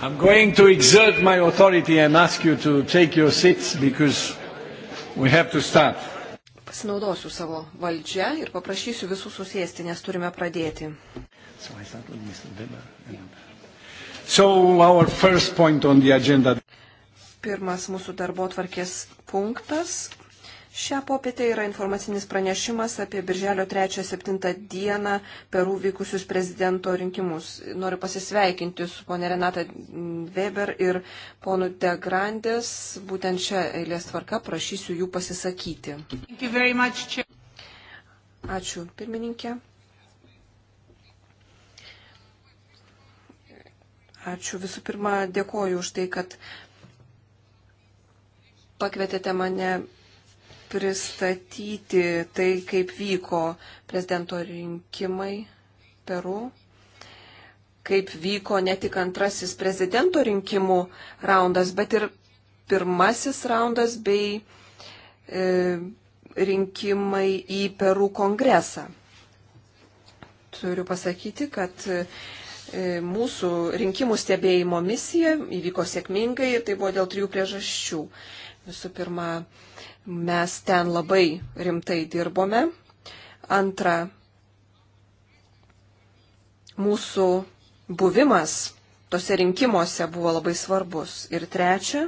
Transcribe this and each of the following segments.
I'm going to exert my authority and ask you to take your seats because we have to start. Pasinaudosiu savo valdžią ir paprašysiu visų susėsti, nes turime pradėti. So, yeah. so our first point on the agenda. Pirmas mūsų darbo tvarkės punktas Šią popietę yra informacinis pranešimas apie Birželio 3-7 dieną Peru vykusius prezidento rinkimus. Noriu pasisveikinti su ponė Renata Weber ir ponu De Grandes. Būtent šią eilės tvarką prašysiu jų pasisakyti. Much, Ačiū, pirmininkė. Ačiū visų pirma, dėkoju už tai, kad pakvietėte mane pristatyti tai, kaip vyko prezidento rinkimai Peru, kaip vyko ne tik antrasis prezidento rinkimų raundas, bet ir pirmasis raundas bei e, rinkimai į Perų kongresą. Turiu pasakyti, kad e, mūsų rinkimų stebėjimo misija įvyko sėkmingai ir tai buvo dėl trijų priežasčių. Visų pirma, Mes ten labai rimtai dirbome. Antra, mūsų buvimas tose rinkimuose buvo labai svarbus. Ir trečia,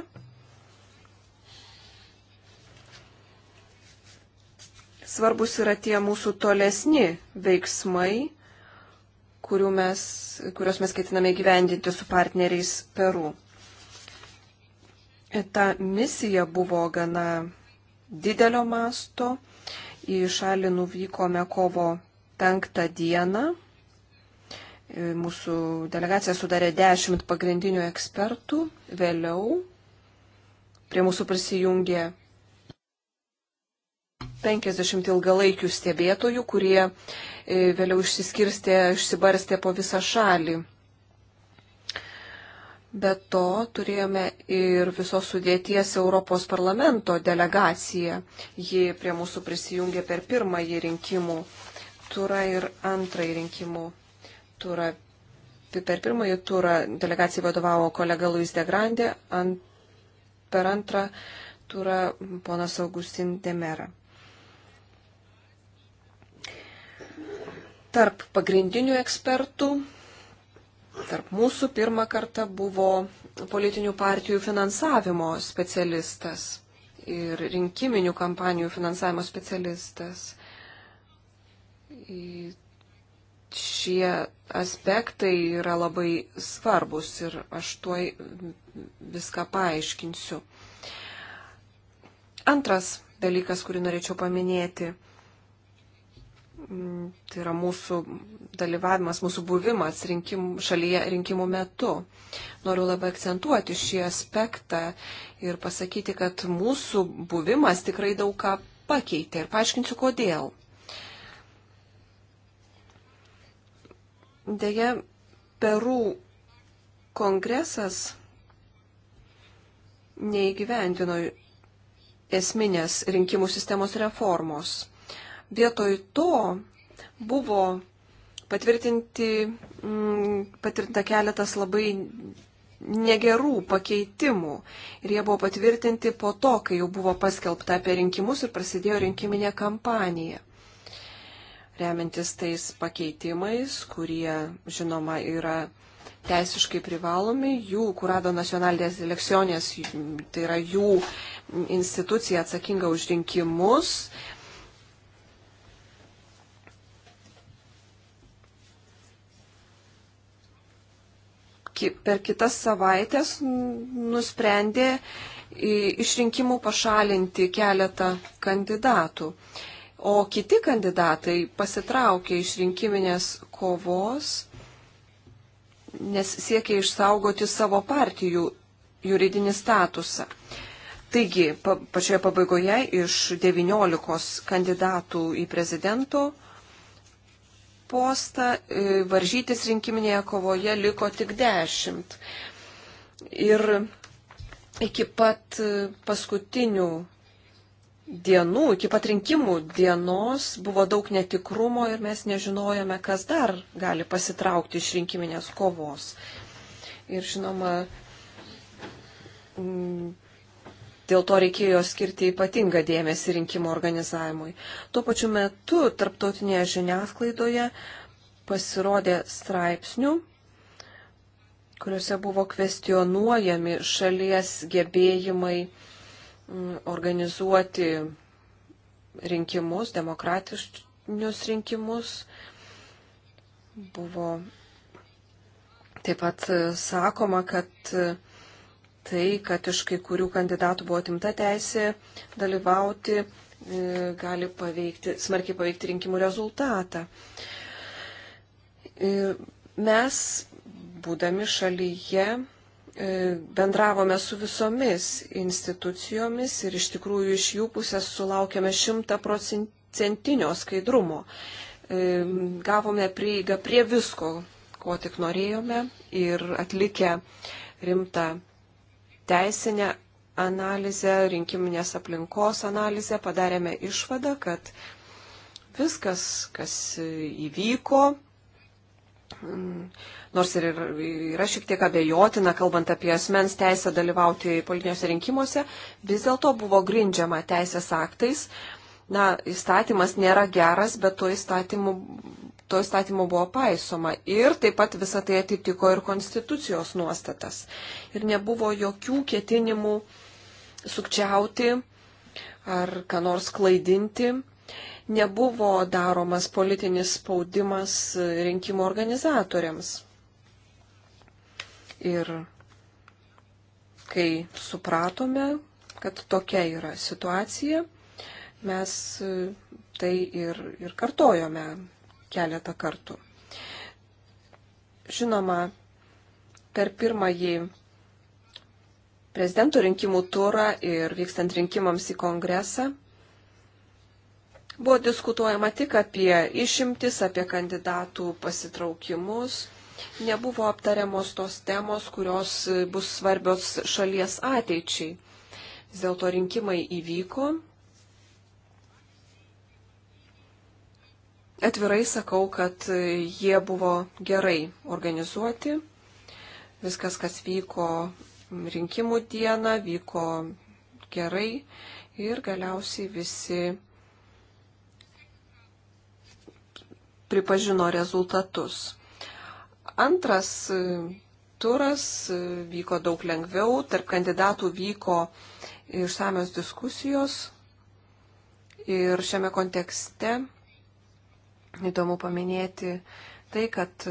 svarbus yra tie mūsų tolesni veiksmai, mes, kuriuos mes ketiname gyvendinti su partneriais Peru. Ta misija buvo gana didelio masto. Į šalį nuvykome kovo penktą dieną. E, mūsų delegacija sudarė dešimt pagrindinių ekspertų. Vėliau prie mūsų prisijungė 50 ilgalaikių stebėtojų, kurie e, vėliau išsiskirstė, išsibarstė po visą šalį. Be to turėjome ir visos sudėties Europos parlamento delegaciją. Ji prie mūsų prisijungė per pirmąjį rinkimų turą ir antrąjį rinkimų turą. Per pirmąjį turą delegacijai vadovavo kolega Luis de Grande, ant, per antrą turą ponas Augustin Demera. Tarp pagrindinių ekspertų tarp mūsų pirmą kartą buvo politinių partijų finansavimo specialistas ir rinkiminių kampanijų finansavimo specialistas. Ir šie aspektai yra labai svarbus ir aš tuoj viską paaiškinsiu. Antras dalykas, kurį norėčiau paminėti tai yra mūsų dalyvavimas, mūsų buvimas rinkim, šalyje rinkimų metu. Noriu labai akcentuoti šį aspektą ir pasakyti, kad mūsų buvimas tikrai daug ką pakeitė ir paaiškinsiu kodėl. Deja, Peru kongresas neįgyvendino esminės rinkimų sistemos reformos. Vietoj to buvo patvirtinti, mm, patvirtinta keletas labai negerų pakeitimų. Ir jie buvo patvirtinti po to, kai jau buvo paskelbta apie rinkimus ir prasidėjo rinkiminė kampanija. Remiantis tais pakeitimais, kurie, žinoma, yra teisiškai privalomi, jų kurado nacionalinės elekcionės, tai yra jų institucija atsakinga už rinkimus, per kitas savaitės nusprendė iš rinkimų pašalinti keletą kandidatų. O kiti kandidatai pasitraukė iš rinkiminės kovos, nes siekia išsaugoti savo partijų juridinį statusą. Taigi, pa, pačioje pabaigoje iš 19 kandidatų į prezidento postą, e, varžytis rinkiminėje kovoje liko tik dešimt. Ir iki pat e, paskutinių dienų, iki pat rinkimų dienos buvo daug netikrumo ir mes nežinojome, kas dar gali pasitraukti iš rinkiminės kovos. Ir žinoma, Dėl to reikėjo skirti ypatingą dėmesį rinkimų organizavimui. Tuo pačiu metu tarptautinėje žiniasklaidoje pasirodė straipsnių, kuriuose buvo kvestionuojami šalies gebėjimai mm, organizuoti rinkimus, demokratiškus rinkimus. Buvo taip pat sakoma, kad tai, kad iš kai kurių kandidatų buvo atimta teisė dalyvauti, e, gali paveikti, smarkiai paveikti rinkimų rezultatą. E, mes, būdami šalyje, e, bendravome su visomis institucijomis ir iš tikrųjų iš jų pusės sulaukėme šimtaprocentinio skaidrumo. Gavome prieigą prie visko, ko tik norėjome ir atlikę rimtą teisinę analizę, rinkiminės aplinkos analizę, padarėme išvadą, kad viskas, kas įvyko, nors ir yra šiek tiek abejotina, kalbant apie asmens teisę dalyvauti politiniuose rinkimuose, vis dėlto buvo grindžiama teisės aktais. Na, įstatymas nėra geras, bet tuo įstatymu to įstatymo buvo paisoma ir taip pat visą tai atitiko ir konstitucijos nuostatas. Ir nebuvo jokių ketinimų sukčiauti ar ką nors klaidinti. Nebuvo daromas politinis spaudimas rinkimų organizatoriams. Ir kai supratome, kad tokia yra situacija, mes tai ir, ir kartojome keletą kartų. Žinoma, per pirmąjį prezidento rinkimų turą ir vykstant rinkimams į kongresą buvo diskutuojama tik apie išimtis, apie kandidatų pasitraukimus. Nebuvo aptariamos tos temos, kurios bus svarbios šalies ateičiai. Vis dėlto rinkimai įvyko, atvirai sakau, kad jie buvo gerai organizuoti. Viskas, kas vyko rinkimų dieną, vyko gerai ir galiausiai visi pripažino rezultatus. Antras turas vyko daug lengviau, tarp kandidatų vyko išsamios diskusijos ir šiame kontekste įdomu paminėti tai, kad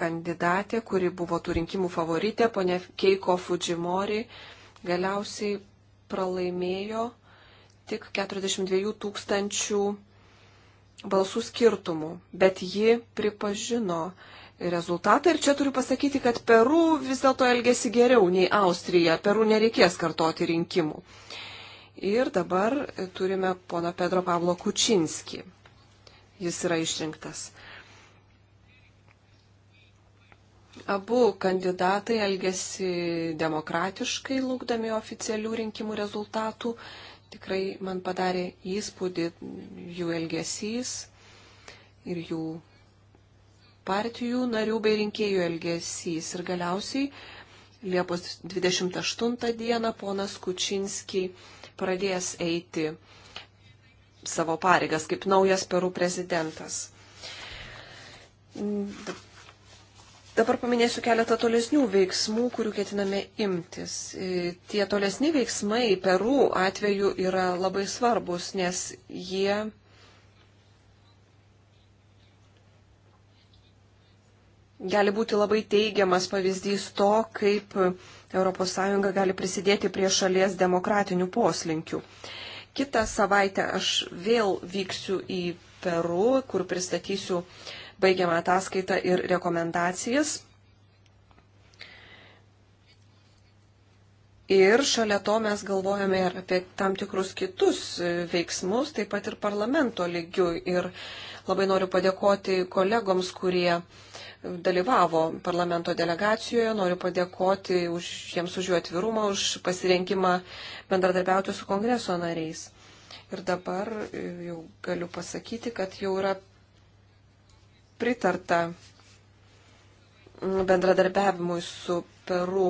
kandidatė, kuri buvo tų rinkimų favorite, ponė Keiko Fujimori, galiausiai pralaimėjo tik 42 tūkstančių balsų skirtumų, bet ji pripažino rezultatą ir čia turiu pasakyti, kad Peru vis dėlto elgesi geriau nei Austrija, Peru nereikės kartoti rinkimų. Ir dabar turime pono Pedro Pablo Kučinski jis yra išrinktas. Abu kandidatai elgesi demokratiškai, lūkdami oficialių rinkimų rezultatų. Tikrai man padarė įspūdį jų elgesys ir jų partijų narių bei rinkėjų elgesys. Ir galiausiai Liepos 28 dieną ponas Kučinski pradės eiti savo pareigas kaip naujas Perų prezidentas. Dabar paminėsiu keletą tolesnių veiksmų, kurių ketiname imtis. E, tie tolesni veiksmai Peru atveju yra labai svarbus, nes jie gali būti labai teigiamas pavyzdys to, kaip ES gali prisidėti prie šalies demokratinių poslinkių. Kitą savaitę aš vėl vyksiu į Peru, kur pristatysiu baigiamą ataskaitą ir rekomendacijas. Ir šalia to mes galvojame ir apie tam tikrus kitus veiksmus, taip pat ir parlamento lygių. Ir labai noriu padėkoti kolegoms, kurie uh, dalyvavo parlamento delegacijoje. Noriu padėkoti už, jiems už jų atvirumą, už pasirinkimą bendradarbiauti su kongreso nariais. Ir dabar e, jau galiu pasakyti, kad jau yra pritarta bendradarbiavimui su Peru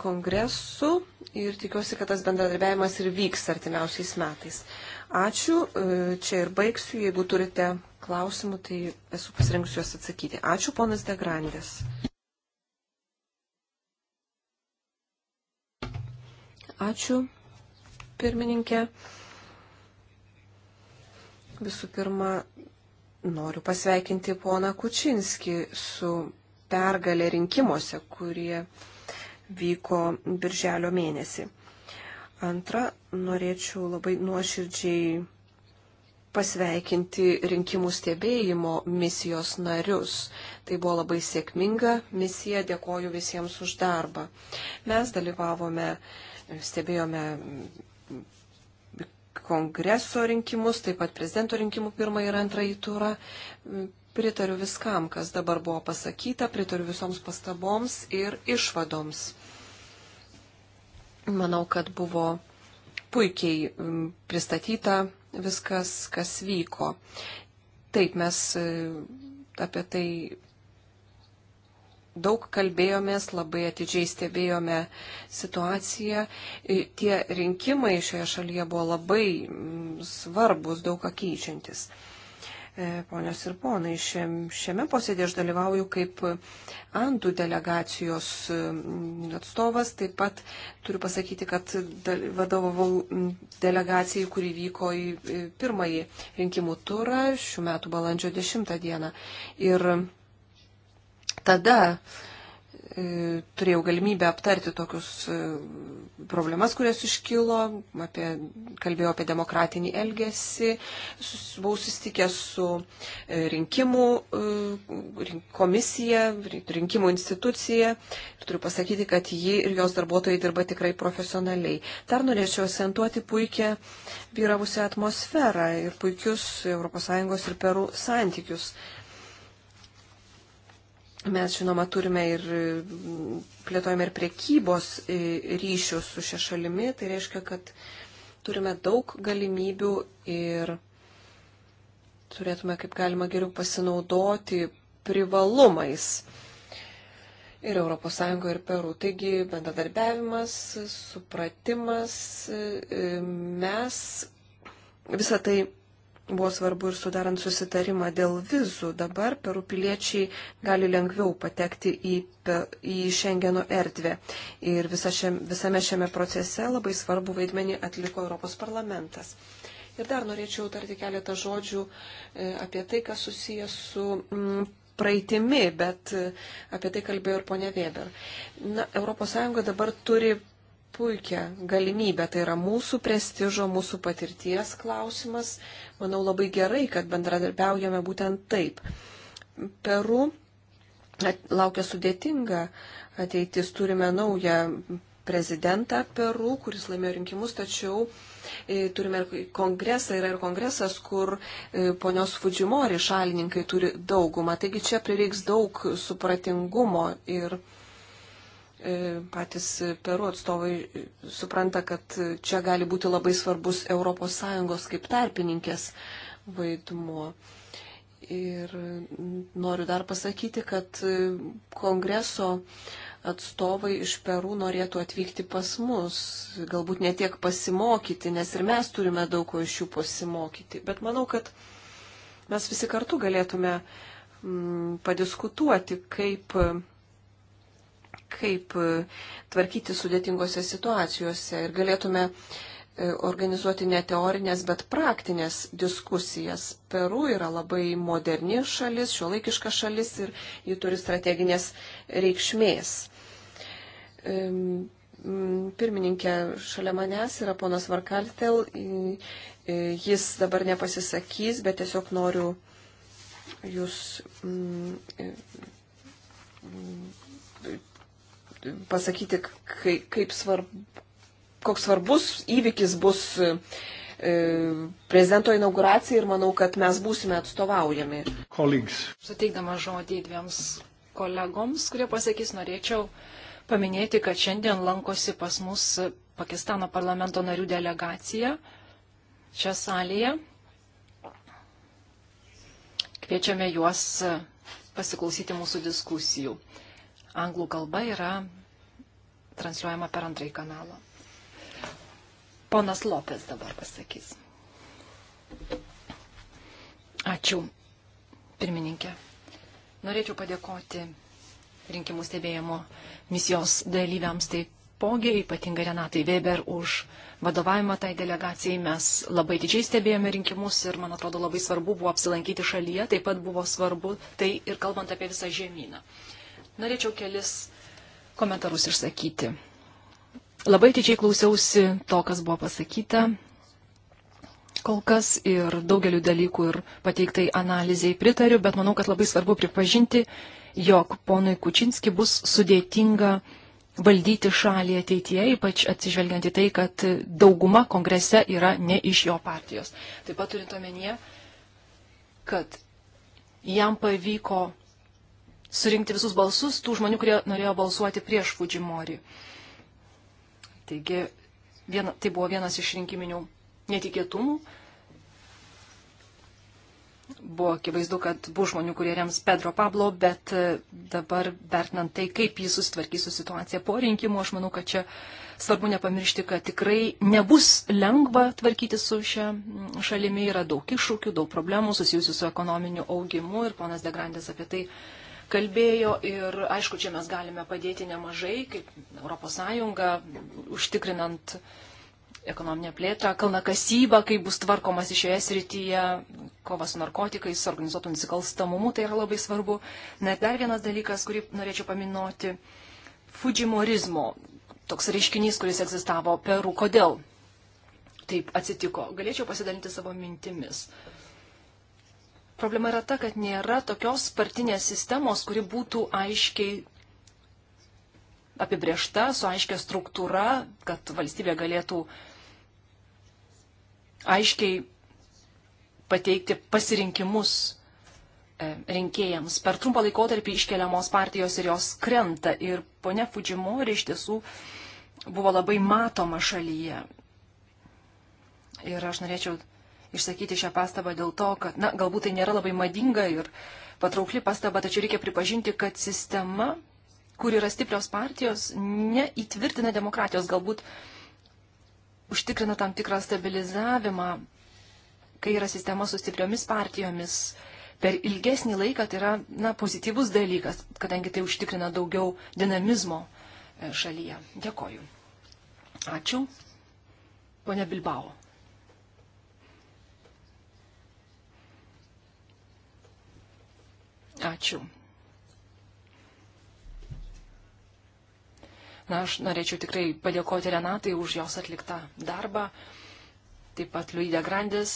kongresu ir tikiuosi, kad tas bendradarbiavimas ir vyks artimiausiais metais. Ačiū, e, čia ir baigsiu, jeigu turite klausimų, tai esu pasirinkusi juos atsakyti. Ačiū, ponas Degrandės. Ačiū, pirmininkė. Visų pirma, noriu pasveikinti poną Kučinskį su pergalė rinkimuose, kurie vyko birželio mėnesį. Antra, norėčiau labai nuoširdžiai pasveikinti rinkimų stebėjimo misijos narius. Tai buvo labai sėkminga misija, dėkoju visiems už darbą. Mes dalyvavome, stebėjome kongreso rinkimus, taip pat prezidento rinkimų pirmąjį ir antrąjį turą. Pritariu viskam, kas dabar buvo pasakyta, pritariu visoms pastaboms ir išvadoms. Manau, kad buvo puikiai pristatyta viskas, kas vyko. Taip, mes e, apie tai daug kalbėjomės, labai atidžiai stebėjome situaciją. E, tie rinkimai šioje šalyje buvo labai svarbus, daug ką keičiantis. E, ponios ir ponai, šiame posėdė aš dalyvauju kaip Antų delegacijos mm, atstovas. Taip pat turiu pasakyti, kad vadovavau mm, delegacijai, kuri vyko į pirmąjį rinkimų turą šių metų balandžio 10 dieną. Ir tada uh, E, turėjau galimybę aptarti tokius e, problemas, kurias iškilo, apie, kalbėjau apie demokratinį elgesį, sus, buvau susitikęs su e, rinkimų komisija, rinkimų institucija ir turiu pasakyti, kad ji ir jos darbuotojai dirba tikrai profesionaliai. Dar norėčiau akcentuoti puikią vyravusią atmosferą ir puikius ES ir Perų santykius. Mes, žinoma, turime ir mm, plėtojame ir priekybos e, ryšius su šia šalimi. Tai reiškia, kad turime daug galimybių ir turėtume kaip galima geriau pasinaudoti privalumais. Ir ES ir Peru. Taigi bendradarbiavimas, supratimas, e, e, mes visą tai buvo svarbu ir sudarant susitarimą dėl vizų. Dabar perų piliečiai gali lengviau patekti į, į Šengeno erdvę. Ir visa šiam, visame šiame procese labai svarbu vaidmenį atliko Europos parlamentas. Ir dar norėčiau tarti keletą žodžių e, apie tai, kas susijęs su mm, praeitimi, bet e, apie tai kalbėjo ir ponia Weber. Na, ES dabar turi puikią galimybę. Tai yra mūsų prestižo, mūsų patirties klausimas. Manau labai gerai, kad bendradarbiaujame būtent taip. Peru laukia sudėtinga ateitis. Turime naują prezidentą Peru, kuris laimėjo rinkimus, tačiau e, turime ir kongresą, yra ir kongresas, kur e, ponios Fudžimori šalininkai turi daugumą. Taigi čia prireiks daug supratingumo ir e, E, patys Peru atstovai supranta, kad čia gali būti labai svarbus ES kaip tarpininkės vaidmuo. Ir noriu dar pasakyti, kad kongreso atstovai iš Perų norėtų atvykti pas mus, galbūt ne tiek pasimokyti, nes ir mes turime daug ko iš jų pasimokyti. Bet manau, kad mes visi kartu galėtume mm, padiskutuoti, kaip kaip e, tvarkyti sudėtingose situacijose ir galėtume e, organizuoti ne teorinės, bet praktinės diskusijas. Peru yra labai moderni šalis, šiuolaikiška šalis ir ji turi strateginės reikšmės. Pirmininkė šalia manęs yra ponas Varkaltel. E, jis dabar nepasisakys, bet tiesiog noriu jūs pasakyti, kaip svarb, koks svarbus įvykis bus e, prezidento inauguracija ir manau, kad mes būsime atstovaujami. Colleagues. Suteikdama žodį dviems kolegoms, kurie pasakys, norėčiau paminėti, kad šiandien lankosi pas mus Pakistano parlamento narių delegacija čia salėje. Kviečiame juos pasiklausyti mūsų diskusijų anglų kalba yra transliuojama per antrąjį kanalą. Ponas Lopes dabar pasakys. Ačiū, pirmininkė. Norėčiau padėkoti rinkimų stebėjimo misijos dalyviams taipogi, ypatingai Renatai Weber, už vadovavimą tai delegacijai. Mes labai didžiai stebėjome rinkimus ir, man atrodo, labai svarbu buvo apsilankyti šalyje, taip pat buvo svarbu tai ir kalbant apie visą žemyną. Uh, Norėčiau kelis komentarus išsakyti. Labai tyčiai klausiausi to, kas buvo pasakyta kol kas ir daugeliu dalykų ir pateiktai analizai pritariu, bet manau, kad labai svarbu pripažinti, jog ponui Kučinski bus sudėtinga valdyti šalį ateityje, ypač atsižvelgiant į tai, kad dauguma kongrese yra ne iš jo partijos. Taip pat turint omenyje, kad jam pavyko surinkti visus balsus tų žmonių, kurie norėjo balsuoti prieš Fujimori. Taigi viena, tai buvo vienas iš rinkiminių netikėtumų. Buvo akivaizdu, kad buvo žmonių, kurie rems Pedro Pablo, bet e, dabar vertinant tai, kaip jis susitvarkys su situacija po rinkimų, aš manau, kad čia svarbu nepamiršti, kad tikrai nebus lengva tvarkyti su šia šalimi, yra daug iššūkių, daug problemų susijusių su ekonominiu augimu ir ponas Degrandės apie tai kalbėjo ir aišku, čia mes galime padėti nemažai, kaip ES, užtikrinant ekonominę plėtrą, kalnakasybą, kaip bus tvarkomasi šioje srityje, kova su narkotikais, organizuotų nusikalstamumu, tai yra labai svarbu. Na ir dar vienas dalykas, kurį norėčiau paminoti, fudžimorizmo, toks reiškinys, kuris egzistavo Peru. Kodėl taip atsitiko? Galėčiau pasidalinti savo mintimis. Uh, problema yra ta, kad nėra tokios partinės sistemos, kuri būtų aiškiai apibriešta, su aiškia struktūra, kad valstybė galėtų aiškiai pateikti pasirinkimus e, rinkėjams. Per trumpą laikotarpį iškeliamos partijos ir jos krenta. Ir ponia Fujimori iš tiesų buvo labai matoma šalyje. Ir aš norėčiau išsakyti šią pastabą dėl to, kad, na, galbūt tai nėra labai madinga ir patraukli pastaba, tačiau reikia pripažinti, kad sistema, kur yra stiprios partijos, neįtvirtina demokratijos, galbūt užtikrina tam tikrą stabilizavimą, kai yra sistema su stipriomis partijomis. Per ilgesnį laiką tai yra na, pozityvus dalykas, kadangi tai užtikrina daugiau dinamizmo e, šalyje. Dėkoju. Ačiū. Pone Bilbao. Ačiū. Na, aš norėčiau tikrai padėkoti Renatai už jos atliktą darbą, taip pat Liuidė Grandis,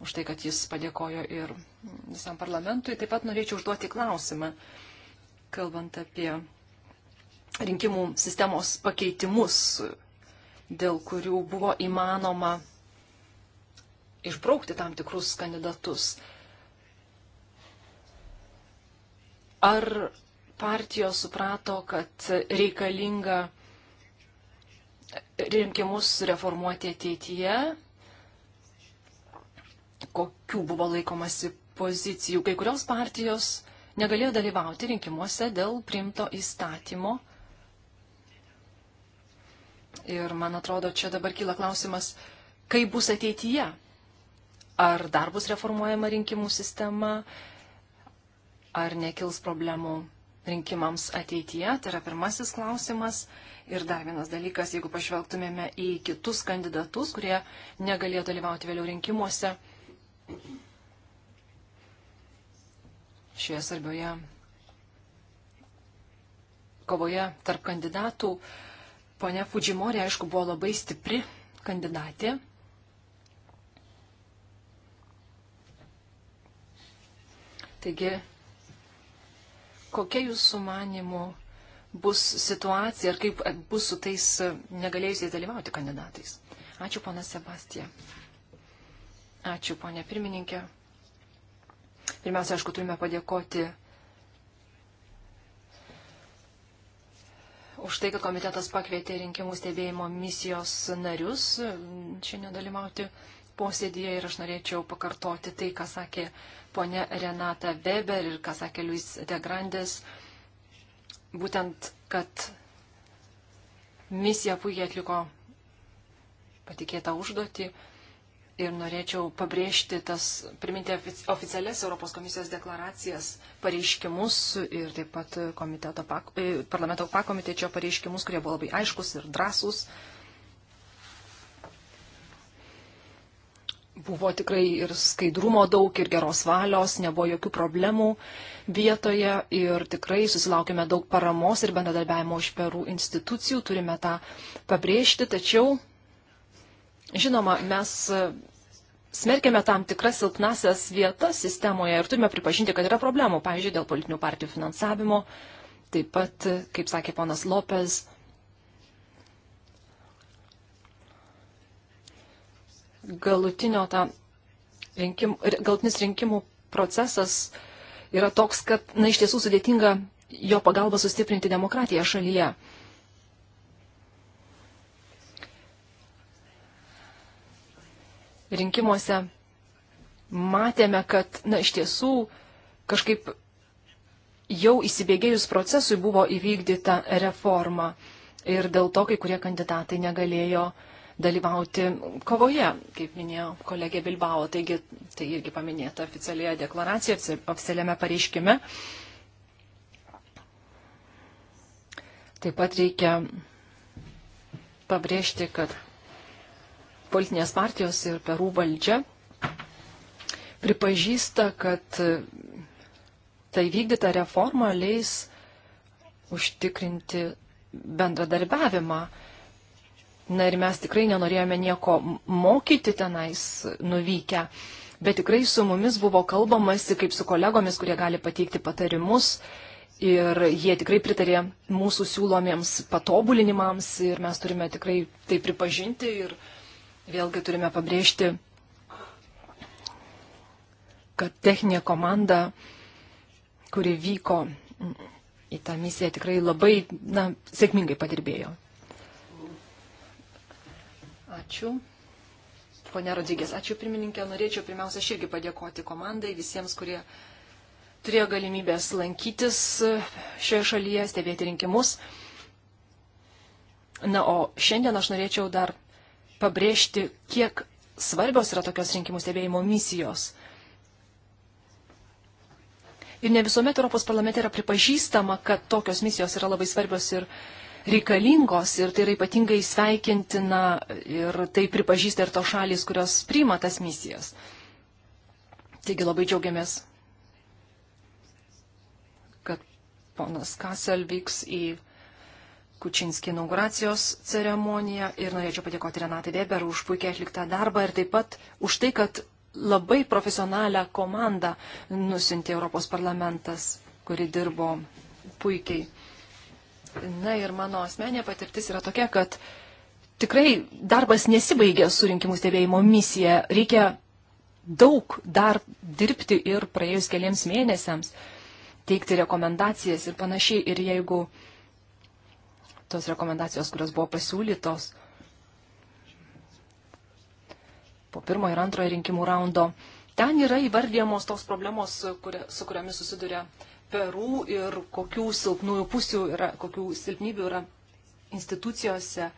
už tai, kad jis padėkojo ir visam parlamentui. Taip pat norėčiau užduoti klausimą, kalbant apie rinkimų sistemos pakeitimus, dėl kurių buvo įmanoma išbraukti tam tikrus kandidatus. Ar partijos suprato, kad reikalinga rinkimus reformuoti ateityje? Kokių buvo laikomasi pozicijų? Kai kurios partijos negalėjo dalyvauti rinkimuose dėl primto įstatymo. Ir man atrodo, čia dabar kyla klausimas, kaip bus ateityje ar dar bus reformuojama rinkimų sistema, ar nekils problemų rinkimams ateityje. Tai yra pirmasis klausimas. Ir dar vienas dalykas, jeigu pažvelgtumėme į kitus kandidatus, kurie negalėjo dalyvauti vėliau rinkimuose šioje svarbioje kovoje tarp kandidatų, ponia Fujimori, aišku, buvo labai stipri kandidatė Taigi, kokia jūsų manimo bus situacija ir kaip bus su tais negalėjusiais dalyvauti kandidatais? Ačiū, pana Sebastija. Ačiū, ponė pirmininkė. Pirmiausia, aišku, turime padėkoti už tai, kad komitetas pakvietė rinkimų stebėjimo misijos narius šiandien dalyvauti posėdėje ir aš norėčiau pakartoti tai, ką sakė ponė Renata Weber ir ką sakė Luis de Grandes. Būtent, kad misija puikiai atliko patikėtą užduotį ir norėčiau pabrėžti tas, priminti oficialias Europos komisijos deklaracijas, pareiškimus ir taip pat komiteto, e, parlamento pakomitečio pareiškimus, kurie buvo labai aiškus ir drasus. Uh, Buvo tikrai ir skaidrumo daug, ir geros valios, nebuvo jokių problemų vietoje ir tikrai susilaukėme daug paramos ir bendradarbiavimo iš perų institucijų, turime tą pabrėžti, tačiau, žinoma, mes e, smerkėme tam tikras silpnasias vietas sistemoje ir turime pripažinti, kad yra problemų, pavyzdžiui, dėl politinių partijų finansavimo, taip pat, kaip sakė ponas Lopez, galutinio tą rinkim, galutinis rinkimų procesas yra toks, kad, na, iš tiesų sudėtinga jo pagalba sustiprinti demokratiją šalyje. Rinkimuose matėme, kad, na, iš tiesų kažkaip jau įsibėgėjus procesui buvo įvykdyta reforma ir dėl to kai kurie kandidatai negalėjo uh, dalyvauti kovoje, kaip minėjo kolegė Bilbao. Taigi tai irgi paminėta oficialioje deklaracijoje, oficialiame pareiškime. Taip pat reikia pabrėžti, kad politinės partijos ir Perų valdžia pripažįsta, kad tai vykdyta reforma leis užtikrinti bendradarbiavimą Na ir mes tikrai nenorėjome nieko mokyti tenais nuvykę, bet tikrai su mumis buvo kalbamasi kaip su kolegomis, kurie gali pateikti patarimus. Ir jie tikrai pritarė mūsų siūlomiems patobulinimams ir mes turime tikrai tai pripažinti ir vėlgi turime pabrėžti, kad techninė komanda, kuri vyko į tą misiją, tikrai labai na, sėkmingai padirbėjo. Ačiū. Pone Rodrygės, ačiū pirmininkė. Norėčiau pirmiausia aš irgi padėkoti komandai, visiems, kurie turėjo galimybės lankytis šioje šalyje, stebėti rinkimus. Na, o šiandien aš norėčiau dar pabrėžti, kiek svarbios yra tokios rinkimų stebėjimo misijos. Ir ne visuomet Europos parlamente yra pripažįstama, kad tokios misijos yra labai svarbios ir reikalingos ir tai yra ypatingai sveikintina ir tai pripažįsta ir tos šalis, kurios priima tas misijas. Taigi labai džiaugiamės, kad ponas Kasel vyks į Kučinskį inauguracijos ceremoniją ir norėčiau padėkoti Renatai Weber už puikiai atliktą darbą ir taip pat už tai, kad labai profesionalią komandą nusintė Europos parlamentas, kuri dirbo puikiai. Na ir mano asmenė patirtis yra tokia, kad tikrai darbas nesibaigia su rinkimų stebėjimo misija. Reikia daug dar dirbti ir praėjus keliams mėnesiams teikti rekomendacijas ir panašiai. Ir jeigu tos rekomendacijos, kurios buvo pasiūlytos po pirmo ir antrojo rinkimų raundo, ten yra įvardyjamos tos problemos, kuria, su kuriomis susiduria perų ir kokių silpnųjų pusių yra, kokių silpnybių yra institucijose,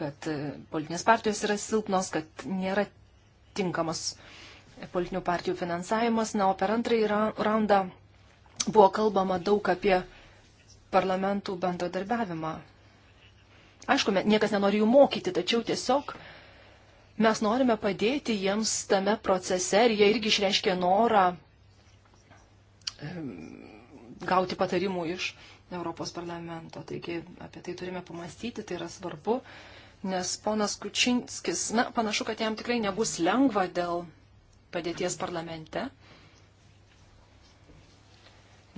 kad e, politinės partijos yra silpnos, kad nėra tinkamas politinių partijų finansavimas. Na, o per antrąjį raundą buvo kalbama daug apie parlamentų bendradarbiavimą. Aišku, niekas nenori jų mokyti, tačiau tiesiog mes norime padėti jiems tame procese ir jie irgi išreiškė norą gauti patarimų iš Europos parlamento. Taigi apie tai turime pamastyti, tai yra svarbu, nes ponas Kučinskis, na, panašu, kad jam tikrai nebus lengva dėl padėties parlamente,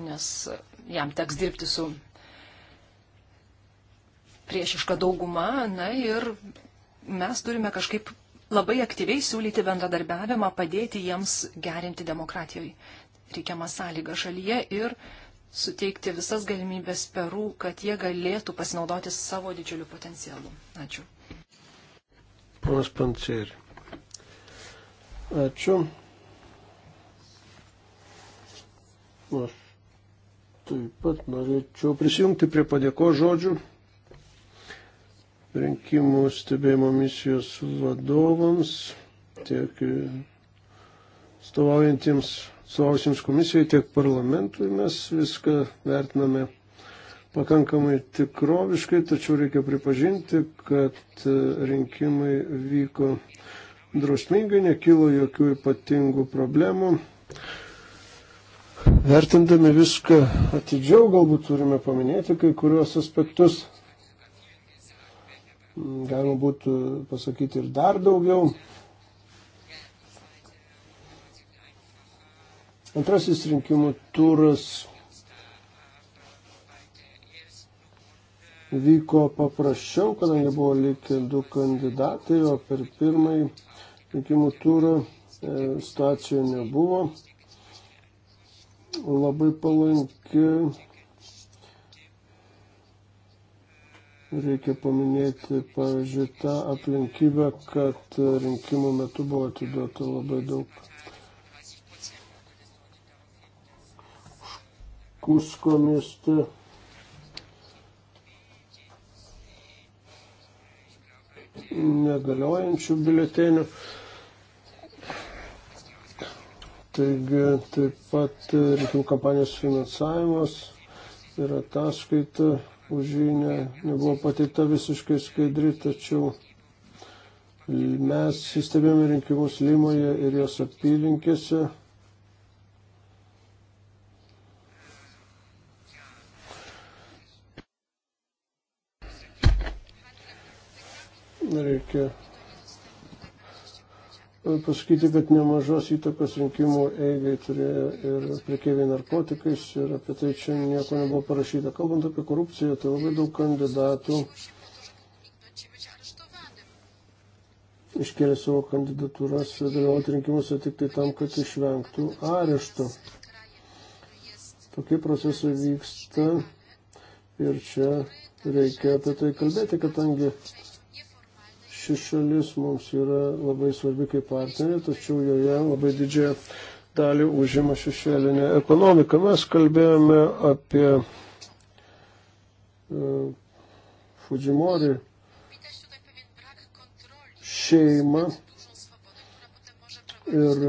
nes jam teks dirbti su priešiška dauguma, na ir mes turime kažkaip labai aktyviai siūlyti bendradarbiavimą, padėti jiems gerinti demokratijoje reikiamą sąlygą šalyje ir uh, suteikti visas galimybės Peru, kad jie galėtų pasinaudoti savo didžiuliu potencialu. Ačiū. Ponas Pancieri. Ačiū. Aš taip pat norėčiau prisijungti prie padėko žodžių rinkimų stebėjimo misijos vadovams, tiek stovaujantiems suausiams komisijai, tiek parlamentui. Mes viską vertiname pakankamai tikroviškai, tačiau reikia pripažinti, kad e, rinkimai vyko drausmingai, nekylo jokių ypatingų problemų. Vertindami viską atidžiau, galbūt turime paminėti kai kuriuos aspektus. Galima būtų pasakyti ir dar daugiau. Antrasis rinkimų turas vyko paprasčiau, kadangi buvo likę du kandidatai, o per pirmąjį rinkimų turą e, situacija nebuvo labai palanki. Reikia paminėti, pavyzdžiui, tą aplinkybę, kad rinkimų metu buvo atiduota labai daug kuskomis. negaliojančių biuletenių. Taigi taip pat rinkimų kampanijos finansavimas ir ataskaita už jį ne, nebuvo pateikta visiškai skaidri, tačiau mes įstebėjome rinkimus Limoje ir jos apylinkėse. reikia e, pasakyti, kad nemažos įtakos rinkimų eigai turėjo ir priekeiviai narkotikais ir apie tai čia nieko nebuvo parašyta. Kalbant apie korupciją, tai labai daug kandidatų iškėlė savo kandidatūras dalyvauti rinkimuose tik tai tam, kad išvengtų arešto. Tokie procesai vyksta ir čia reikia apie tai kalbėti, kadangi Ši šalis mums yra labai svarbi kaip partnerė, tačiau joje labai didžiąją dalį užima šešėlinė ekonomika. Mes kalbėjome apie uh, Fujimori šeimą ir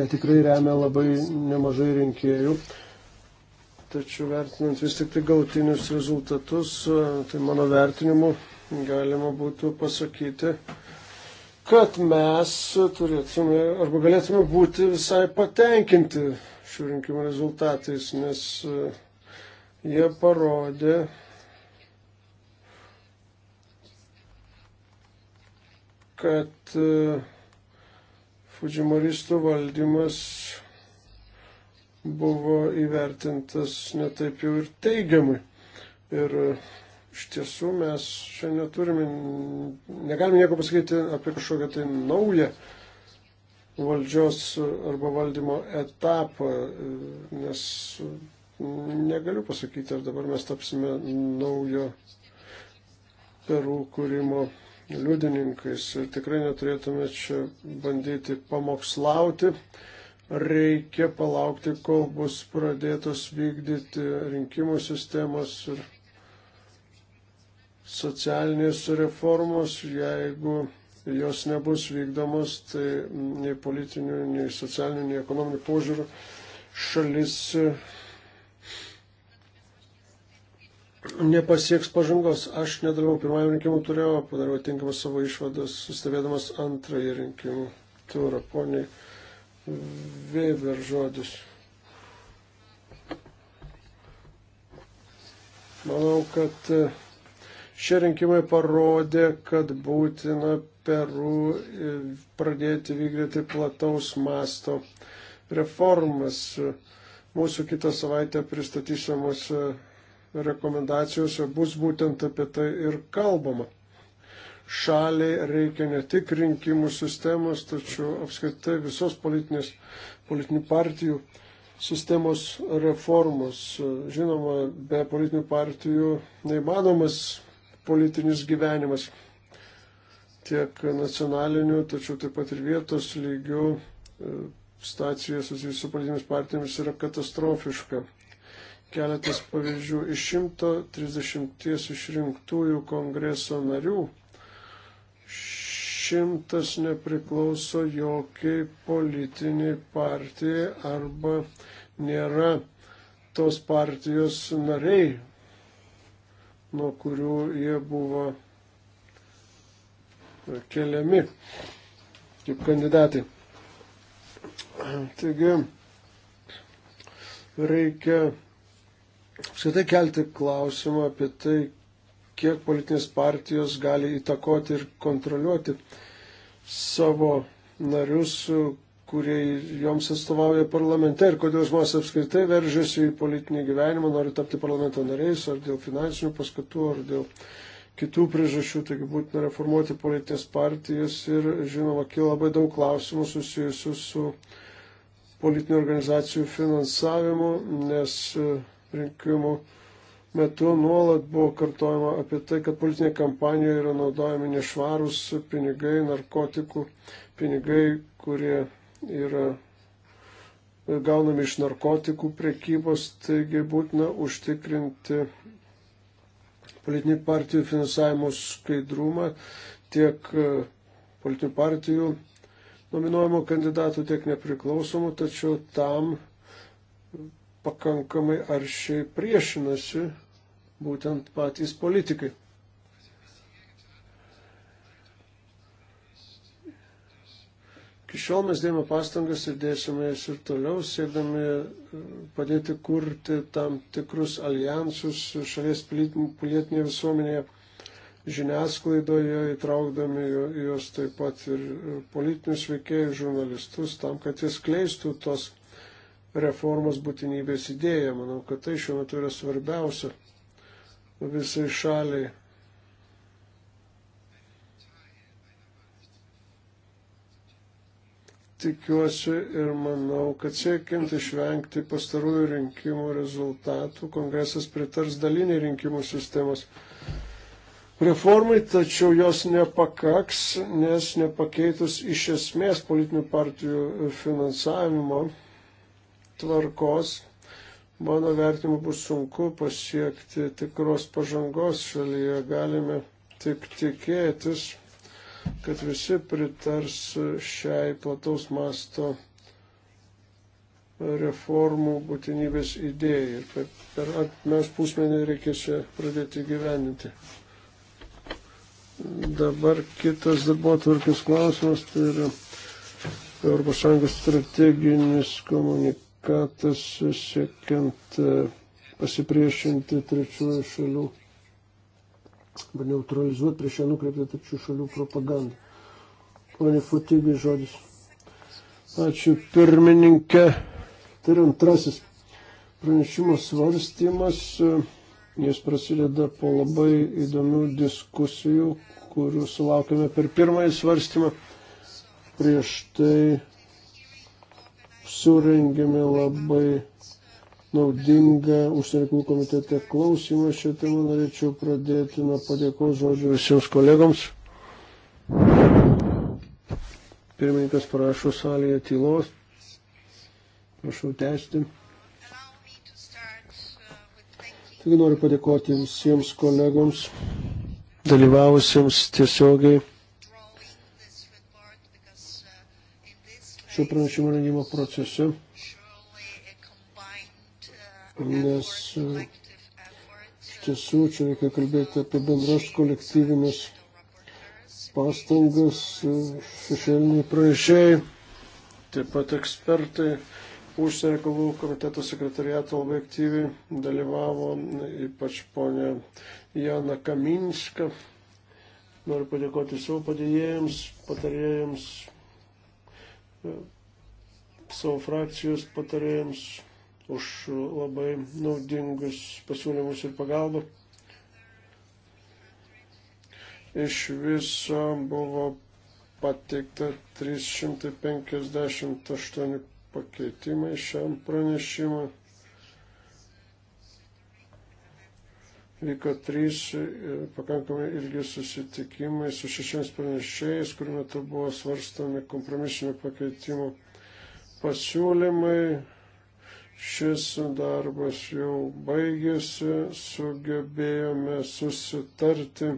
jie tikrai remia labai nemažai rinkėjų. Tačiau vertinant vis tik tai gautinius rezultatus, e, tai mano vertinimu galima būtų pasakyti, kad mes turėtume arba galėtume būti visai patenkinti šių rinkimų rezultatais, nes e, jie parodė, kad e, Fujimoristų valdymas buvo įvertintas netaip jau ir teigiamai. Ir Iš tiesų mes šiandien turime, negalime nieko pasakyti apie kažkokią tai naują valdžios arba valdymo etapą, nes negaliu pasakyti, ar dabar mes tapsime naujo perų kūrimo liudininkais ir tikrai neturėtume čia bandyti pamokslauti. Reikia palaukti, kol bus pradėtos vykdyti rinkimų sistemos ir socialinės reformos, jeigu jos nebus vykdomos, tai nei politinių, nei socialinių, nei ekonominių požiūrių šalis eh, nepasieks pažangos. Aš nedalyvau pirmajam rinkimų turėjau, padariau tinkamas savo išvadas, sustebėdamas antrąjį rinkimų turą. Poniai Weber žodis. Manau, kad eh, Šie rinkimai parodė, kad būtina Peru e, pradėti vykdyti plataus masto reformas. Mūsų kitą savaitę pristatysiamos e, rekomendacijose bus būtent apie tai ir kalbama. Šaliai reikia ne tik rinkimų sistemos, tačiau apskritai visos politinės, politinių partijų sistemos reformos. Žinoma, be politinių partijų neįmanomas politinis gyvenimas tiek nacionaliniu, tačiau taip pat ir vietos lygių e, stacija susijusi su politinėmis partijomis yra katastrofiška. Keletas pavyzdžių iš 130 išrinktųjų kongreso narių šimtas nepriklauso jokiai politiniai partijai arba nėra tos partijos nariai, nuo kurių jie buvo keliami kaip kandidatai. Taigi reikia apskritai kelti klausimą apie tai, kiek politinės partijos gali įtakoti ir kontroliuoti savo narius, kurie joms atstovauja parlamente ir kodėl žmonės apskritai veržiasi į politinį gyvenimą, nori tapti parlamento nariais ar dėl finansinių paskatų, ar dėl kitų priežasčių. Taigi būtina reformuoti politinės partijas ir, žinoma, kyla labai daug klausimų susijusių su politinių organizacijų finansavimu, nes e, rinkimų metu nuolat buvo kartojama apie tai, kad politinėje kampanijoje yra naudojami nešvarūs pinigai, narkotikų pinigai, kurie yra gaunami iš narkotikų prekybos, taigi būtina užtikrinti politinių partijų finansavimo skaidrumą tiek e, politinių partijų nominuojamų kandidatų, tiek nepriklausomų, tačiau tam pakankamai aršiai priešinasi būtent patys politikai. Iki šiol mes dėjome pastangas ir dėsime jas ir toliau, siekdami e, padėti kurti tam tikrus alijansus šalies pilietinėje visuomenėje, žiniasklaidoje, įtraukdami juos taip pat ir e, politinius veikėjus, žurnalistus, tam, kad jis kleistų tos reformos būtinybės idėją. Manau, kad tai šiuo metu yra svarbiausia visai šaliai tikiuosi ir manau, kad siekiant išvengti pastarųjų rinkimų rezultatų, kongresas pritars daliniai rinkimų sistemos reformai, tačiau jos nepakaks, nes nepakeitus iš esmės politinių partijų finansavimo tvarkos, mano vertimu bus sunku pasiekti tikros pažangos šalyje, galime tik tikėtis kad visi pritars šiai plataus masto reformų būtinybės idėjai ir per atmes pusmenį reikės čia pradėti gyveninti. Dabar kitas darbo tvarkės klausimas, tai yra Europos Sąjungos strateginis komunikatas siekiant e, pasipriešinti trečiųjų šalių arba neutralizuoti prieš ją nukreiptą trečių šalių propagandą. Pone Fotygai žodis. Ačiū pirmininkė. Tai yra antrasis pranešimo svarstymas. Jis prasideda po labai įdomių diskusijų, kurių sulaukėme per pirmąjį svarstymą. Prieš tai surengėme labai naudingą užsienio reikalų komitete klausimą šią temą. Norėčiau pradėti nuo padėkos žodžių visiems kolegoms. Pirmininkas prašo salėje tylos. Prašau tęsti. Taigi noriu padėkoti visiems kolegoms, dalyvavusiems tiesiogiai šio pranešimo rengimo procese nes iš tiesų čia reikia kalbėti apie bendras kolektyvinės pastangas, šešėliniai prašėjai, taip pat ekspertai. Užsienio reikalų komiteto sekretariato labai aktyviai dalyvavo, ypač ponė Jana Kaminska. Noriu padėkoti savo padėjėjams, patarėjams, savo frakcijos patarėjams, už labai naudingus pasiūlymus ir pagalbą. Iš viso buvo pateikta 358 pakeitimai šiam pranešimui. Vyko trys e, pakankamai ilgi susitikimai su šešiais pranešėjais, kuriuo metu buvo svarstami kompromisinio pakeitimo pasiūlymai. Šis darbas jau baigėsi, sugebėjome susitarti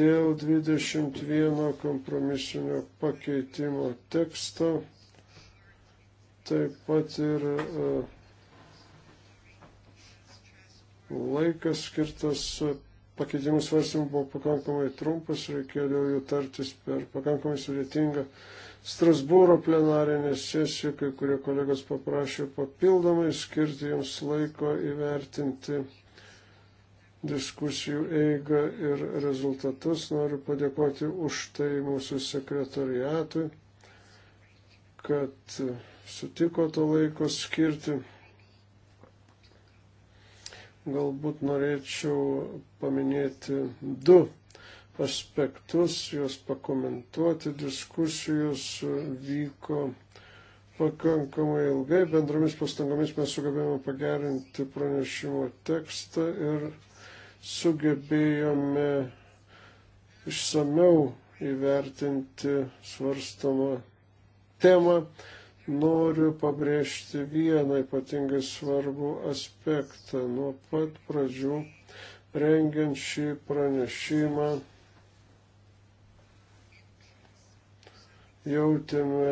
dėl 21 kompromisinio pakeitimo teksto, taip pat ir e, laikas skirtas pakeitimų svarstymų buvo pakankamai trumpas, reikėjo jų tartis per pakankamai sudėtingą Strasbūro plenarinė sesija, kai kurie kolegos paprašė papildomai skirti jiems laiko įvertinti diskusijų eigą ir rezultatus. Noriu padėkoti už tai mūsų sekretariatui, kad sutiko to laiko skirti. Galbūt norėčiau paminėti du aspektus, juos pakomentuoti. Diskusijos e, vyko pakankamai ilgai, bendromis pastangomis mes sugebėjome pagerinti pranešimo tekstą ir sugebėjome išsameu įvertinti svarstamą temą. Noriu pabrėžti vieną ypatingai svarbų aspektą. Nuo pat pradžių rengiant šį pranešimą jautėme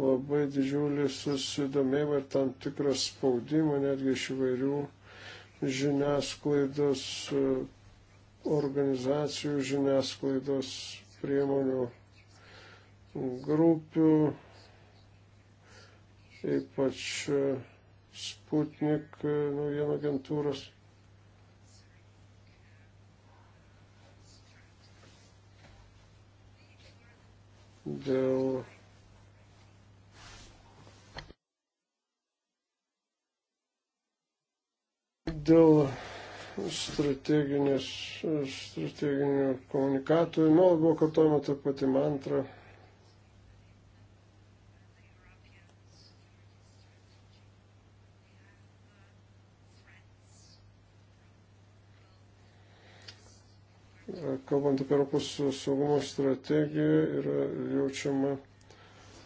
labai didžiulį susidomėjimą ir tam tikrą spaudimą netgi iš įvairių žiniasklaidos e, organizacijų, žiniasklaidos priemonių grupių, ypač e, Sputnik e, naujienų agentūros. dėl dėl strateginės, strateginių komunikatorių, nuolat buvo kartojama ta pati mantra kalbant apie Europos saugumo strategiją, yra jaučiama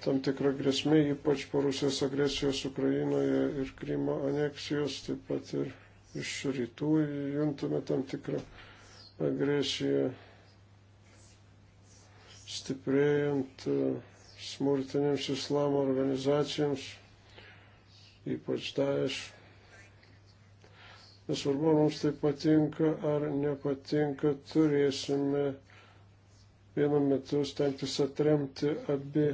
tam tikra grėsmė, ypač po Rusijos agresijos Ukrainoje ir Krymo aneksijos, taip pat ir iš rytų juntame tam tikrą agresiją, stiprėjant smurtinėms islamo organizacijoms, ypač Daesh nesvarbu, mums tai patinka ar nepatinka, turėsime vienu metu stengtis atremti abi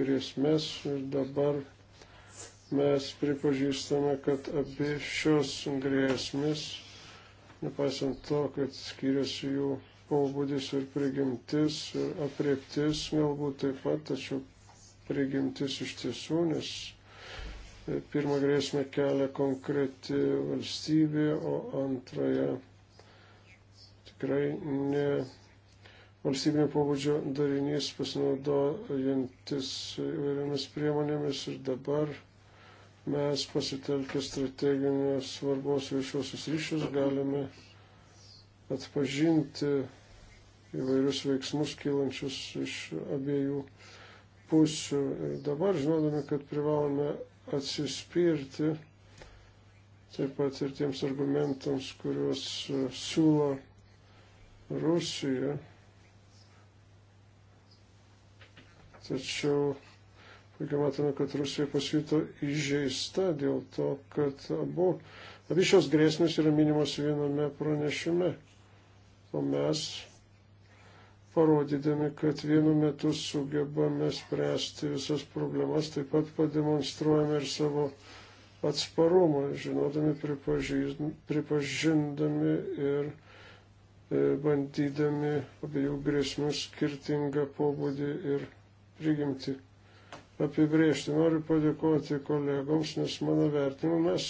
grėsmės ir dabar mes pripažįstame, kad abi šios grėsmės, nepaisant to, kad skiriasi jų pobūdis ir prigimtis ir apriektis galbūt taip pat, tačiau prigimtis iš tiesų, nes Pirmą grėsmę kelia konkreti valstybė, o antrąją tikrai ne valstybinio pobūdžio darinys pasinaudojantis įvairiomis priemonėmis ir dabar mes pasitelkę strateginės svarbos viešuosius ryšius galime atpažinti įvairius veiksmus kylančius iš abiejų pusių. Ir dabar, žinodami, kad privalome atsispirti taip pat ir tiems argumentams, kuriuos e, siūlo Rusija. Tačiau puikiai matome, kad Rusija pasijuto įžeista dėl to, kad abu, abi šios grėsmės yra minimos viename pranešime. O mes parodydami, kad vienu metu sugebame spręsti visas problemas, taip pat pademonstruojame ir savo atsparumą, žinodami, pripažindami ir e, bandydami abiejų grėsmių skirtingą pobūdį ir prigimti apibriežti. Noriu padėkoti kolegoms, nes mano vertinimu mes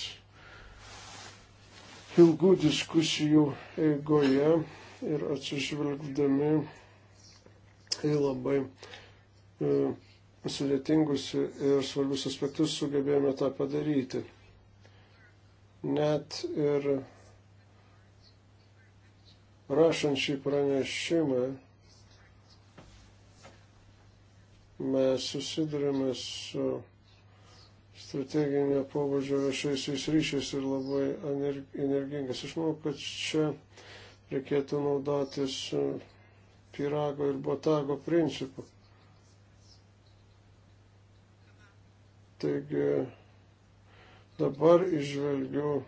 ilgų diskusijų eigoje ir atsižvelgdami į tai labai e, sudėtingus ir svarbius aspektus sugebėjome tą padaryti. Net ir rašant šį pranešimą mes susidurime su strateginio pobūdžio viešaisiais ryšiais ir labai energingas. Aš manau, kad čia reikėtų naudotis pirago ir botago principu. Taigi dabar išvelgiu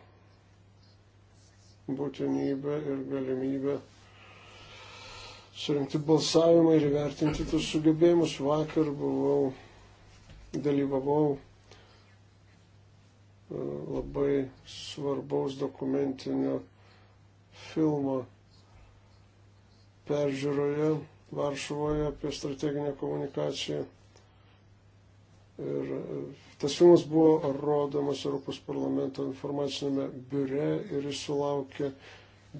būtinybę ir galimybę surinkti balsavimą ir įvertinti tus sugebėjimus. Vakar buvau, dalyvavau e, labai svarbaus dokumentinio filmo peržiūroje Varšuvoje apie strateginę komunikaciją. Ir e, tas filmas buvo rodomas Europos parlamento informacinėme biure ir jis sulaukė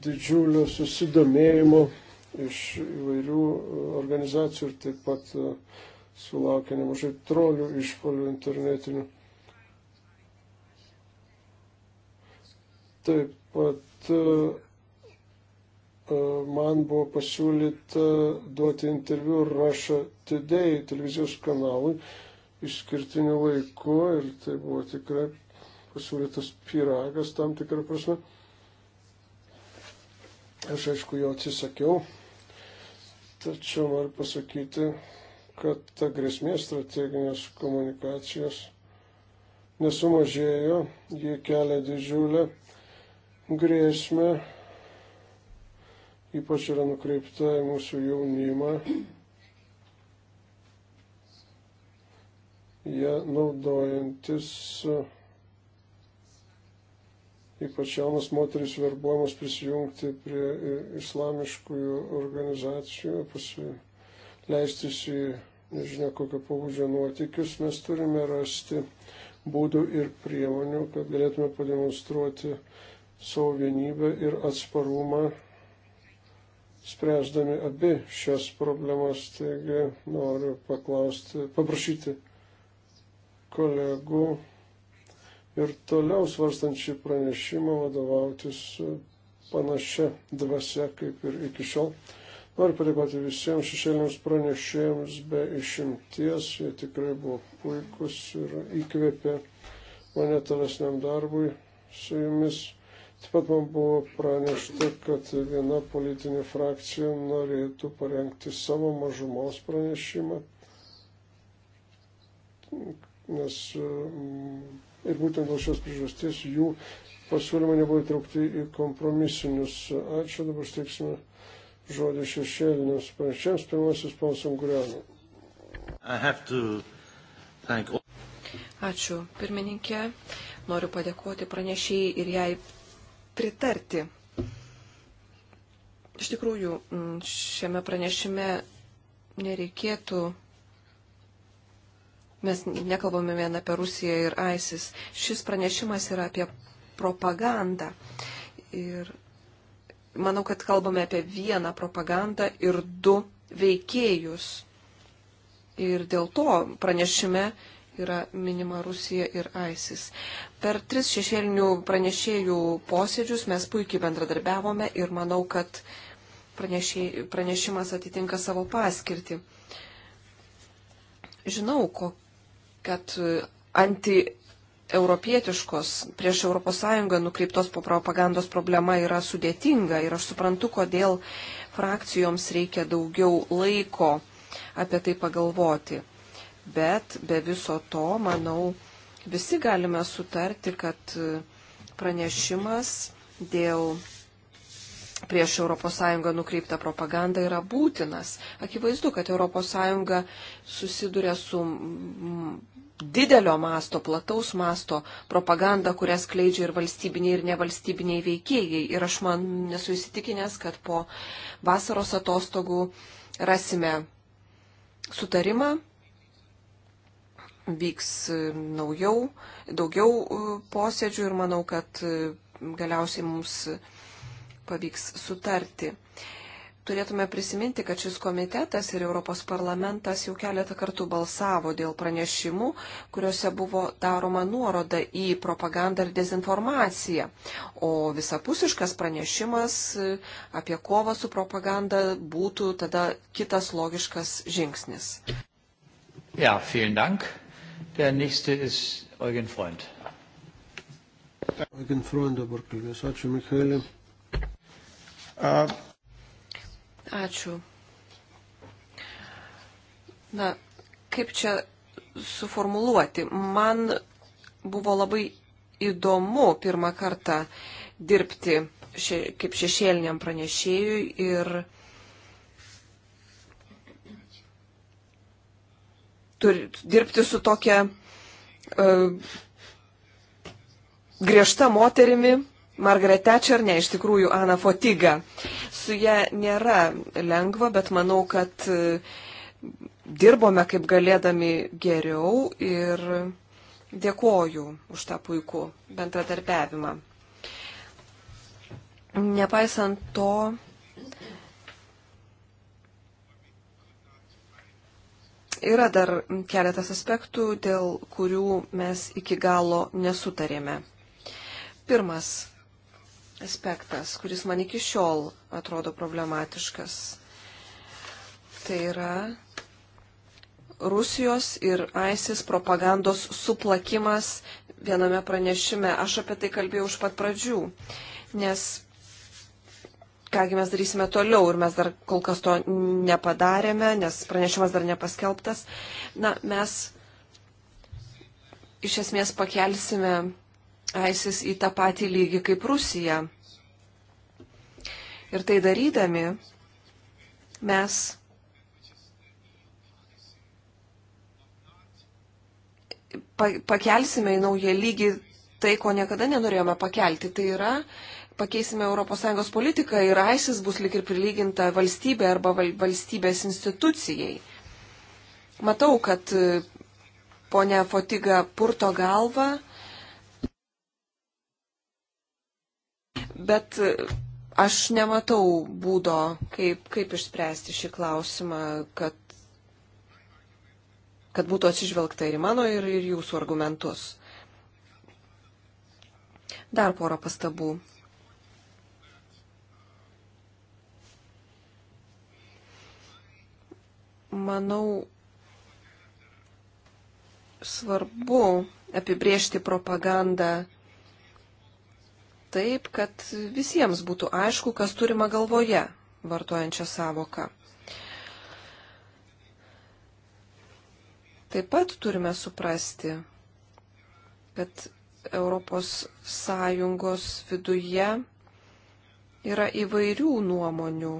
didžiulio susidomėjimo iš įvairių e, organizacijų ir taip pat e, sulaukė nemažai trolių išpolių internetinių. Taip pat E, man buvo pasiūlyta duoti interviu Russia Today televizijos kanalui išskirtiniu laiku ir tai buvo tikrai pasiūlytas pyragas tam tikrą prasme. Aš aišku jo atsisakiau, tačiau noriu pasakyti, kad ta grėsmė strateginės komunikacijos nesumažėjo, jie kelia didžiulę grėsmę ypač yra nukreipta į mūsų jaunimą. Jie naudojantis, ypač jaunas moteris verbuojamas prisijungti prie islamiškųjų organizacijų, pasileistis į nežinia kokio pobūdžio nuotikius, mes turime rasti būdų ir priemonių, kad galėtume pademonstruoti savo vienybę ir atsparumą spręsdami abi šias problemas. Taigi noriu paklausti, paprašyti kolegų ir toliau svarstant šį pranešimą vadovautis panašia dvasia kaip ir iki šiol. Noriu padėkoti visiems šešėliams pranešėjams be išimties, jie tikrai buvo puikus ir įkvėpė mane tolesniam darbui su jumis. Taip pat man buvo pranešta, kad viena politinė frakcija norėtų parengti savo mažumos pranešimą, nes mm, ir būtent dėl šios priežasties jų pasiūlymai nebuvo įtraukti į kompromisinius. Ačiū, dabar steiksime žodį šešėliniams pranešėms. Pirmasis ponas Anguriano. Ačiū, pirmininkė. Noriu padėkoti pranešėjai ir jai pritarti. Iš tikrųjų, mm, šiame pranešime nereikėtų. Mes nekalbame vien apie Rusiją ir ISIS. Šis pranešimas yra apie propagandą. Ir manau, kad kalbame apie vieną propagandą ir du veikėjus. Ir dėl to pranešime yra minima Rusija ir ISIS. Per tris šešėlinių pranešėjų posėdžius mes puikiai bendradarbiavome ir manau, kad pranešė, pranešimas atitinka savo paskirtį. Žinau, ko, kad anti. Europietiškos prieš ES nukreiptos propagandos problema yra sudėtinga ir aš suprantu, kodėl frakcijoms reikia daugiau laiko apie tai pagalvoti bet be viso to, manau, visi galime sutarti, kad e, pranešimas dėl prieš ES nukreipta propaganda yra būtinas. Akivaizdu, kad ES susiduria su didelio masto, plataus masto propaganda, kurią skleidžia ir valstybiniai, ir nevalstybiniai veikėjai. Ir aš man nesu įsitikinęs, kad po vasaros atostogų rasime sutarimą, vyks e, naujau, daugiau e, posėdžių ir manau, kad e, galiausiai mums pavyks sutarti. Turėtume prisiminti, kad šis komitetas ir Europos parlamentas jau keletą kartų balsavo dėl pranešimų, kuriuose buvo daroma nuoroda į propagandą ir dezinformaciją. O visapusiškas pranešimas apie kovą su propaganda būtų tada kitas logiškas žingsnis. Ja, vielen Dank. Der nächste ist Eugen Freund. Eugen Freund dabar kalbės. Ačiū, Michaelė. A... Ačiū. Na, kaip čia suformuluoti? Man buvo labai įdomu pirmą kartą dirbti še, kaip šešėliniam pranešėjui ir uh, turi dirbti su tokia uh, griežta moterimi, Margaret Thatcher, ne iš tikrųjų Ana Fotiga. Su ją nėra lengva, bet manau, kad e, dirbome kaip galėdami geriau ir dėkoju už tą puikų bendradarbiavimą. Nepaisant to, yra dar keletas aspektų, dėl kurių mes iki galo nesutarėme. Pirmas aspektas, kuris man iki šiol atrodo problematiškas, tai yra Rusijos ir ISIS propagandos suplakimas viename pranešime. Aš apie tai kalbėjau už pat pradžių, nes kągi mes darysime toliau ir mes dar kol kas to nepadarėme, nes pranešimas dar nepaskelbtas. Na, mes iš esmės pakelsime ISIS į tą patį lygį kaip Rusija. Ir tai darydami mes pakelsime į naują lygį tai, ko niekada nenorėjome pakelti. Tai yra pakeisime ES politiką ir ISIS bus lik ir prilyginta valstybė arba valstybės institucijai. Matau, kad e, ponia Fotiga purto galvą, bet e, aš nematau būdo, kaip, kaip išspręsti šį klausimą, kad, kad būtų atsižvelgta ir mano, ir, ir jūsų argumentus. Dar porą pastabų. manau, svarbu apibriežti propagandą taip, kad visiems būtų aišku, kas turima galvoje vartojančią savoką. Taip pat turime suprasti, kad Europos Sąjungos viduje yra įvairių nuomonių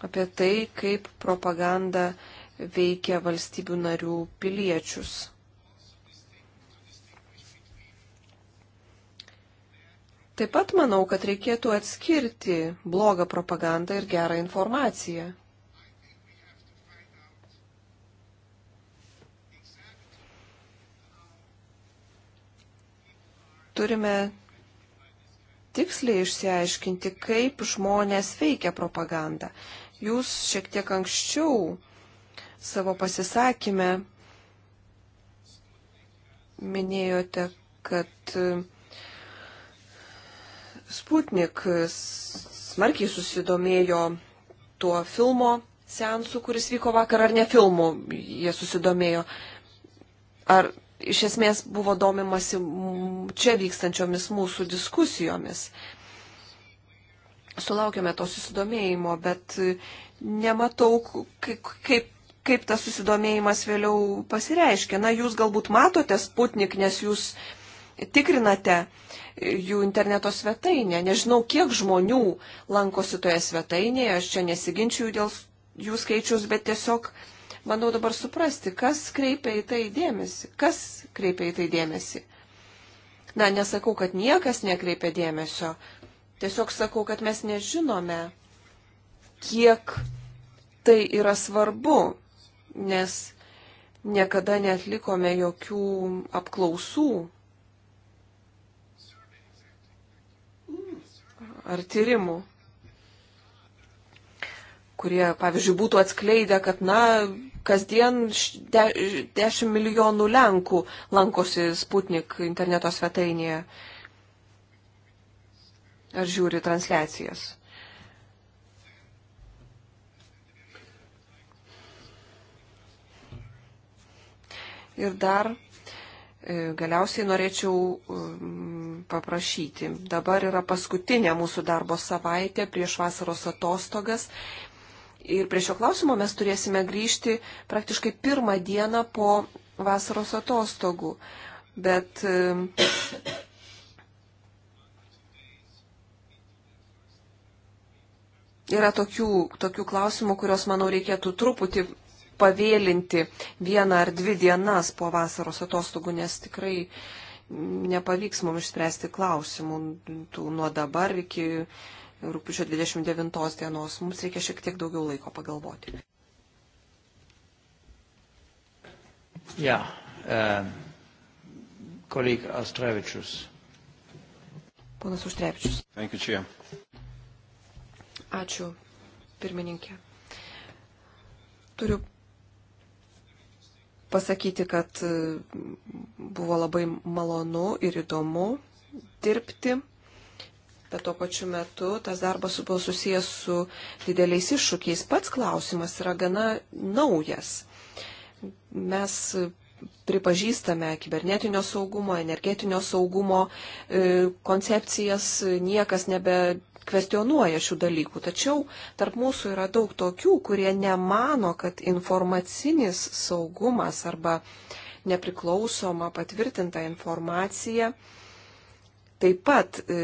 apie tai, kaip propaganda veikia valstybių narių piliečius. Taip pat manau, kad reikėtų atskirti blogą propagandą ir gerą informaciją. Turime tiksliai išsiaiškinti, kaip žmonės veikia propagandą. Jūs šiek tiek anksčiau savo pasisakymę minėjote, kad e, Sputnik smarkiai susidomėjo tuo filmo seansu, kuris vyko vakar, ar ne filmu jie susidomėjo. Ar iš esmės buvo domimasi čia vykstančiomis mūsų diskusijomis? sulaukėme to susidomėjimo, bet e, nematau, kaip, kaip tas susidomėjimas vėliau pasireiškia. Na, jūs galbūt matote Sputnik, nes jūs tikrinate e, jų interneto svetainę. Nežinau, kiek žmonių lankosi toje svetainėje, aš čia nesiginčiu dėl jų skaičius, bet tiesiog bandau dabar suprasti, kas kreipia į tai dėmesį. Kas kreipia į tai dėmesį? Na, nesakau, kad niekas nekreipia dėmesio. Tiesiog sakau, kad mes nežinome, kiek tai yra svarbu, nes niekada netlikome jokių apklausų ar tyrimų, kurie, pavyzdžiui, būtų atskleidę, kad, na, kasdien 10 milijonų Lenkų lankosi Sputnik interneto svetainėje ar žiūri transliacijas. Ir dar e, galiausiai norėčiau mm, paprašyti. Dabar yra paskutinė mūsų darbo savaitė prieš vasaros atostogas. Ir prie šio klausimo mes turėsime grįžti praktiškai pirmą dieną po vasaros atostogų. Bet e, yra tokių, tokių klausimų, kurios, manau, reikėtų truputį pavėlinti vieną ar dvi dienas po vasaros atostogų, nes tikrai nepavyks mums išspręsti klausimų tų nuo dabar iki rūpiučio 29 dienos. Mums reikia šiek tiek daugiau laiko pagalvoti. Ja, uh, kolega Astrevičius. Ponas Užtrevičius. Thank you, Chair. Ačiū, pirmininkė. Turiu pasakyti, kad e, buvo labai malonu ir įdomu dirbti, bet tuo pačiu metu tas darbas buvo susijęs su dideliais iššūkiais. Pats klausimas yra gana naujas. Mes pripažįstame kibernetinio saugumo, energetinio saugumo e, koncepcijas, niekas nebe kvestionuoja šių dalykų, tačiau tarp mūsų yra daug tokių, kurie nemano, kad informacinis saugumas arba nepriklausoma patvirtinta informacija taip pat e,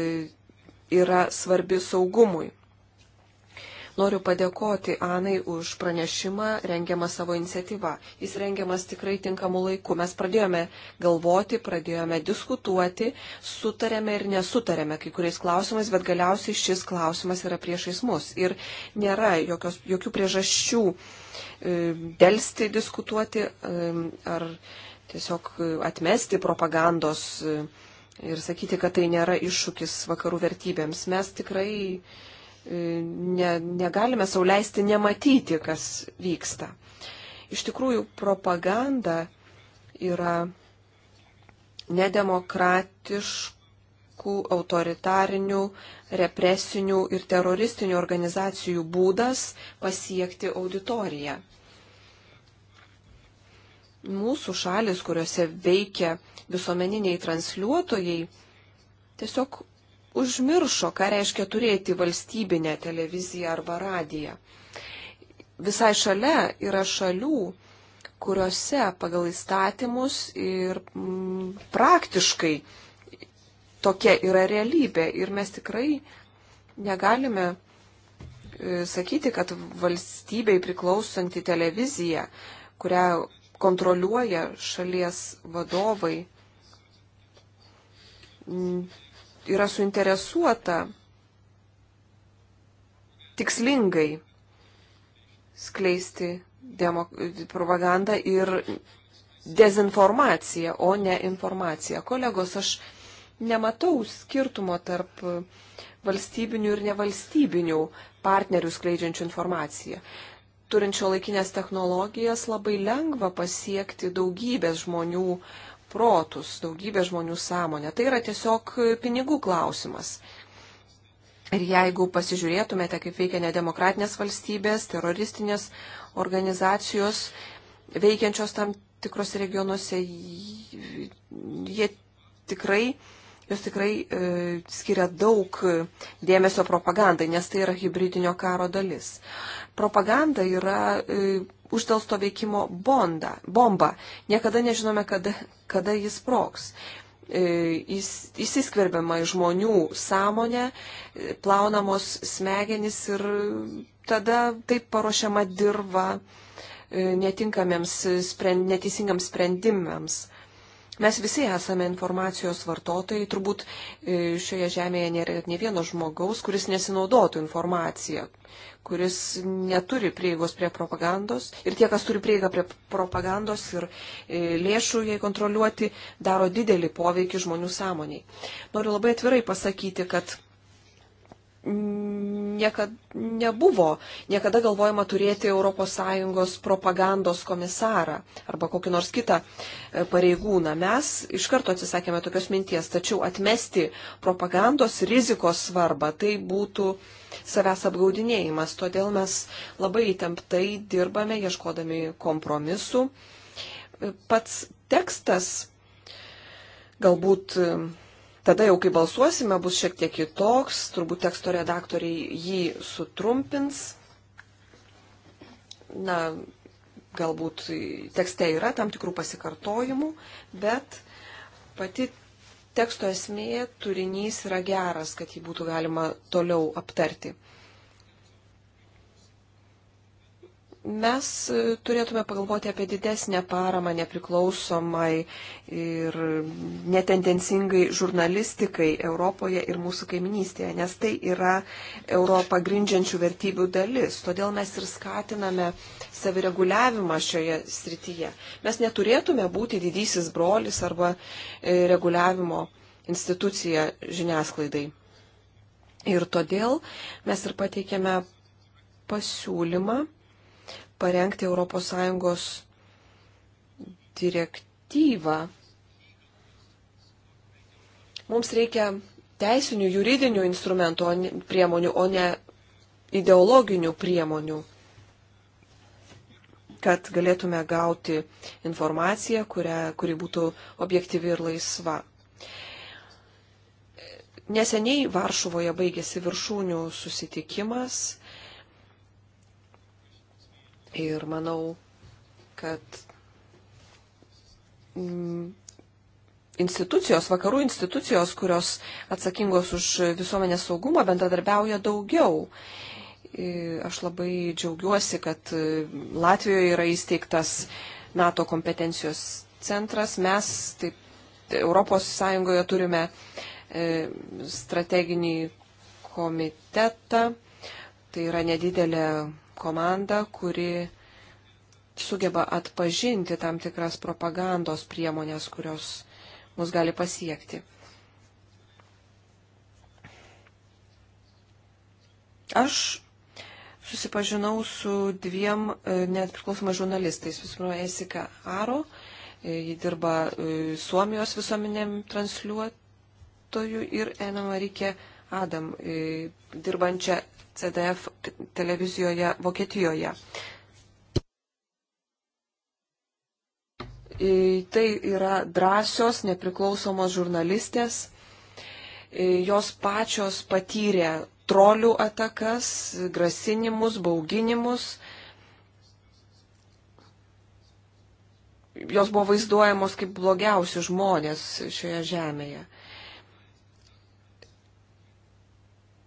yra svarbi saugumui. Noriu padėkoti Anai už pranešimą rengiamą savo iniciatyvą. Jis rengiamas tikrai tinkamu laiku. Mes pradėjome galvoti, pradėjome diskutuoti, sutarėme ir nesutarėme kai kuriais klausimais, bet galiausiai šis klausimas yra priešais mus. Ir nėra jokios, jokių priežasčių e, dėlsti diskutuoti e, ar tiesiog atmesti propagandos e, ir sakyti, kad tai nėra iššūkis vakarų vertybėms. Mes tikrai E, ne, negalime sauliaisti nematyti, kas vyksta. Iš tikrųjų, propaganda yra nedemokratiškų, autoritarinių, represinių ir teroristinių organizacijų būdas pasiekti auditoriją. Mūsų šalis, kuriuose veikia visuomeniniai transliuotojai, tiesiog užmiršo, ką reiškia turėti valstybinę televiziją arba radiją. Visai šalia yra šalių, kuriuose pagal įstatymus ir m, mm, praktiškai tokia yra realybė. Ir mes tikrai negalime e, sakyti, kad valstybei priklausanti televizija, kurią kontroliuoja šalies vadovai, yra suinteresuota tikslingai skleisti propagandą ir dezinformaciją, o ne informaciją. Kolegos, aš nematau skirtumo tarp valstybinių ir nevalstybinių partnerių skleidžiančių informaciją. Turint šio laikinės technologijas labai lengva pasiekti daugybės žmonių protus, daugybė žmonių sąmonę. Tai yra tiesiog pinigų klausimas. Ir jeigu pasižiūrėtumėte, kaip veikia nedemokratinės valstybės, teroristinės organizacijos, veikiančios tam tikrose regionuose, jie tikrai, jos tikrai e, skiria daug dėmesio propagandai, nes tai yra hybridinio karo dalis. Propaganda yra e, uždelsto veikimo bondą, bombą. Niekada nežinome, kada, kada jis proks. E, jis įsiskverbiama į žmonių sąmonę, plaunamos smegenys ir tada taip paruošiama dirba e, netinkamiems, sprend, neteisingams sprendimams. Mes visi esame informacijos vartotojai, turbūt e, šioje žemėje nėra ne vieno žmogaus, kuris nesinaudotų informaciją, kuris neturi prieigos prie propagandos ir tie, kas turi prieigą prie propagandos ir e, lėšų jai kontroliuoti, daro didelį poveikį žmonių sąmoniai. Noriu labai atvirai pasakyti, kad niekad nebuvo niekada galvojama turėti ES propagandos komisarą arba kokį nors kitą e, pareigūną. Mes iš karto atsisakėme tokios minties, tačiau atmesti propagandos rizikos svarbą tai būtų savęs apgaudinėjimas. Todėl mes labai įtemptai dirbame, ieškodami kompromisų. E, pats tekstas galbūt Tada jau, kai balsuosime, bus šiek tiek kitoks, turbūt teksto redaktoriai jį sutrumpins. Na, galbūt tekste yra tam tikrų pasikartojimų, bet pati teksto esmė, turinys yra geras, kad jį būtų galima toliau aptarti. Mes e, turėtume pagalvoti apie didesnę paramą nepriklausomai ir netendencingai žurnalistikai Europoje ir mūsų kaiminystėje, nes tai yra Europą grindžiančių vertybių dalis. Todėl mes ir skatiname savireguliavimą šioje srityje. Mes neturėtume būti didysis brolis arba e, reguliavimo institucija žiniasklaidai. Ir todėl mes ir pateikėme pasiūlymą parengti ES direktyvą. Mums reikia teisinių, juridinių instrumentų, o ne, priemonių, o ne ideologinių priemonių, kad galėtume gauti informaciją, kurią, kuri būtų objektyvi ir laisva. Neseniai Varšuvoje baigėsi viršūnių susitikimas Ir manau, kad mm, institucijos, vakarų institucijos, kurios atsakingos už visuomenės saugumą, bendradarbiauja daugiau. Aš labai džiaugiuosi, kad mm, Latvijoje yra įsteigtas NATO kompetencijos centras. Mes taip ES turime e, strateginį komitetą. Tai yra nedidelė komanda, kuri sugeba atpažinti tam tikras propagandos priemonės, kurios mus gali pasiekti. Aš susipažinau su dviem e, nepriklausomai žurnalistais. Visų pirma, Esika Aro, e, ji dirba e, Suomijos visuomenėm transliuotoju ir Ena Marikė Adam, dirbančią CDF televizijoje Vokietijoje. Tai yra drąsios, nepriklausomos žurnalistės. Jos pačios patyrė trolių atakas, grasinimus, bauginimus. Jos buvo vaizduojamos kaip blogiausi žmonės šioje žemėje.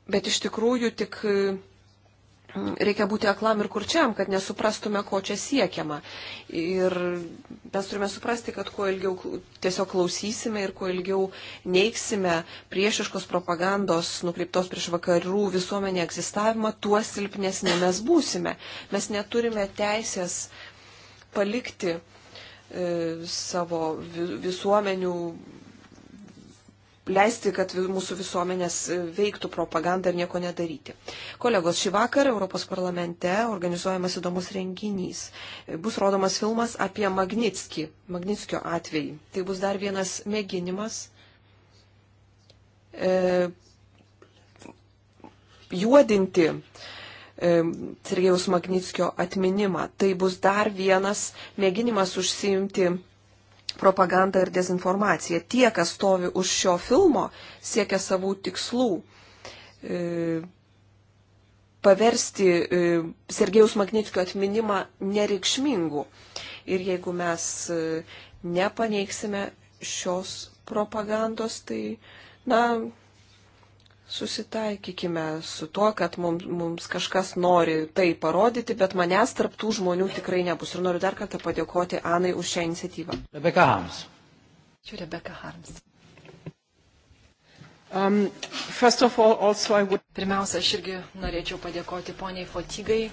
Bet iš tikrųjų tik mm, reikia būti aklam ir kurčiam, kad nesuprastume, ko čia siekiama. Ir mes turime suprasti, kad kuo ilgiau tiesiog klausysime ir kuo ilgiau neiksime priešiškos propagandos nukreiptos prieš vakarų visuomenį egzistavimą, tuo silpnesnė mes būsime. Mes neturime teisės palikti e, savo visuomenių leisti, kad mūsų visuomenės e, veiktų propagandą ir nieko nedaryti. Kolegos, šį vakarą Europos parlamente organizuojamas įdomus renginys. E, bus rodomas filmas apie Magnitskį, Magnitskio atvejį. Tai bus dar vienas mėginimas. E, juodinti e, Sergejaus Magnitskio atminimą. Tai bus dar vienas mėginimas užsiimti propaganda ir dezinformacija. Tie, kas stovi už šio filmo, siekia savų tikslų. E, paversti e, Sergejus Magnitskio atminimą nereikšmingu. Ir jeigu mes e, nepaneiksime šios propagandos, tai, na, susitaikykime su tuo, kad mums, mums kažkas nori tai parodyti, bet manęs tarptų žmonių tikrai nebus. Ir noriu dar kartą padėkoti Anai už šią iniciatyvą. Rebeka Harms. Čia Rebeka Harms. Um, all, would... Pirmiausia, aš irgi norėčiau padėkoti poniai Fotygai,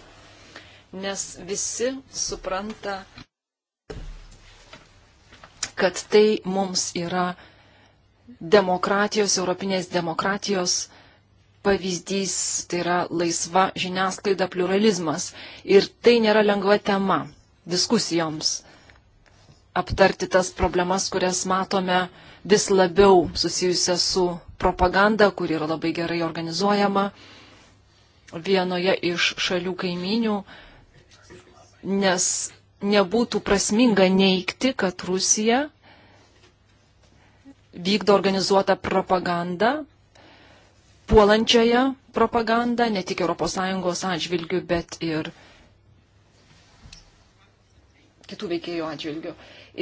nes visi supranta, kad tai mums yra demokratijos, europinės demokratijos pavyzdys, tai yra laisva žiniasklaida, pluralizmas. Ir tai nėra lengva tema diskusijoms aptarti tas problemas, kurias matome vis labiau susijusią su propaganda, kuri yra labai gerai organizuojama vienoje iš šalių kaiminių, nes nebūtų prasminga neikti, kad Rusija vykdo organizuotą propagandą, puolančiąją propagandą, ne tik ES atžvilgių, bet ir kitų veikėjų atžvilgių.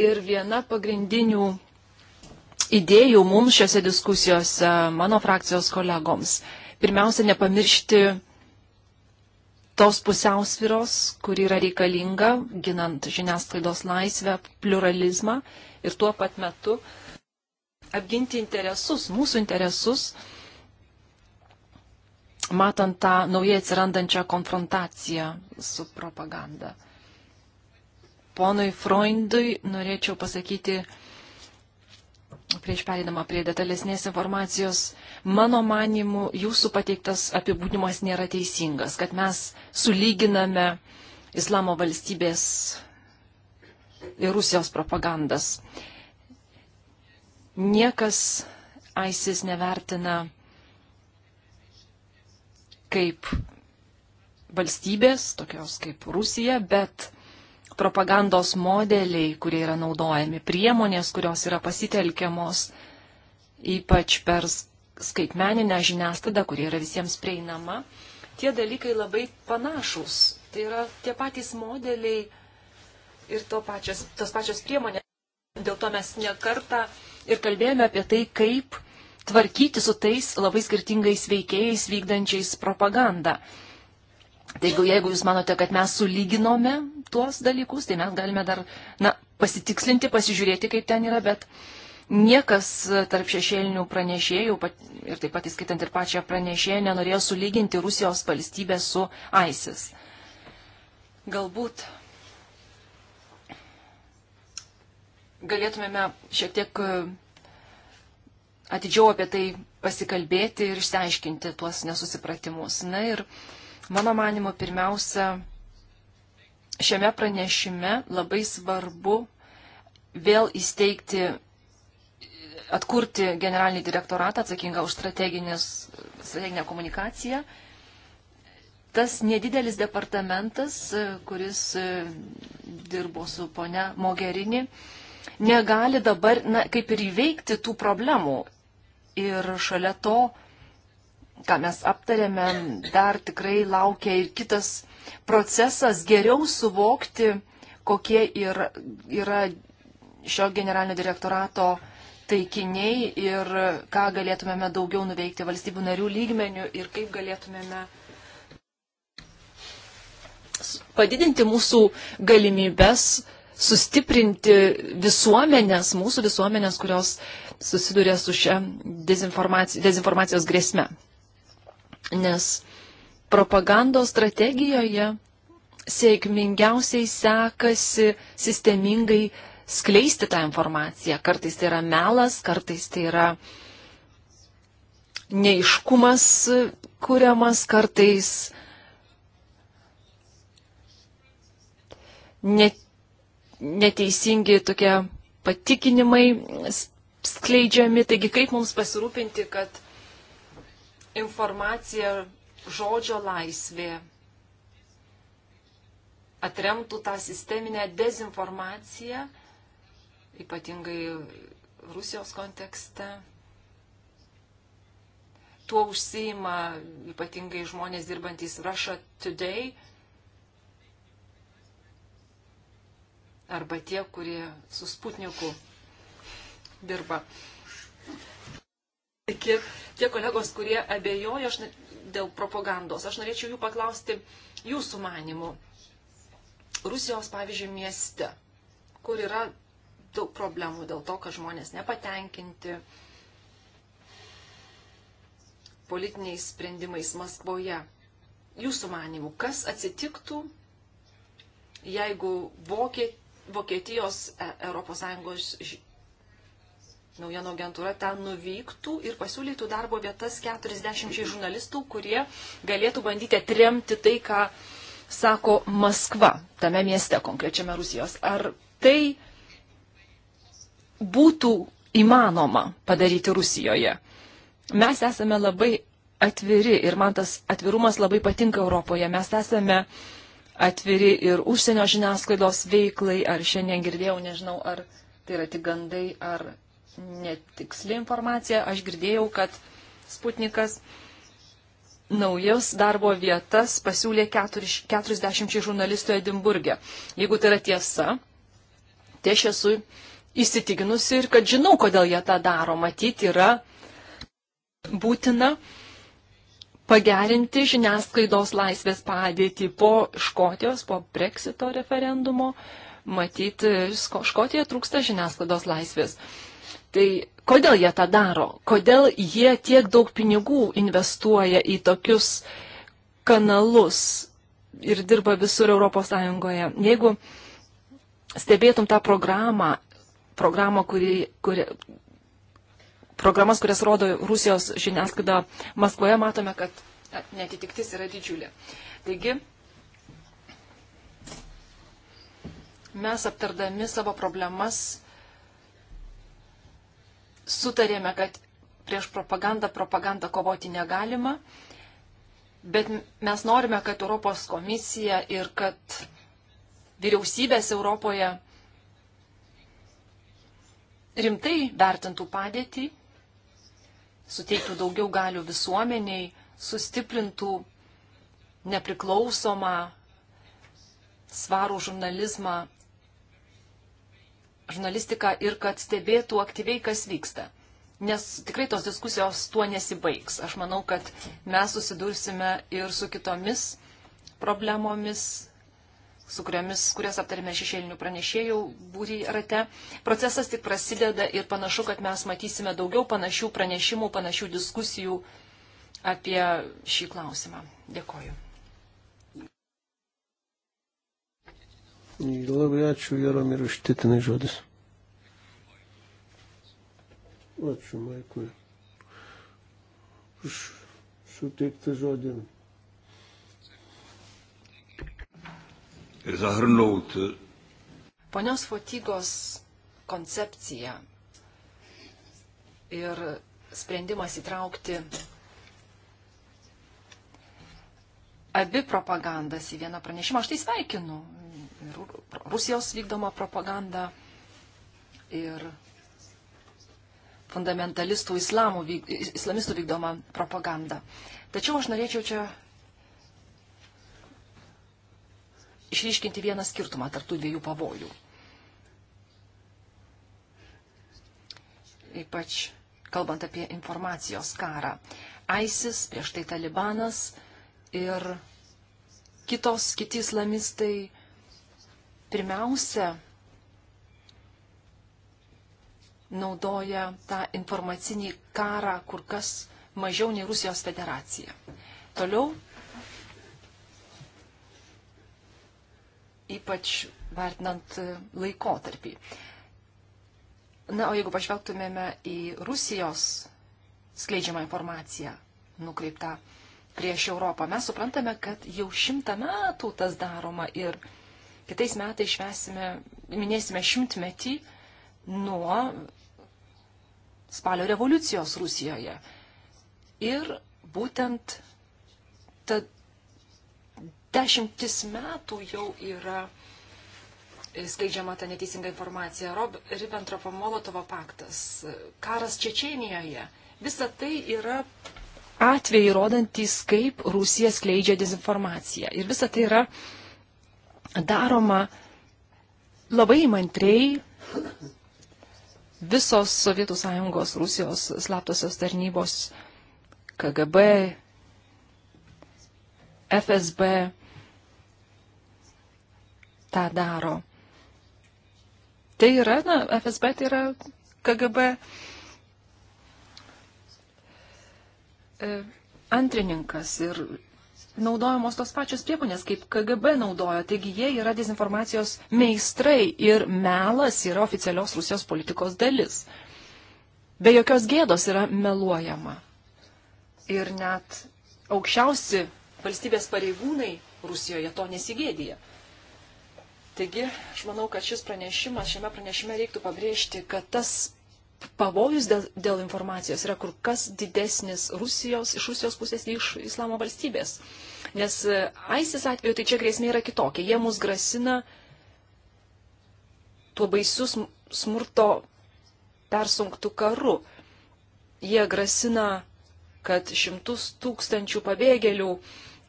Ir viena pagrindinių idėjų mums šiose diskusijose, mano frakcijos kolegoms, pirmiausia, nepamiršti tos pusiausviros, kuri yra reikalinga, ginant žiniasklaidos laisvę, pluralizmą ir tuo pat metu uh, apginti interesus, mūsų interesus, matant tą naujai atsirandančią konfrontaciją su propaganda. Ponui Freundui norėčiau pasakyti, prieš perėdama prie detalesnės informacijos, mano manimu, jūsų pateiktas apibūdimas nėra teisingas, kad mes sulyginame islamo valstybės ir Rusijos propagandas. Niekas ISIS nevertina kaip valstybės, tokios kaip Rusija, bet propagandos modeliai, kurie yra naudojami, priemonės, kurios yra pasitelkiamos ypač per skaitmeninę žiniasklaidą, kurie yra visiems prieinama, tie dalykai labai panašus. Tai yra tie patys modeliai ir to pačios, tos pačios priemonės. Dėl to mes nekartą ir kalbėjome apie tai, kaip tvarkyti su tais labai skirtingais veikėjais vykdančiais propagandą. Tai jeigu, jeigu jūs manote, kad mes sulyginome tuos dalykus, tai mes galime dar na, pasitikslinti, pasižiūrėti, kaip ten yra, bet niekas tarp šešėlinių pranešėjų, ir taip pat įskaitant ir pačią pranešėją, nenorėjo sulyginti Rusijos valstybę su ISIS. Galbūt galėtumėme šiek tiek e, atidžiau apie tai pasikalbėti ir išsiaiškinti tuos nesusipratimus. Na ir mano manimo, pirmiausia, šiame pranešime labai svarbu vėl įsteigti, atkurti generalinį direktoratą atsakingą už strateginę komunikaciją tas nedidelis departamentas, kuris e, dirbo su ponia Mogerini, negali dabar, na, kaip ir įveikti tų problemų. Ir šalia to, ką mes aptarėme, dar tikrai laukia ir kitas procesas geriau suvokti, kokie yra, yra šio generalinio direktorato taikiniai ir ką galėtumėme daugiau nuveikti valstybių narių lygmenių ir kaip galėtumėme padidinti mūsų galimybės sustiprinti visuomenės, mūsų visuomenės, kurios susiduria su šia dezinformacijos, dezinformacijos grėsme. Nes propagandos strategijoje sėkmingiausiai sekasi sistemingai skleisti tą informaciją. Kartais tai yra melas, kartais tai yra neiškumas kuriamas, kartais net neteisingi tokie patikinimai skleidžiami. Taigi kaip mums pasirūpinti, kad informacija, žodžio laisvė atremtų tą sisteminę dezinformaciją, ypatingai Rusijos kontekste. Tuo užsima ypatingai žmonės dirbantys Russia Today arba tie, kurie su Sputniku dirba. Iki tie kolegos, kurie abejoja aš, dėl propagandos, aš norėčiau jų paklausti jūsų manimų. Rusijos, pavyzdžiui, mieste, kur yra daug problemų dėl to, kad žmonės nepatenkinti politiniais sprendimais Maskvoje. Jūsų manimų, kas atsitiktų, jeigu vokietė Vokietijos ES naujienų agentūra ten nuvyktų ir pasiūlytų darbo vietas 40 žurnalistų, kurie galėtų bandyti atremti tai, ką sako Maskva tame mieste konkrečiame Rusijos. Ar tai būtų įmanoma padaryti Rusijoje? Mes esame labai atviri ir man tas atvirumas labai patinka Europoje. Mes esame uh, atviri ir užsienio žiniasklaidos veiklai, ar šiandien girdėjau, nežinau, ar tai yra tik gandai, ar netiksli informacija. Aš girdėjau, kad Sputnikas naujas darbo vietas pasiūlė 40 žurnalistų Edimburgė. Jeigu tai yra tiesa, tai aš esu įsitikinusi ir kad žinau, kodėl jie tą daro. Matyti yra būtina pagerinti žiniasklaidos laisvės padėtį po Škotijos, po Brexito referendumo. Matyti, Škotija trūksta žiniasklaidos laisvės. Tai kodėl jie tą daro? Kodėl jie tiek daug pinigų investuoja į tokius kanalus ir dirba visur ES? Jeigu stebėtum tą programą, programą, kuri, kuri, programas, kurias rodo Rusijos žiniasklaida Maskvoje, matome, kad netitiktis yra didžiulė. Taigi, mes aptardami savo problemas sutarėme, kad prieš propagandą propagandą kovoti negalima, bet mes norime, kad Europos komisija ir kad vyriausybės Europoje rimtai vertintų padėtį suteiktų daugiau galių visuomeniai, sustiprintų nepriklausomą, svarų žurnalizmą, žurnalistiką ir kad stebėtų aktyviai, kas vyksta. Nes tikrai tos diskusijos tuo nesibaigs. Aš manau, kad mes susidursime ir su kitomis problemomis, su kuriamis, kurias aptarėme šešėlinių pranešėjų būrį rate. Procesas tik prasideda ir panašu, kad mes matysime daugiau panašių pranešimų, panašių diskusijų apie šį klausimą. Dėkoju. Labai ačiū Jaromir už titinai žodis. Ačiū Maikui. Už suteiktą žodį. zahrnout. Eh, Ponios Fotygos koncepcija ir sprendimas įtraukti abi propagandas į vieną pranešimą. Aš tai sveikinu. Ir Rusijos vykdoma propaganda ir fundamentalistų islamų, islamistų vykdoma propaganda. Tačiau aš norėčiau čia išryškinti vieną skirtumą tarptų dviejų pavojų. Ypač kalbant apie informacijos karą. ISIS, prieš tai Talibanas ir kitos, kiti islamistai pirmiausia naudoja tą informacinį karą kur kas mažiau nei Rusijos federacija. Toliau ypač vertinant laikotarpį. Na, o jeigu pažvelgtumėme į Rusijos skleidžiamą informaciją nukreiptą prieš Europą, mes suprantame, kad jau šimtą metų tas daroma ir kitais metais švesime, minėsime šimtmetį nuo spalio revoliucijos Rusijoje. Ir būtent tad dešimtis metų jau yra skleidžiama ta neteisinga informacija. Rob, Ribbentropo Molotovo paktas, karas Čečienijoje. Visa tai yra atvejai rodantis, kaip Rusija skleidžia dezinformaciją. Ir visa tai yra daroma labai įmantriai. Visos Sovietų sąjungos, Rusijos slaptosios tarnybos, KGB, FSB tą daro. Tai yra, na, FSB tai yra KGB e, antrininkas ir naudojamos tos pačios priemonės, kaip KGB naudojo. Taigi jie yra dezinformacijos meistrai ir melas yra oficialios Rusijos politikos dalis. Be jokios gėdos yra meluojama. Ir net aukščiausi valstybės pareigūnai Rusijoje to nesigėdija. Taigi, aš manau, kad šis pranešimas, šiame pranešime reiktų pabrėžti, kad tas pavojus dėl, dėl informacijos yra kur kas didesnis Rusijos, iš Rusijos pusės nei iš Islamo valstybės. Nes e, ISIS atveju tai čia grėsmė yra kitokia. Jie mus grasina tuo baisiu smurto persunktų karu. Jie grasina, kad šimtus tūkstančių pabėgėlių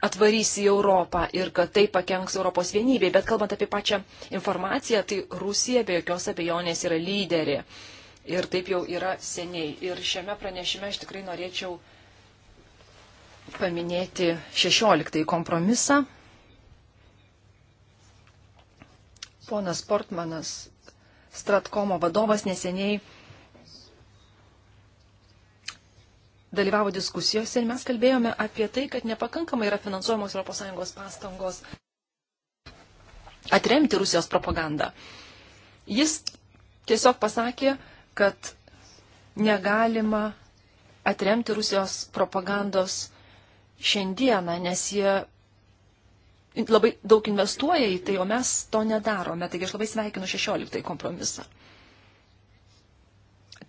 atvarys į Europą ir kad tai pakenks Europos vienybei. Bet kalbant apie pačią informaciją, tai Rusija be jokios abejonės yra lyderė. Ir taip jau yra seniai. Ir šiame pranešime aš tikrai norėčiau paminėti 16 kompromisą. Ponas Portmanas, Stratkomo vadovas, neseniai dalyvavo diskusijose ir mes kalbėjome apie tai, kad nepakankamai yra finansuojamos ES pastangos atremti Rusijos propagandą. Jis tiesiog pasakė, kad negalima atremti Rusijos propagandos šiandieną, nes jie labai daug investuoja į tai, o mes to nedarome. Taigi aš labai sveikinu 16 kompromisą.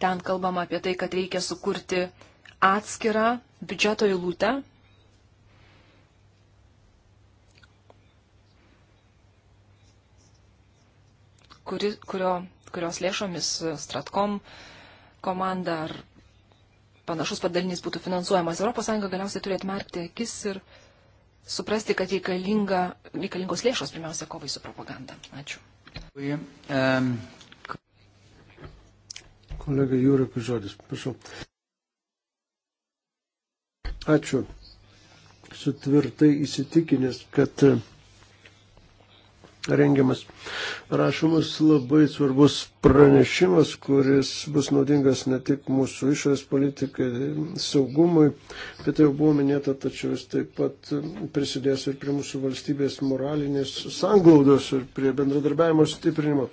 Ten kalbama apie tai, kad reikia sukurti atskirą biudžeto eilutę. Kuri, kurio, kurios lėšomis Stratkom komanda ar panašus padalinys būtų finansuojamas. ES galiausiai turi atmerkti akis ir suprasti, kad reikalinga, reikalingos lėšos pirmiausia kovai su propaganda. Ačiū. Kolega Jūrikas žodis, prašau. Ačiū. Sutvirtai įsitikinęs, kad e, rengiamas rašomas labai svarbus pranešimas, kuris bus naudingas ne tik mūsų išorės politikai, saugumui, bet tai jau buvo minėta, tačiau jis taip pat e, prisidės ir prie mūsų valstybės moralinės sanglaudos ir prie bendradarbiavimo stiprinimo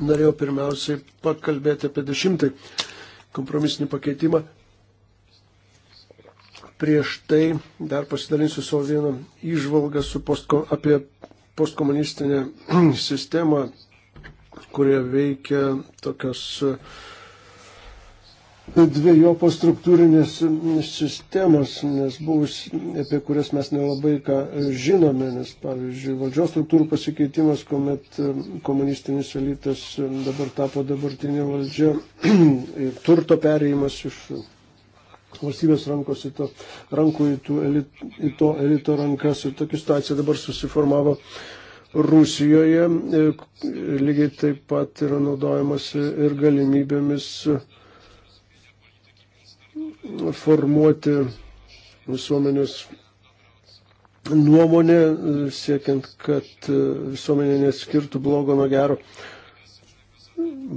norėjau pirmiausiai pakalbėti apie dešimtąjį kompromisinį pakeitimą, prieš tai dar pasidalinsiu savo vieną išvalgą postko, apie postkomunistinę sistemą, kurioje veikia tokios e, dviejopos struktūrinės sistemos, nes buvus, apie kurias mes nelabai ką e, žinome, nes pavyzdžiui, valdžios struktūrų pasikeitimas, kuomet e, komunistinis elitas dabar tapo dabartinė valdžia, turto perėjimas iš valstybės rankos į to, rankų į, tų, elit, į to elito rankas. Ir tokia situacija dabar susiformavo Rusijoje. E, lygiai taip pat yra naudojamas ir galimybėmis formuoti visuomenės nuomonė, siekiant, kad visuomenė neskirtų blogo nuo gero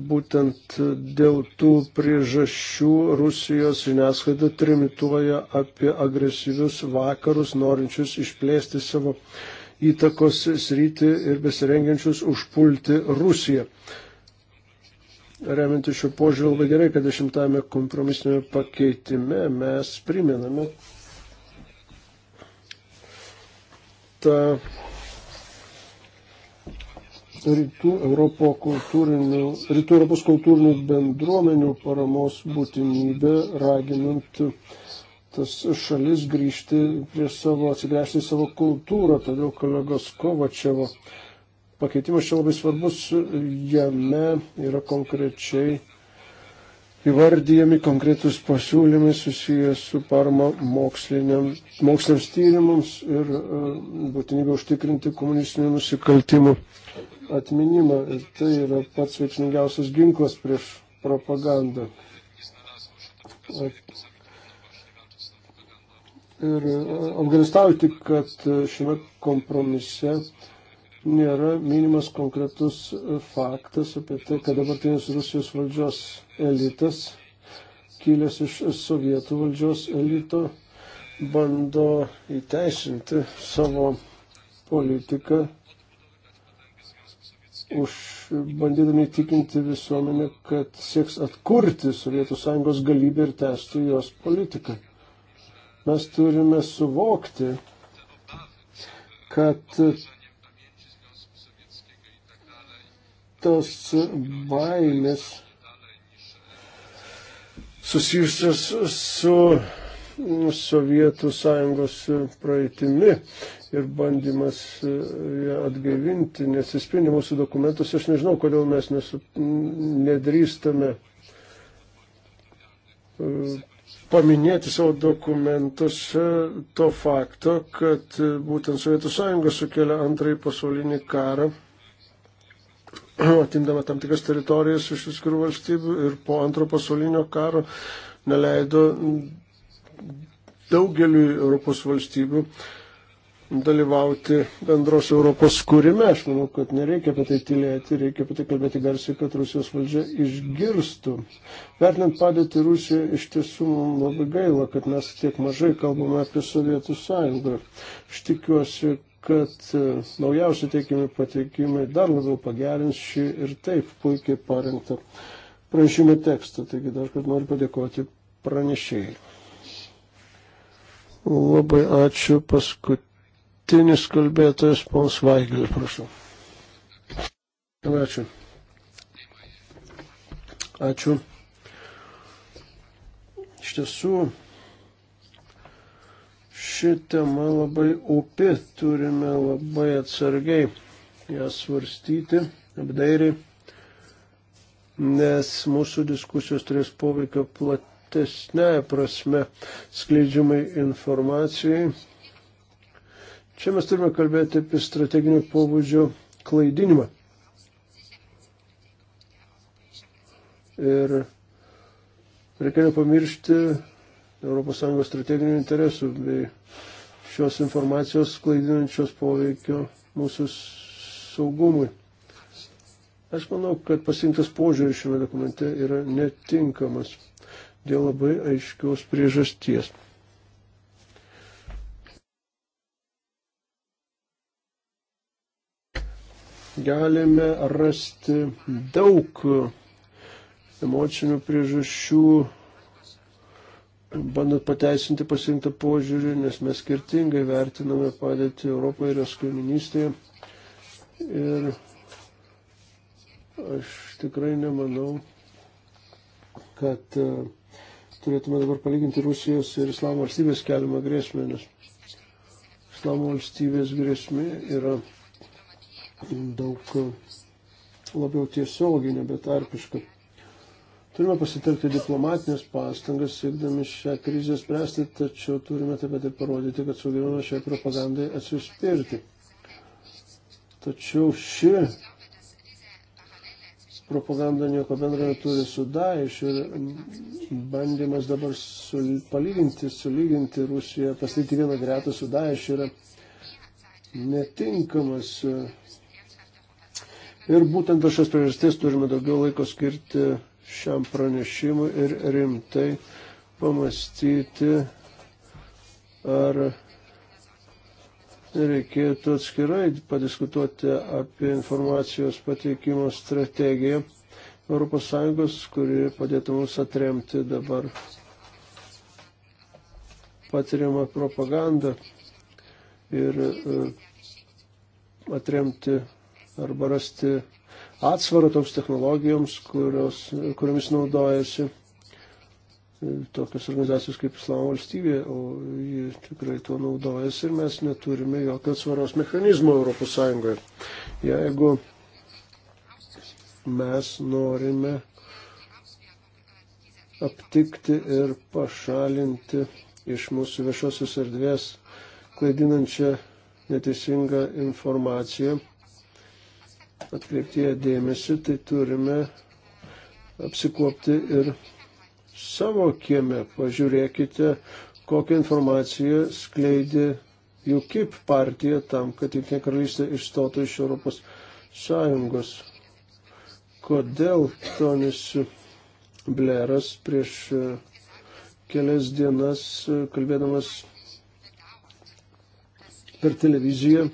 būtent dėl tų priežasčių Rusijos žiniasklaida trimituoja apie agresyvius vakarus, norinčius išplėsti savo įtakos sritį ir besirengiančius užpulti Rusiją. Remianti šiuo požiūriu labai gerai, kad dešimtame kompromisinėme pakeitime mes priminame tą rytų, Europo rytų Europos kultūrinių bendruomenių paramos būtinybę, raginant tas šalis grįžti prie savo, atsigręžti į savo kultūrą. Todėl kolegos Kovačevo pakeitimas čia labai svarbus, jame yra konkrečiai įvardyjami konkretus pasiūlymai susijęs su parama moksliniams tyrimams ir e, būtinybė užtikrinti komunistinių nusikaltimų atminimą. Ir tai yra pats veiksmingiausias ginklas prieš propagandą. Ir apgalėstauti, kad šiame kompromise nėra minimas konkretus faktas apie tai, kad dabartinis Rusijos valdžios elitas, kilęs iš sovietų valdžios elito, bando įteisinti savo politiką už bandydami įtikinti visuomenę, kad sieks atkurti Sovietų Sąjungos galybę ir tęsti jos politiką. Mes turime suvokti, kad tos baimės susijusios su Sovietų sąjungos praeitimi ir bandymas e, ją atgaivinti, nesispindi mūsų dokumentus. Aš nežinau, kodėl mes nesu, nedrįstame e, paminėti savo dokumentuose to fakto, kad e, būtent Sovietų sąjunga sukelia antrąjį pasaulinį karą atimdama tam tikras teritorijas iš atskirų valstybių ir po antro pasaulinio karo neleido daugeliu Europos valstybių dalyvauti bendros Europos kūrime. Aš manau, kad nereikia apie tai tylėti, reikia apie tai kalbėti garsiai, kad Rusijos valdžia išgirstų. Vertinant padėtį Rusijoje, iš tiesų mums labai gaila, kad mes tiek mažai kalbame apie Sovietų sąjungą. Aš tikiuosi, kad e, naujausi teikiami pateikimai dar labiau pagerins šį ir taip puikiai parengtą pranešimo tekstą. Taigi dar kartą noriu padėkoti pranešėjai. Labai ačiū. Paskutinis kalbėtojas, pons Vaigelis, prašau. Ačiū. Ačiū. Iš tiesų, ši tema labai upi, turime labai atsargiai ją svarstyti, apdairiai, nes mūsų diskusijos turės poveikio plačiai platesnė prasme skleidžiamai informacijai. Čia mes turime kalbėti apie strateginio pobūdžio klaidinimą. Ir reikia nepamiršti ES strateginių interesų bei šios informacijos klaidinančios poveikio mūsų saugumui. Aš manau, kad pasirinktas požiūris šiame dokumente yra netinkamas dėl labai aiškios priežasties. Galime rasti daug emocinių priežasčių, bandant pateisinti pasirinktą požiūrį, nes mes skirtingai vertiname padėtį Europoje ir jos kaiminystėje. Ir aš tikrai nemanau, kad uh, turėtume dabar palyginti Rusijos ir Islamo valstybės keliamą grėsmę, nes Islamo valstybės grėsmė yra daug labiau tiesioginė, bet arpiška. Turime pasitelkti diplomatinės pastangas, siekdami šią krizę spręsti, tačiau turime taip pat ir parodyti, kad sugebame šiai propagandai atsispirti. Tačiau ši propaganda nieko bendro neturi su Daesh ir bandymas dabar su, palyginti, sulyginti Rusiją, pastatyti vieną gretą su Daesh yra netinkamas. Ir būtent dėl šios priežasties turime daugiau laiko skirti šiam pranešimui ir rimtai pamastyti, ar reikėtų atskirai padiskutuoti apie informacijos pateikimo strategiją ES, kuri padėtų mums atremti dabar patiriamą propagandą ir e, atremti arba rasti atsvarą toms technologijoms, kurios, kuriomis naudojasi tokios organizacijos kaip Islamo valstybė, o ji tikrai tuo naudojasi ir mes neturime jokio atsvaros mechanizmo Europos Sąjungoje. Jeigu mes norime aptikti ir pašalinti iš mūsų viešosios erdvės klaidinančią neteisingą informaciją, atkreipti ją dėmesį, tai turime apsikopti ir savo kieme. Pažiūrėkite, kokią informaciją skleidė UKIP partija tam, kad Junktinė karalystė išstotų iš Europos Sąjungos. Kodėl Tonis Bleras prieš e, kelias dienas, e, kalbėdamas per televiziją,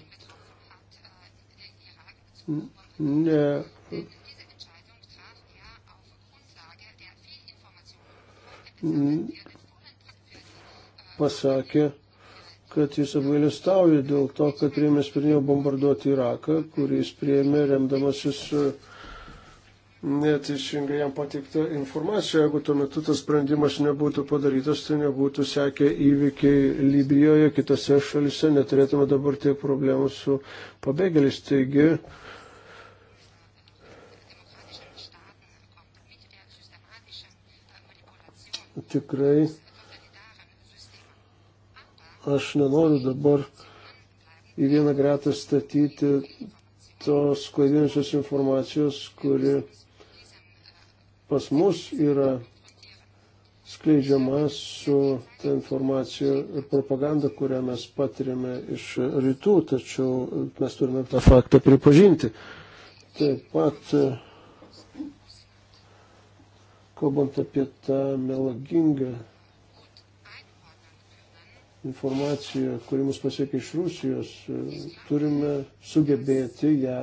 ne pasakė, kad jis apgailestauja dėl to, kad priėmė sprendimą bombarduoti Iraką, kurį jis priėmė remdamasis e, neteisingai jam patikta informacija. Jeigu tuo metu tas sprendimas nebūtų padarytas, tai nebūtų sekę įvykiai Libijoje, kitose šalise, neturėtume dabar tiek problemų su pabėgėliais. Taigi, tikrai aš nenoriu dabar į vieną gretą statyti tos klaidinančios informacijos, kuri pas mus yra skleidžiama su ta informacija ir propaganda, kurią mes patiriame iš rytų, tačiau mes turime tą faktą pripažinti. Taip pat kalbant apie tą melagingą informaciją, kuri mus pasiekia iš Rusijos, turime sugebėti ją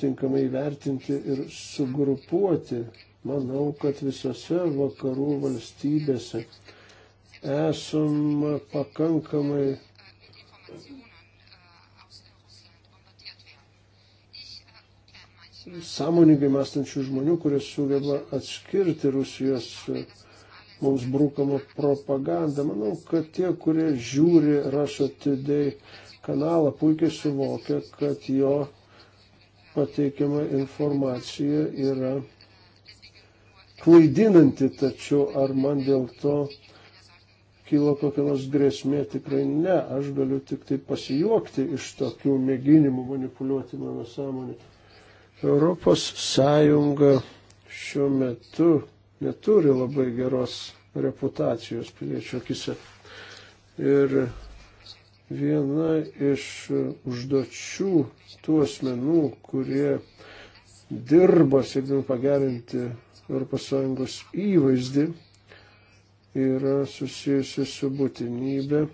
tinkamai vertinti ir sugrupuoti. Manau, kad visose vakarų valstybėse esam pakankamai sąmoningai mąstančių žmonių, kurie sugeba atskirti Rusijos e, mums brūkamą propagandą. Manau, kad tie, kurie žiūri Russia Today kanalą, puikiai suvokia, kad jo pateikiama informacija yra klaidinanti, tačiau ar man dėl to kyla kokia nors grėsmė, tikrai ne. Aš galiu tik tai pasijuokti iš tokių mėginimų manipuliuoti mano sąmonę. Europos Sąjunga šiuo metu neturi labai geros reputacijos piliečių akise. Ir viena iš užduočių tų asmenų, kurie dirba, siekdami pagerinti ES įvaizdį, yra susijusi su būtinybė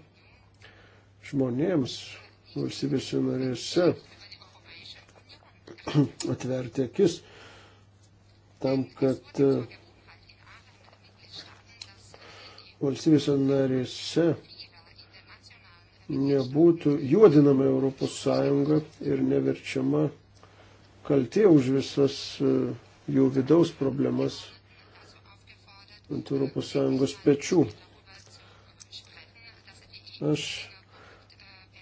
žmonėms valstybėse narėse atverti akis tam, kad e, valstybėse narėse nebūtų juodinama Europos Sąjunga ir neverčiama kaltė už visas e, jų vidaus problemas ant Europos Sąjungos pečių. Aš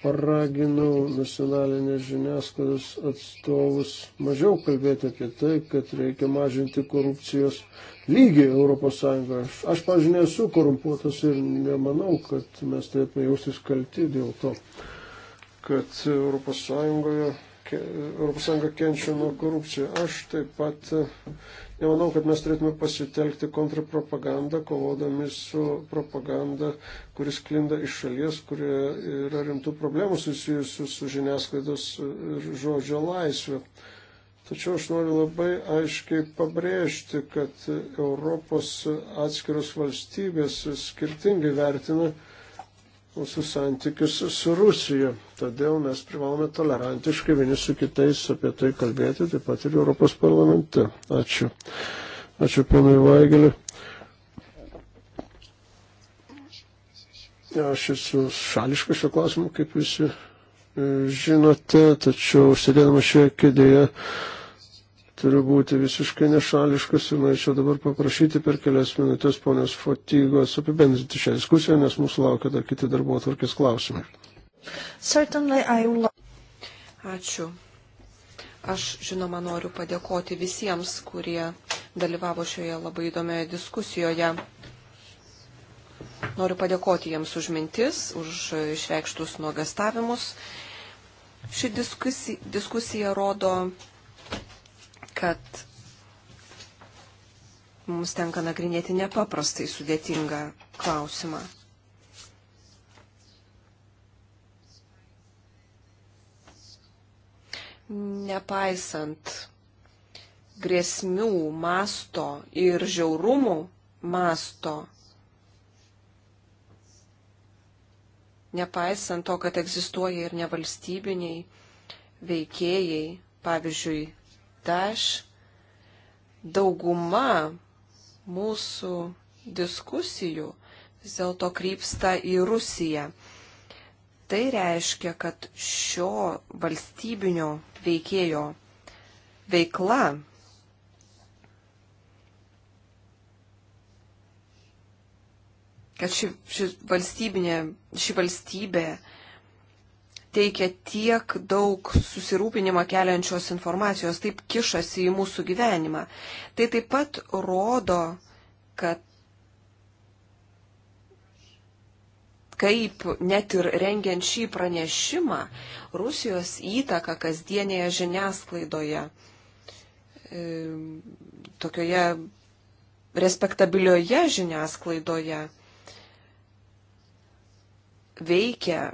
paraginau nacionalinės žiniasklaidos atstovus mažiau kalbėti apie tai, kad reikia mažinti korupcijos lygį ES. Aš, aš pažiūrėjau, nesu korumpuotas ir nemanau, kad mes turėtume jaustis kalti dėl to, kad ES ES kenčia nuo korupcijų. Aš taip pat e, nemanau, kad mes turėtume pasitelkti kontrapropagandą, kovodami su propaganda, kuris klinda iš šalies, kurioje yra rimtų problemų susijusių su žiniasklaidos ir žodžio laisvė. Tačiau aš noriu labai aiškiai pabrėžti, kad Europos atskiros valstybės skirtingai vertina mūsų santykius su Rusija. Todėl mes privalome tolerantiškai vieni su kitais apie tai kalbėti, taip pat ir Europos parlamente. Ačiū. Ačiū ponui Vaigeliu. Aš esu šališkas šio klausimu, kaip visi e, žinote, tačiau sėdėdama šioje kėdėje turiu būti visiškai nešališkas ir norėčiau dabar paprašyti per kelias minutės ponios Fotygos apibendrinti šią diskusiją, nes mūsų laukia dar kiti darbo atvarkės klausimai. Ačiū. Aš žinoma noriu padėkoti visiems, kurie dalyvavo šioje labai įdomioje diskusijoje. Noriu padėkoti jiems už mintis, už išreikštus nuogastavimus. Ši diskusija, diskusija rodo kad mums tenka nagrinėti nepaprastai sudėtingą klausimą. Nepaisant grėsmių masto ir žiaurumų masto, nepaisant to, kad egzistuoja ir nevalstybiniai veikėjai, pavyzdžiui, Daesh, dauguma mūsų diskusijų vis dėlto krypsta į Rusiją. Tai reiškia, kad šio valstybinio veikėjo veikla kad ši, ši, valstybinė, ši valstybė teikia tiek daug susirūpinimą keliančios informacijos, taip kišasi į mūsų gyvenimą. Tai taip pat rodo, kad kaip net ir rengiant šį pranešimą, Rusijos įtaka kasdienėje žiniasklaidoje, e, tokioje respektabilioje žiniasklaidoje veikia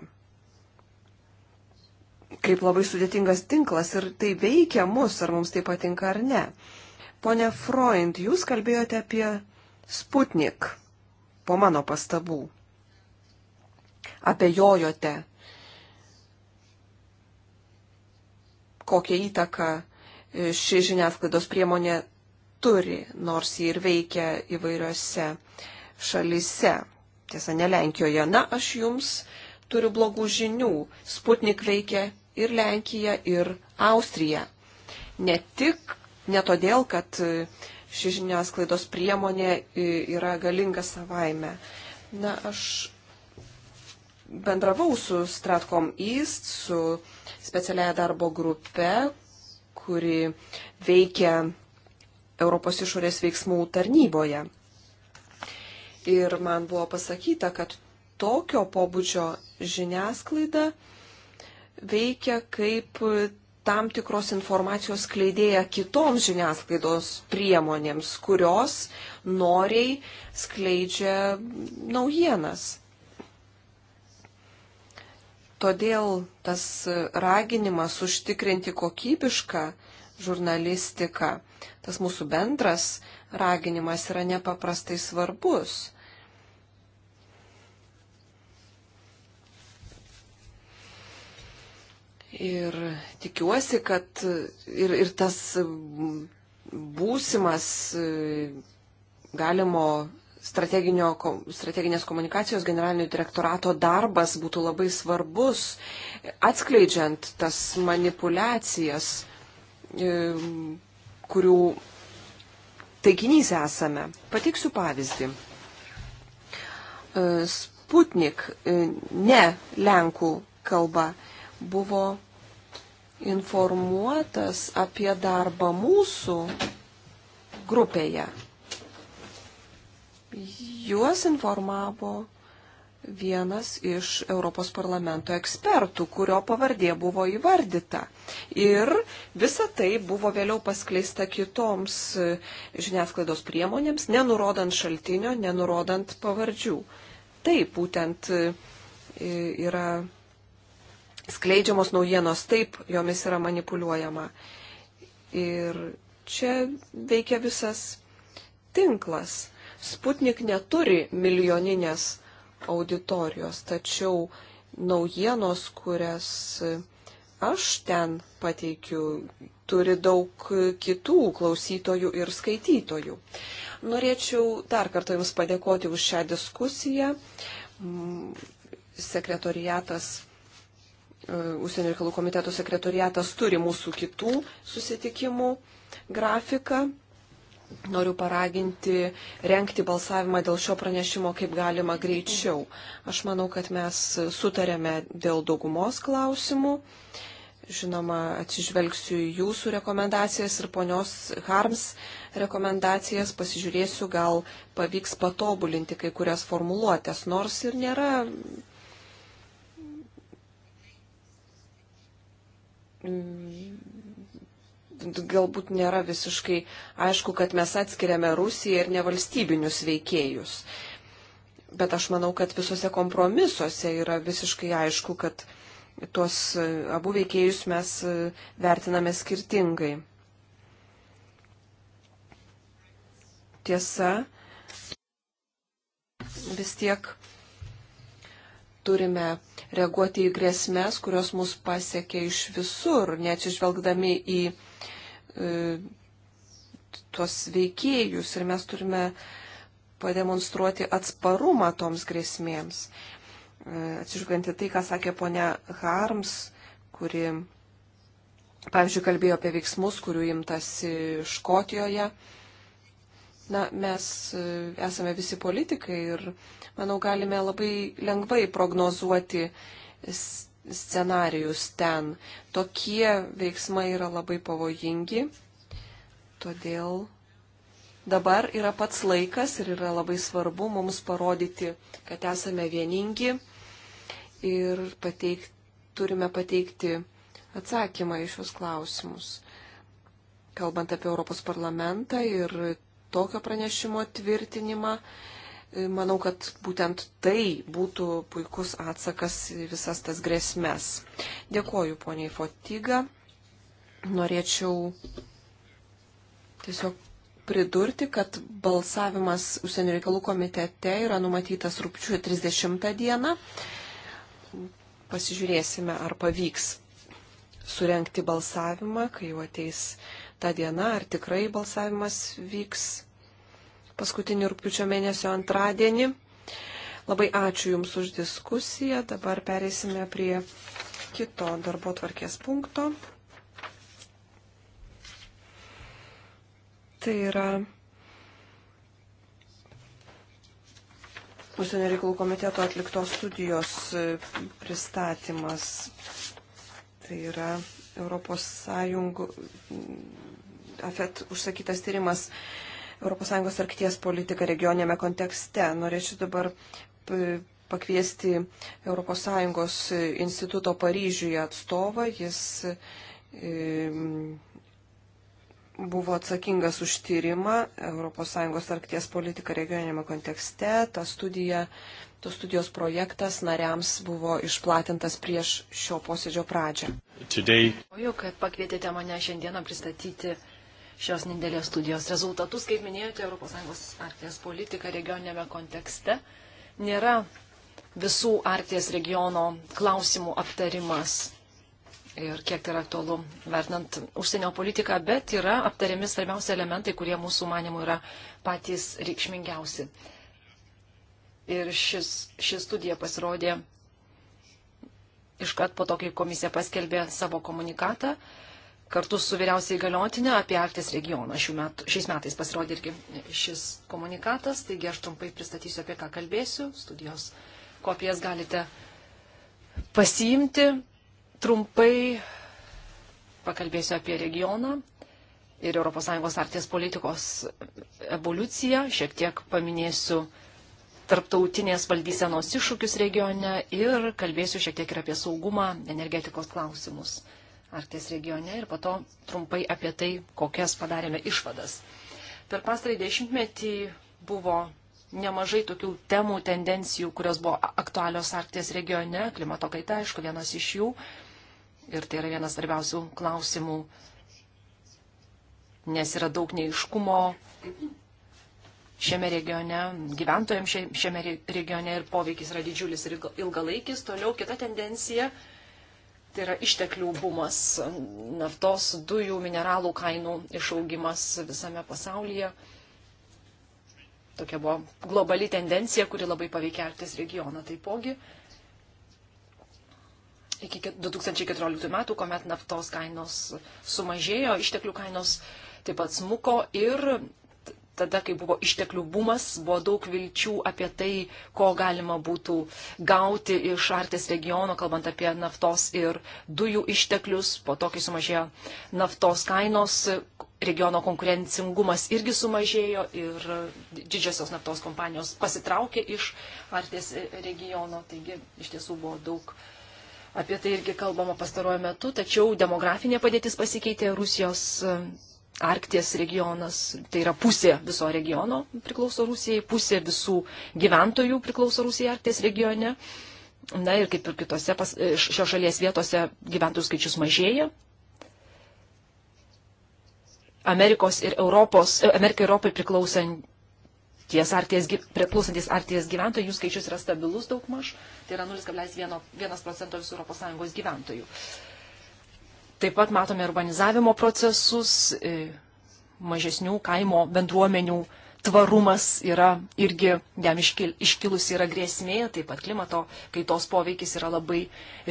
kaip labai sudėtingas tinklas ir tai veikia mus, ar mums tai patinka ar ne. Pone Freund, jūs kalbėjote apie Sputnik po mano pastabų. Abejojote, kokią įtaką e, ši žiniasklaidos priemonė turi, nors ji ir veikia įvairiose šalise. Tiesa, ne Lenkijoje. Na, aš jums turiu blogų žinių. Sputnik veikia ir Lenkija, ir Austrija. Ne tik, ne todėl, kad e, ši žiniasklaidos priemonė e, yra galinga savaime. Na, aš bendravau su Stratcom East, su specialiaja darbo grupe, kuri veikia Europos išorės veiksmų tarnyboje. Ir man buvo pasakyta, kad tokio pobūdžio žiniasklaida veikia kaip tam tikros informacijos kleidėja kitoms žiniasklaidos priemonėms, kurios noriai skleidžia naujienas. Todėl tas raginimas užtikrinti kokybišką žurnalistiką, tas mūsų bendras raginimas yra nepaprastai svarbus. Ir tikiuosi, kad ir, ir tas būsimas e, galimo strateginės komunikacijos generalinio direktorato darbas būtų labai svarbus, atskleidžiant tas manipulacijas, e, kurių taikinys esame. Pateiksiu pavyzdį. E, Sputnik, ne lenkų kalba, buvo informuotas apie darbą mūsų grupėje. Juos informavo vienas iš Europos parlamento ekspertų, kurio pavardė buvo įvardyta. Ir visa tai buvo vėliau paskleista kitoms e, žiniasklaidos priemonėms, nenurodant šaltinio, nenurodant pavardžių. Tai būtent e, yra skleidžiamos naujienos, taip jomis yra manipuliuojama. Ir čia veikia visas tinklas. Sputnik neturi milijoninės auditorijos, tačiau naujienos, kurias aš ten pateikiu, turi daug kitų klausytojų ir skaitytojų. Norėčiau dar kartą Jums padėkoti už šią diskusiją. Sekretoriatas E, užsienio reikalų komiteto sekretoriatas turi mūsų kitų susitikimų grafiką. Noriu paraginti renkti balsavimą dėl šio pranešimo kaip galima greičiau. Aš manau, kad mes sutarėme dėl daugumos klausimų. Žinoma, atsižvelgsiu į jūsų rekomendacijas ir ponios Harms rekomendacijas, pasižiūrėsiu, gal pavyks patobulinti kai kurias formuluotės, nors ir nėra Mm, galbūt nėra visiškai aišku, kad mes atskiriame Rusiją ir nevalstybinius veikėjus. Bet aš manau, kad visose kompromisuose yra visiškai aišku, kad tuos e, abu veikėjus mes e, vertiname skirtingai. Tiesa, vis tiek turime reaguoti į grėsmės, kurios mus pasiekia iš visur, neatsižvelgdami į e, tuos veikėjus ir mes turime pademonstruoti atsparumą toms grėsmėms. E, Atsižvelgiant į tai, ką sakė ponia Harms, kuri, pavyzdžiui, kalbėjo apie veiksmus, kurių imtasi Škotijoje. E, na, mes e, esame visi politikai ir, manau, galime labai lengvai prognozuoti scenarius ten. Tokie veiksmai yra labai pavojingi, todėl dabar yra pats laikas ir yra labai svarbu mums parodyti, kad esame vieningi ir pateik, turime pateikti atsakymą į šios klausimus. Kalbant apie Europos parlamentą ir tokio pranešimo tvirtinimą. Manau, kad būtent tai būtų puikus atsakas į visas tas grėsmės. Dėkoju poniai Fotyga. Norėčiau tiesiog pridurti, kad balsavimas užsienio reikalų komitete yra numatytas rūpčių 30 dieną. Pasižiūrėsime, ar pavyks surenkti balsavimą, kai jau ateis ta diena, ar tikrai balsavimas vyks paskutinį rūpiučio mėnesio antradienį. Labai ačiū Jums už diskusiją. Dabar pereisime prie kito darbo tvarkės punkto. Tai yra Užsienio reikalų komiteto atliktos studijos pristatymas. Tai yra Europos Sąjungų AFET užsakytas tyrimas ES arkties politika regioniame kontekste. Norėčiau dabar pakviesti ES instituto Paryžiuje atstovą. Jis buvo atsakingas už tyrimą ES arkties politika regioniame kontekste. Ta studija, tos studijos projektas nariams buvo išplatintas prieš šio posėdžio pradžią. Today... O jau, kad pakvietėte mane šiandieną pristatyti šios nedėlės studijos rezultatus. Kaip minėjote, ES Arkties politika regioninėme kontekste nėra visų Arkties regiono klausimų aptarimas ir kiek tai yra aktualu vertinant užsienio politiką, bet yra aptariami svarbiausi elementai, kurie mūsų manimų yra patys reikšmingiausi. Ir šis, ši studija pasirodė iškart po to, kai komisija paskelbė savo komunikatą. Uh, kartu su vyriausiai galiotinė apie Arktis regioną. Met, šiais metais pasirodė irgi šis komunikatas, taigi aš trumpai pristatysiu, apie ką kalbėsiu. Studijos kopijas galite pasiimti. Trumpai pakalbėsiu apie regioną ir ES Arkties politikos evoliuciją. Šiek tiek paminėsiu tarptautinės valdysenos iššūkius regione ir kalbėsiu šiek tiek ir apie saugumą, energetikos klausimus Arkties regione ir po to trumpai apie tai, kokias padarėme išvadas. Per pastarąjį dešimtmetį buvo nemažai tokių temų, tendencijų, kurios buvo aktualios Arkties regione, klimato kaita, aišku, vienas iš jų. Ir tai yra vienas svarbiausių klausimų, nes yra daug neiškumo, šiame regione, gyventojams šiame regione ir poveikis yra didžiulis ir ilgalaikis. Toliau kita tendencija Tai yra išteklių bumas, naftos, dujų, mineralų kainų išaugimas visame pasaulyje. Tokia buvo globali tendencija, kuri labai paveikė Arktis regioną taipogi. Iki 2014 metų, kuomet naftos kainos sumažėjo, išteklių kainos taip pat smuko ir tada, kai buvo išteklių bumas, buvo daug vilčių apie tai, ko galima būtų gauti iš Artės regiono, kalbant apie naftos ir dujų išteklius. Po to, kai sumažėjo naftos kainos, regiono konkurencingumas irgi sumažėjo ir didžiosios naftos kompanijos pasitraukė iš Artės regiono. Taigi iš tiesų buvo daug. Apie tai irgi kalbama pastaruoju metu, tačiau demografinė padėtis pasikeitė, Rusijos Arkties regionas, tai yra pusė viso regiono priklauso Rusijai, pusė visų gyventojų priklauso Rusijai Arkties regione. Na ir kaip ir kitose pas, šio šalies vietose gyventojų skaičius mažėja. Amerikos ir Europos, e, Amerikai Europai priklausantis Arkties, priklausantis Arkties gyventojų, jų skaičius yra stabilus daugmaž, tai yra 0,1 procento visų ES gyventojų. Uh, Taip pat matome urbanizavimo procesus, e, mažesnių kaimo bendruomenių tvarumas yra irgi jam iškilus yra grėsmė, taip pat klimato kaitos poveikis yra labai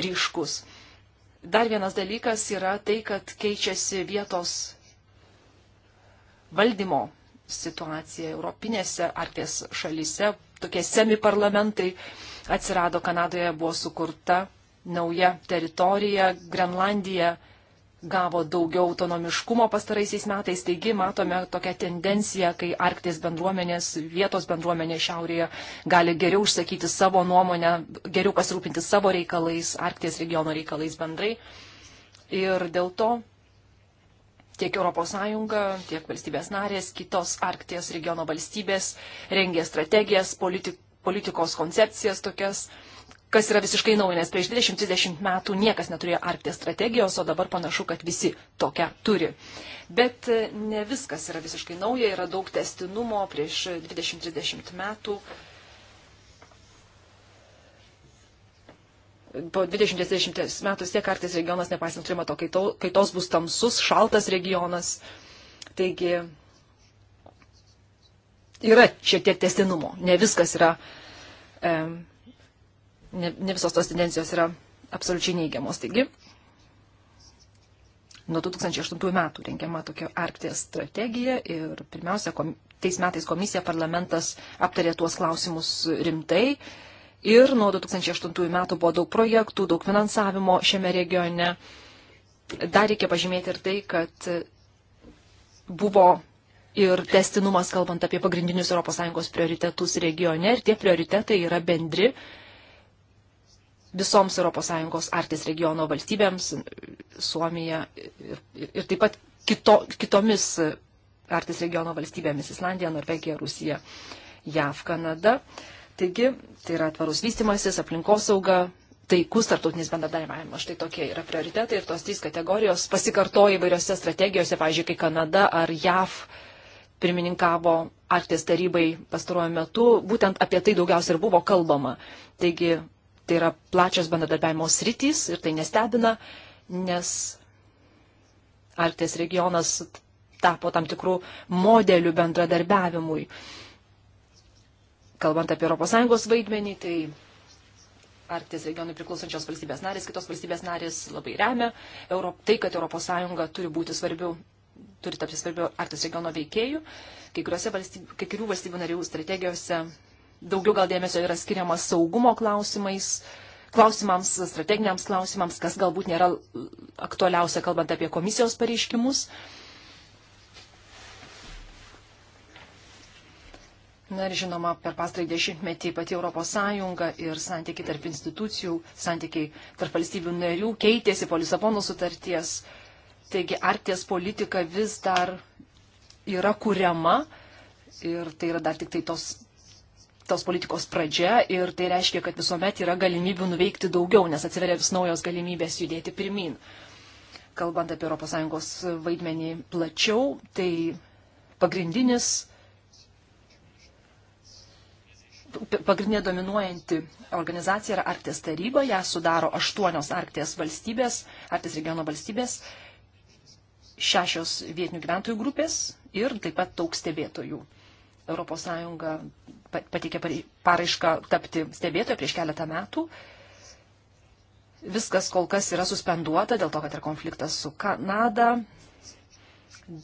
ryškus. Dar vienas dalykas yra tai, kad keičiasi vietos valdymo situacija Europinėse Arkties šalyse. Tokie semiparlamentai atsirado Kanadoje, buvo sukurta nauja teritorija, Grenlandija gavo daugiau autonomiškumo pastaraisiais metais, taigi matome tokią tendenciją, kai Arktis bendruomenės, vietos bendruomenė šiaurėje gali geriau užsakyti savo nuomonę, geriau pasirūpinti savo reikalais, Arktis regiono reikalais bendrai. Ir dėl to tiek ES, tiek valstybės narės, kitos Arkties regiono valstybės rengė strategijas, politi politikos koncepcijas tokias kas yra visiškai nauja, nes prieš 20-30 metų niekas neturėjo Arkties strategijos, o dabar panašu, kad visi tokią turi. Bet e, ne viskas yra visiškai nauja, yra daug testinumo prieš 20-30 metų. Po 20-30 metų tiek Arkties regionas, nepaisant klimato kaito, kaitos, bus tamsus, šaltas regionas. Taigi yra šiek tiek testinumo, ne viskas yra. Um, e, ne, ne visos tos tendencijos yra absoliučiai neigiamos. Taigi, nuo 2008 metų rengiama tokia Arkties strategija ir pirmiausia, kom, tais metais komisija, parlamentas aptarė tuos klausimus rimtai. Ir nuo 2008 metų buvo daug projektų, daug finansavimo šiame regione. Dar reikia pažymėti ir tai, kad buvo ir testinumas, kalbant apie pagrindinius ES prioritetus regione, ir tie prioritetai yra bendri visoms ES Arktis regiono valstybėms, Suomija ir, ir, ir taip pat kito, kitomis Arktis regiono valstybėmis - Islandija, Norvegija, Rusija, JAV, Kanada. Taigi, tai yra tvarus vystimasis, aplinkosauga, taikus tarptautinis bendradarbiavimas. Štai tokie yra prioritetai ir tos trys kategorijos pasikartoja įvairiose strategijose, pavyzdžiui, kai Kanada ar JAV pirmininkavo Arkties tarybai pastaruoju metu, būtent apie tai daugiausia ir buvo kalbama. Taigi tai yra plačios bendradarbiavimo sritys ir tai nestebina, nes Arkties regionas tapo tam tikrų modelių bendradarbiavimui. Kalbant apie ES vaidmenį, tai Arkties regionui priklausančios valstybės narės, kitos valstybės narės labai remia Europ, tai, kad ES turi būti svarbių turi tapti svarbiu Arktis regiono veikėjų. Kai, valstyb, kai kurių valstybių narių strategijose daugiau gal dėmesio yra skiriama saugumo klausimais, klausimams, strateginiams klausimams, kas galbūt nėra aktualiausia, kalbant apie komisijos pareiškimus. Na ir žinoma, per pastarąjį dešimtmetį pati ES ir santykiai tarp institucijų, santykiai tarp valstybių narių keitėsi po Lisabono sutarties. Taigi Arkties politika vis dar yra kuriama ir tai yra dar tik tai tos tos politikos pradžia ir tai reiškia, kad visuomet yra galimybių nuveikti daugiau, nes atsiveria vis naujos galimybės judėti pirmin. Kalbant apie ES vaidmenį plačiau, tai pagrindinis, pagrindinė dominuojanti organizacija yra Arkties taryba, ją sudaro aštuonios Arkties valstybės, Arkties regiono valstybės, šešios vietinių gyventojų grupės ir taip pat daug stebėtojų. ES pateikė paraišką tapti stebėtojo prieš keletą metų. Viskas kol kas yra suspenduota dėl to, kad yra konfliktas su Kanada,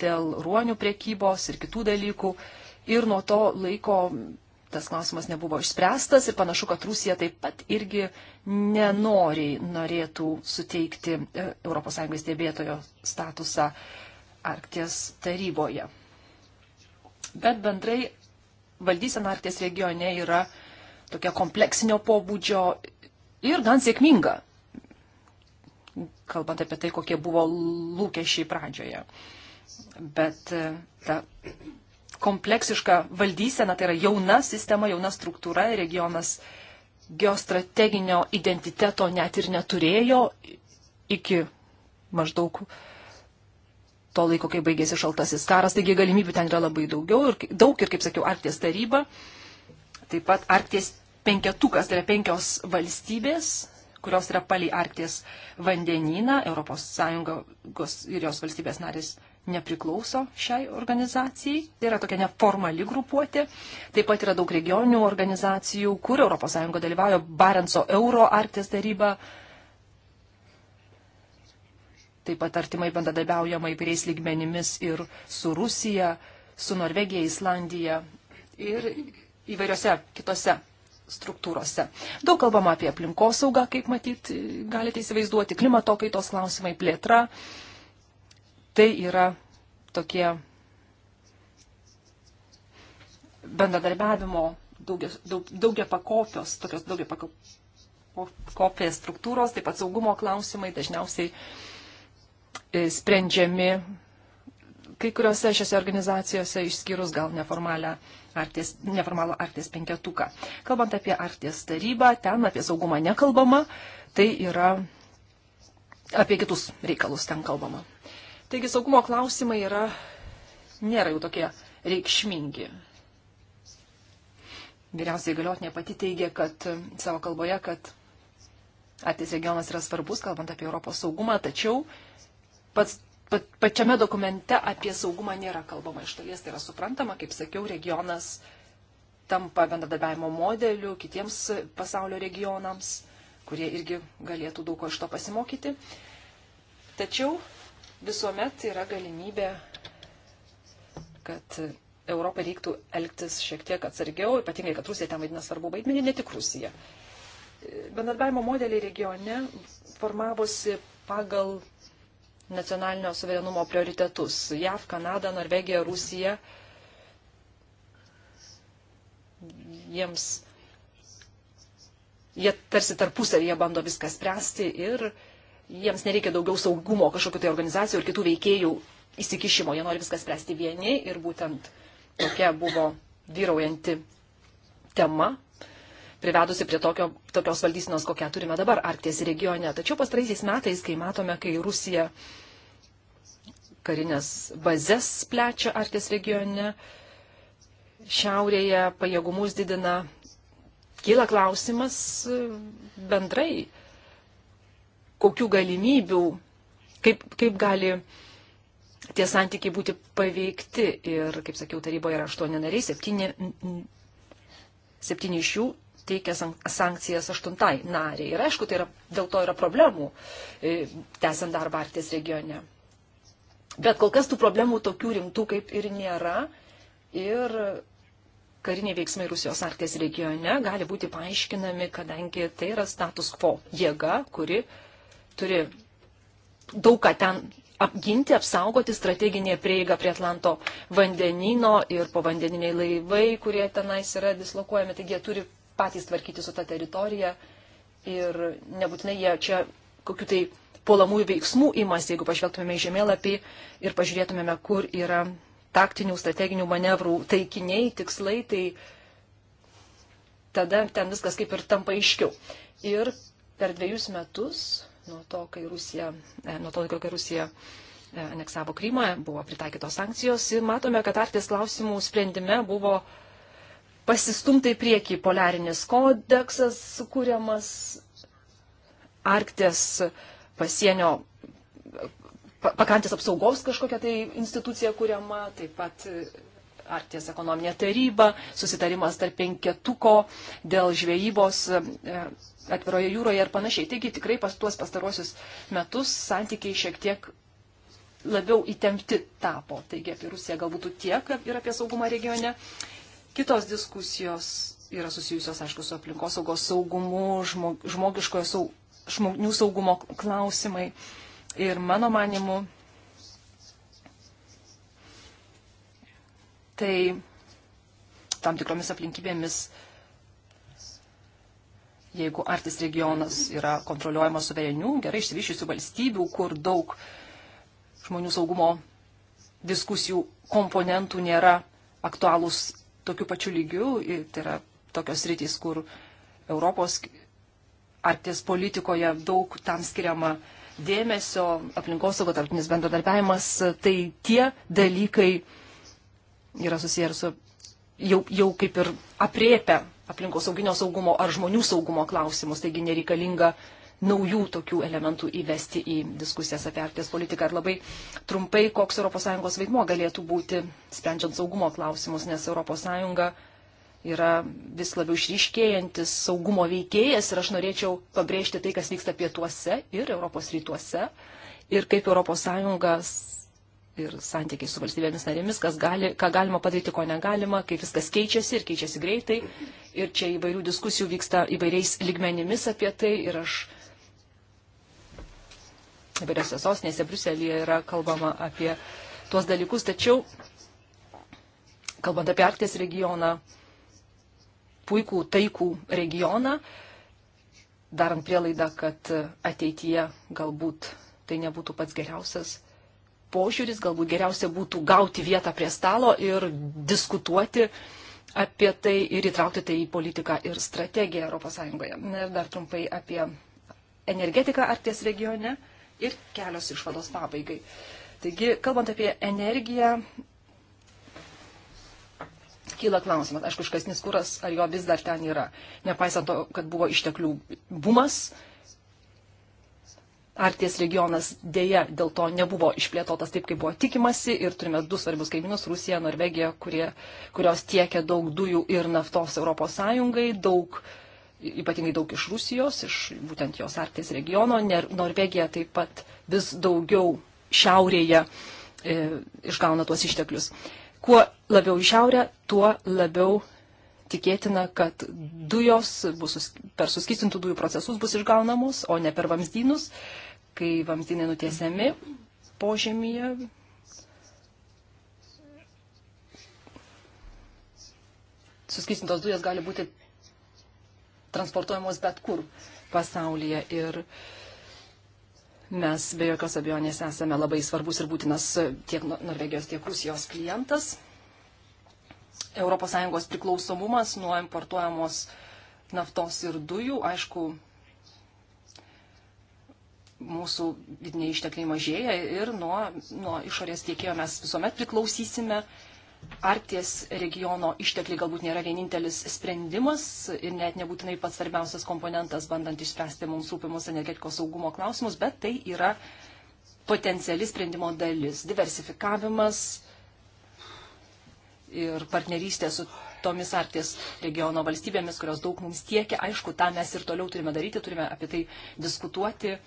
dėl ruonių priekybos ir kitų dalykų. Ir nuo to laiko tas klausimas nebuvo išspręstas ir panašu, kad Rusija taip pat irgi nenoriai norėtų suteikti e, ES stebėtojo statusą Arkties taryboje. Bet bendrai valdysena Arkties regione yra tokia kompleksinio pobūdžio ir gan sėkminga, kalbant apie tai, kokie buvo lūkesčiai pradžioje. Bet e, ta kompleksiška valdysena, tai yra jauna sistema, jauna struktūra, regionas geostrateginio identiteto net ir neturėjo iki maždaug to laiko, kai baigėsi šaltasis karas, taigi galimybių ten yra labai daugiau ir daug ir, kaip sakiau, Arkties taryba, taip pat Arkties penketukas, tai yra penkios valstybės, kurios yra palei Arkties vandenyną, ES ir jos valstybės narės nepriklauso šiai organizacijai, tai yra tokia neformali grupuotė, taip pat yra daug regioninių organizacijų, kur ES dalyvauja Barenco Euro Arkties taryba, Taip pat artimai bendradarbiaujama įvairiais lygmenimis ir su Rusija, su Norvegija, Islandija ir įvairiose kitose struktūrose. Daug kalbama apie aplinkosaugą, kaip matyt, galite įsivaizduoti, klimato kaitos klausimai, plėtra. Tai yra tokie bendradarbiavimo daugia, daug, daugia pakopios, tokios daugia pakopės struktūros, taip pat saugumo klausimai dažniausiai uh, E, sprendžiami kai kuriuose šiose organizacijose išskyrus gal neformalę Arties, neformalų Arties penketuką. Kalbant apie Arties tarybą, ten apie saugumą nekalbama, tai yra apie kitus reikalus ten kalbama. Taigi saugumo klausimai yra, nėra jau tokie reikšmingi. Vyriausiai galiotinė pati teigia, kad savo kalboje, kad Arties regionas yra svarbus, kalbant apie Europos saugumą, tačiau pats, pa, pačiame dokumente apie saugumą nėra kalbama iš dalies, tai yra suprantama, kaip sakiau, regionas tampa bendradarbiavimo modeliu kitiems pasaulio regionams, kurie irgi galėtų daug ko iš to pasimokyti. Tačiau visuomet yra galimybė, kad Europai reiktų elgtis šiek tiek atsargiau, ypatingai, kad Rusija ten vaidina svarbu vaidmenį, ne tik Rusija. Bendradarbiavimo modeliai regione formavosi pagal nacionalinio suverenumo prioritetus. JAV, Kanada, Norvegija, Rusija. Jiems jie tarsi tarpusavyje bando viską spręsti ir jiems nereikia daugiau saugumo kažkokiu tai organizacijų ir kitų veikėjų įsikišimo. Jie nori viską spręsti vieni ir būtent tokia buvo vyraujanti tema privedusi prie tokio, tokios valdysinos, kokią turime dabar Arkties regione. Tačiau pastaraisiais metais, kai matome, kai Rusija karinės bazės plečia Arkties regione, šiaurėje pajėgumus didina, kyla klausimas e, bendrai, kokių galimybių, kaip, kaip gali tie santykiai būti paveikti. Ir, kaip sakiau, taryboje yra aštuoni nariai, septyni, septyni iš jų teikia sankcijas aštuntai nariai. Ir aišku, tai yra, dėl to yra problemų e, tęsiant darbą Arkties regione. Bet kol kas tų problemų tokių rimtų kaip ir nėra. Ir kariniai veiksmai Rusijos Arkties regione gali būti paaiškinami, kadangi tai yra status quo jėga, kuri turi daug ką ten apginti, apsaugoti strateginė prieiga prie Atlanto vandenino ir povandeniniai laivai, kurie tenais yra dislokuojami, taigi jie turi patys tvarkyti su ta teritorija ir nebūtinai jie čia kokiu tai puolamųjų veiksmų imasi, jeigu pažvelgtumėme į žemėlapį ir pažiūrėtumėme, kur yra taktinių, strateginių manevrų taikiniai, tikslai, tai tada ten viskas kaip ir tampa aiškiau. Ir per dviejus metus, nuo to, kai Rusija, e, nuo to, kai Rusija e, aneksavo Krymą, buvo pritaikytos sankcijos ir matome, kad artės klausimų sprendime buvo uh, pasistumtai prieki polarinis kodeksas sukūriamas, Arktės pasienio pakrantės apsaugos kažkokia tai institucija kuriama, taip pat Arkties ekonominė taryba, susitarimas tarp penketuko dėl žvejybos e, atviroje jūroje ir panašiai. Taigi tikrai pas tuos pastarosius metus santykiai šiek tiek labiau įtempti tapo. Taigi apie Rusiją galbūt tiek ir apie saugumą regione. Kitos diskusijos yra susijusios, aišku, su aplinkosaugos saugumu, žmogiškojo saug, žmonių saugumo klausimai. Ir mano manimu, tai tam tikromis aplinkybėmis, jeigu Arktis regionas yra kontroliuojamas suverenių, gerai išsivyščiusių valstybių, kur daug žmonių saugumo diskusijų komponentų nėra aktualūs tokiu pačiu lygiu, tai yra tokios rytis, kur Europos arties politikoje daug tam skiriama dėmesio, aplinkosaugo, tarptinis bendradarbiavimas, tai tie dalykai yra susiję ir su jau, jau kaip ir apriepia aplinkosauginio saugumo ar žmonių saugumo klausimus, taigi nereikalinga uh, naujų tokių elementų įvesti į diskusijas apie Arkties politiką. Ir labai trumpai, koks ES vaidmo galėtų būti, sprendžiant saugumo klausimus, nes ES yra vis labiau išryškėjantis saugumo veikėjas ir aš norėčiau pabrėžti tai, kas vyksta pietuose ir Europos rytuose ir kaip ES ir santykiai su valstybėmis narėmis, gali, ką galima padaryti, ko negalima, kaip viskas keičiasi ir keičiasi greitai. Ir čia įvairių diskusijų vyksta įvairiais ligmenimis apie tai ir aš įvairiose sostinėse, Bruselėje yra kalbama apie tuos dalykus, tačiau, kalbant apie Arkties regioną, puikų taikų regioną, darant prielaidą, kad ateityje galbūt tai nebūtų pats geriausias požiūris, galbūt geriausia būtų gauti vietą prie stalo ir diskutuoti apie tai ir įtraukti tai į politiką ir strategiją ES. Ir dar trumpai apie energetiką Arkties regione ir kelios išvados pabaigai. Taigi, kalbant apie energiją, kyla klausimas, aišku, iškasnis kuras, ar jo vis dar ten yra. Nepaisant to, kad buvo išteklių bumas, Arkties regionas dėja dėl to nebuvo išplėtotas taip, kaip buvo tikimasi ir turime du svarbius kaimynus - Rusija, Norvegija, kurie, kurios tiekia daug dujų ir naftos ES, daug ypatingai daug iš Rusijos, iš būtent jos Arkties regiono. Norvegija taip pat vis daugiau šiaurėje e, išgauna tuos išteklius. Kuo labiau į šiaurę, tuo labiau tikėtina, kad dujos bus, per suskistintų dujų procesus bus išgaunamos, o ne per vamzdynus, kai vamzdynai nutiesiami požemyje. Suskistintos dujos gali būti transportuojamos bet kur pasaulyje. Ir mes be jokios abejonės esame labai svarbus ir būtinas tiek Norvegijos, tiek Rusijos klientas. ES priklausomumas nuo importuojamos naftos ir dujų, aišku, mūsų vidiniai ištekliai mažėja ir nuo, nuo išorės tiekėjo mes visuomet priklausysime. Uh, Arkties regiono ištekliai galbūt nėra vienintelis sprendimas ir net nebūtinai pats svarbiausias komponentas, bandant išspręsti mums rūpimus energetikos saugumo klausimus, bet tai yra potenciali sprendimo dalis - diversifikavimas ir partnerystė su tomis Arkties regiono valstybėmis, kurios daug mums tiekia. Aišku, tą mes ir toliau turime daryti, turime apie tai diskutuoti.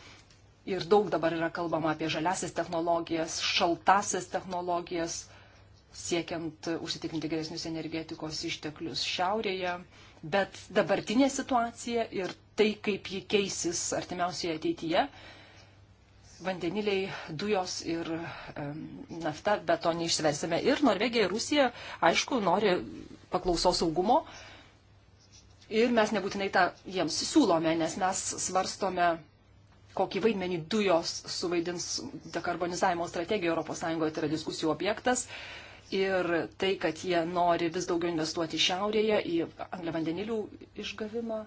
Ir daug dabar yra kalbama apie žaliasias technologijas, šaltasias technologijas siekiant užsitikrinti geresnius energetikos išteklius šiaurėje. Bet dabartinė situacija ir tai, kaip ji keisis artimiausioje ateityje, vandeniliai, dujos ir um, nafta, bet to neišversime. Ir Norvegija ir Rusija, aišku, nori paklausos saugumo. Ir mes nebūtinai tą jiems siūlome, nes mes svarstome kokį vaidmenį dujos suvaidins dekarbonizavimo strategija ES, tai yra diskusijų objektas. Uh, ir tai, kad jie nori vis daugiau investuoti šiaurėje į angliavandenilių išgavimą.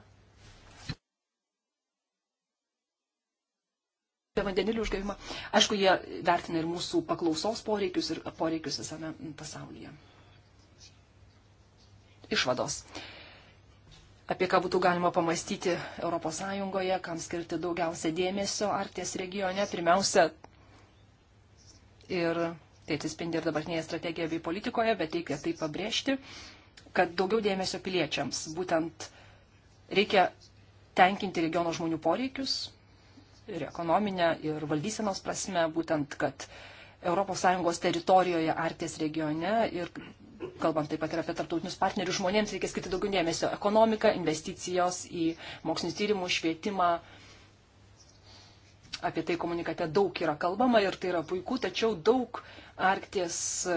Vandenilių išgavimą. Aišku, jie vertina ir mūsų paklausos poreikius ir poreikius visame pasaulyje. Išvados. Apie ką būtų galima pamastyti ES, kam skirti daugiausia dėmesio Arkties regione. Pirmiausia, ir Tai atsispindi ir dabartinėje strategijoje bei politikoje, bet reikia tai pabrėžti, kad daugiau dėmesio piliečiams. Būtent reikia tenkinti regiono žmonių poreikius ir ekonominę, ir valdysenos prasme, būtent, kad ES teritorijoje, Arkties regione ir kalbant taip pat ir apie tarptautinius partnerius, žmonėms reikia skirti daugiau dėmesio - ekonomika, investicijos į mokslinius tyrimus, švietimą. Apie tai komunikate daug yra kalbama ir tai yra puiku, tačiau daug Arkties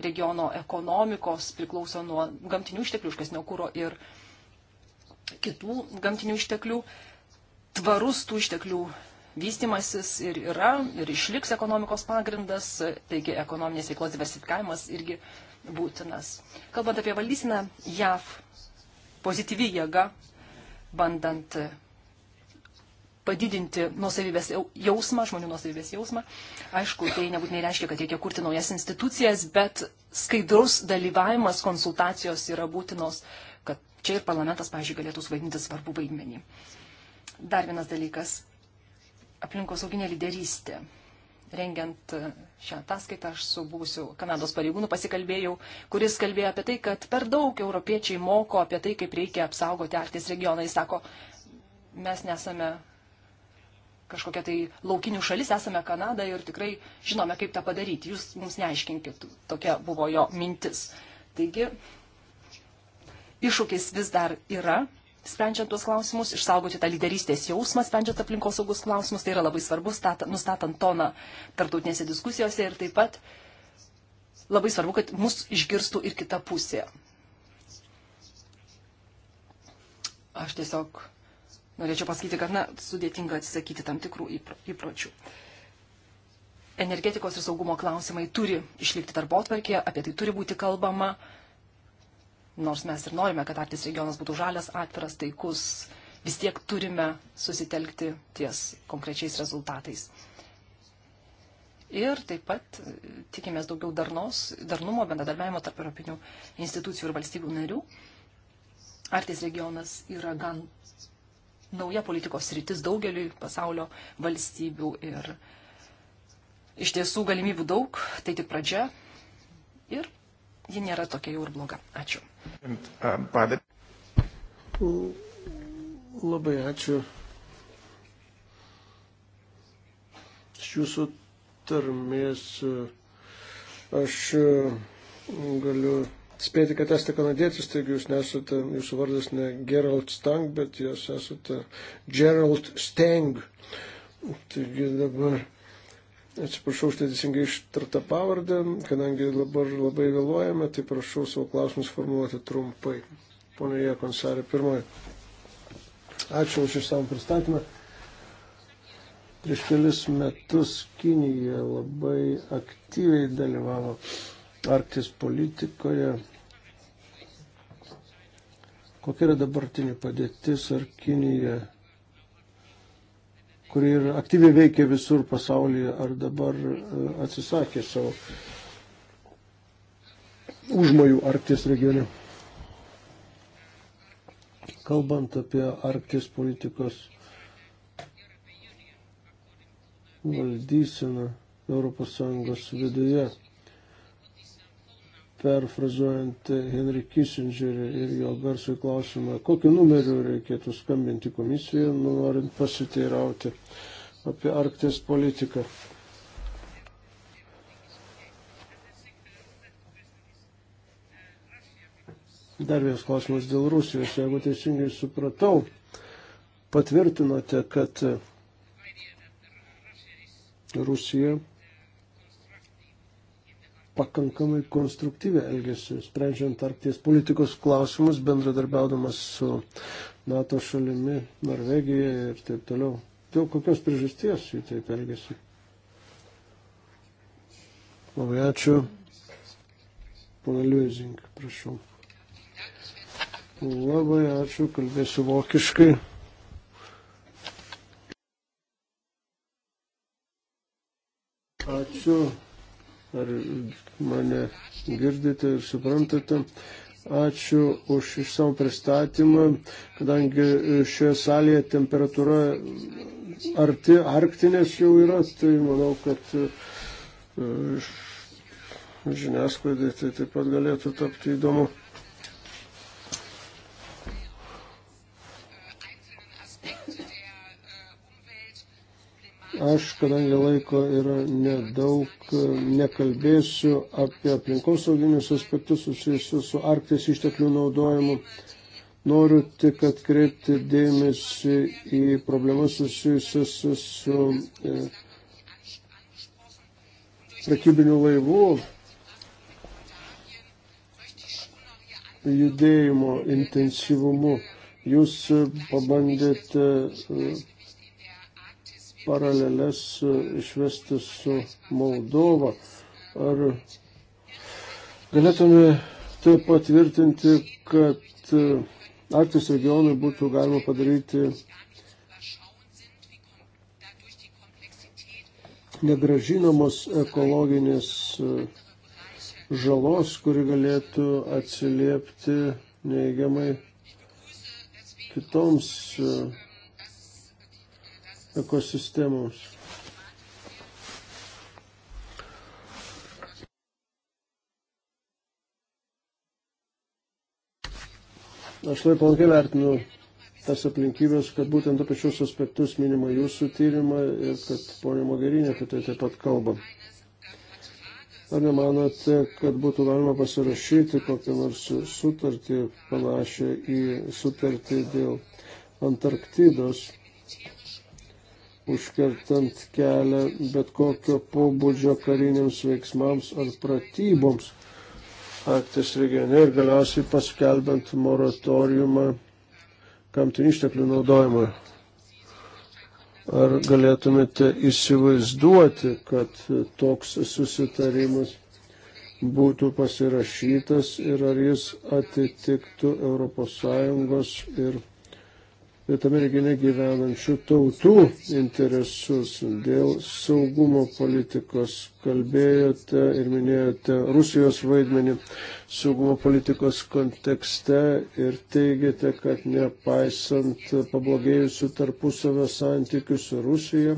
regiono ekonomikos priklauso nuo gamtinių išteklių, iškasnio kūro ir kitų gamtinių išteklių. Tvarus tų išteklių vystimasis ir yra, ir išliks ekonomikos pagrindas, taigi ekonominės veiklos diversifikavimas irgi būtinas. Kalbant apie valdysiną, JAV pozityvi jėga, bandant padidinti nuosavybės jausmą, žmonių nuosavybės jausmą. Aišku, tai nebūtinai reiškia, kad reikia kurti naujas institucijas, bet skaidrus dalyvavimas konsultacijos yra būtinos, kad čia ir parlamentas, pažiūrėjau, galėtų suvaidinti svarbų vaidmenį. Dar vienas dalykas - aplinkosauginė lyderystė. Rengiant e, šią ataskaitą, aš su buvusiu Kanados pareigūnu pasikalbėjau, kuris kalbėjo apie tai, kad per daug europiečiai moko apie tai, kaip reikia apsaugoti Arkties regioną. Jis sako, mes nesame kažkokia tai laukinių šalis, esame Kanada ir tikrai žinome, kaip tą padaryti. Jūs mums neaiškinkit, tokia buvo jo mintis. Taigi, iššūkis vis dar yra, sprendžiant tuos klausimus, išsaugoti tą lyderystės jausmą, sprendžiant aplinkos saugus klausimus, tai yra labai svarbu, stat, nustatant toną tartautinėse diskusijose ir taip pat labai svarbu, kad mus išgirstų ir kita pusė. Aš tiesiog norėčiau pasakyti, kad na, sudėtinga atsisakyti tam tikrų įpročių. Energetikos ir saugumo klausimai turi išlikti darbo atvarkėje, apie tai turi būti kalbama, nors mes ir norime, kad Arktis regionas būtų žalias, atviras, taikus, vis tiek turime susitelkti ties konkrečiais rezultatais. Ir taip pat e, tikimės daugiau darnos, darnumo, bendradarbiavimo tarp europinių institucijų ir valstybių narių. Arktis regionas yra gan nauja politikos rytis daugeliui pasaulio valstybių ir iš tiesų galimybių daug, tai tik pradžia ir ji nėra tokia jau ir bloga. Ačiū. Uh, Labai ačiū. Iš jūsų tarmės uh, aš uh, galiu spėti, kad esate kanadietis, taigi jūs nesate, jūsų vardas ne Gerald Stang, bet jūs esate Gerald Stang. Taigi dabar atsiprašau už tai teisingai ištartą pavardę, kadangi dabar labai vėluojame, tai prašau savo klausimus formuluoti trumpai. Pone Jekonsarė, pirmoji. Ačiū už išsamų pristatymą. Prieš kelis metus Kinija labai aktyviai dalyvavo Arktis politikoje. Kokia yra dabartinė padėtis, ar Kinija, kuri ir aktyviai veikia visur pasaulyje, ar dabar e, atsisakė savo užmojų Arktis regione? Kalbant apie Arktis politikos valdyseną Europos Sąjungos viduje perfrazuojant Henry Kissingerį ir jo garsų klausimą, kokiu numeriu reikėtų skambinti komisiją, nu, norint pasiteirauti apie Arkties politiką. Dar vienas klausimas dėl Rusijos. Jeigu teisingai supratau, patvirtinote, kad Rusija pakankamai konstruktyviai elgesi, sprendžiant arkties politikos klausimus, bendradarbiaudamas su NATO šalimi, Norvegija ir taip toliau. Dėl kokios priežasties jį taip elgesi? Labai ačiū. Pana Liuzink, prašau. Labai ačiū, kalbėsiu vokiškai. Ačiū ar mane girdite ir suprantate. Ačiū už išsamų pristatymą, kadangi šioje salėje temperatūra arti arktinės jau yra, tai manau, kad e, žiniasklaidai tai taip pat galėtų tapti įdomu. Aš, kadangi laiko yra nedaug, nekalbėsiu apie aplinkosauginius aspektus susijusius su Arktis išteklių naudojimu. Noriu tik atkreipti dėmesį į problemas susijusias su e, prekybiniu laivu judėjimo intensyvumu. Jūs pabandėte e, paralelės e, išvesti su Moldova. Ar galėtume tai patvirtinti, kad e, Arktis regionui būtų galima padaryti negražinamos ekologinės e, žalos, kuri galėtų atsiliepti neigiamai kitoms ekosistemoms. Aš labai palankai vertinu tas aplinkybės, kad būtent apie šios aspektus minima jūsų tyrimą ir kad ponė Mogerinė apie tai taip pat kalba. Ar nemanote, kad būtų galima pasirašyti kokią nors sutartį panašią į sutartį dėl Antarktidos? užkertant kelią bet kokio pobūdžio kariniams veiksmams ar pratyboms Arktis regione ir galiausiai paskelbent moratoriumą gamtinių išteklių naudojimą. Ar galėtumėte įsivaizduoti, kad toks susitarimas būtų pasirašytas ir ar jis atitiktų ES ir tame regione gyvenančių tautų interesus dėl saugumo politikos. Kalbėjote ir minėjote Rusijos vaidmenį saugumo politikos kontekste ir teigiate, kad nepaisant pablogėjusių tarpusavio santykių su Rusija,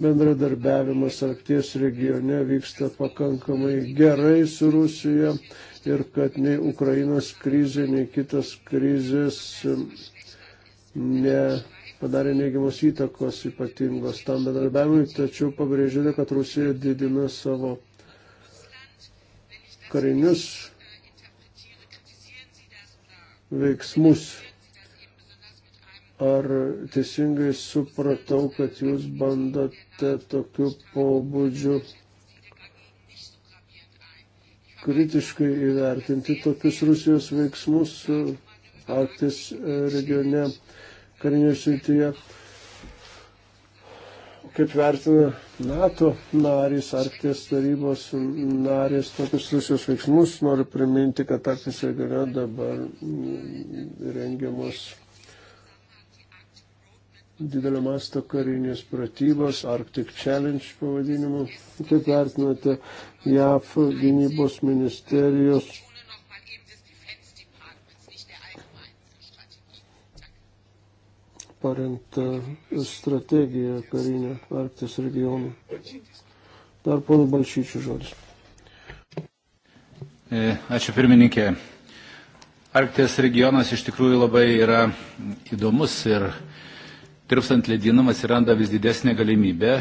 bendradarbiavimas Arkties regione vyksta pakankamai gerai su Rusija ir kad nei Ukrainos krizė, nei kitos krizės nepadarė neigiamos įtakos ypatingos tam bendradarbiavimui, tačiau pabrėžėte, kad Rusija didina savo karinius veiksmus. Ar teisingai supratau, kad jūs bandote tokiu pobūdžiu kritiškai įvertinti tokius Rusijos veiksmus Arktis regione? karinėje srityje. Kaip vertina NATO narys, Arkties tarybos narys tokius Rusijos veiksmus, noriu priminti, kad Arkties regione dabar rengiamos didelio masto karinės pratybos, Arctic Challenge pavadinimu. Kaip vertinate JAF gynybos ministerijos parengtą strategiją karinę Arktis regionų. Dar pono Balšyčių žodis. E, ačiū pirmininkė. Arkties regionas iš tikrųjų labai yra įdomus ir tirpstant ledynam atsiranda vis didesnė galimybė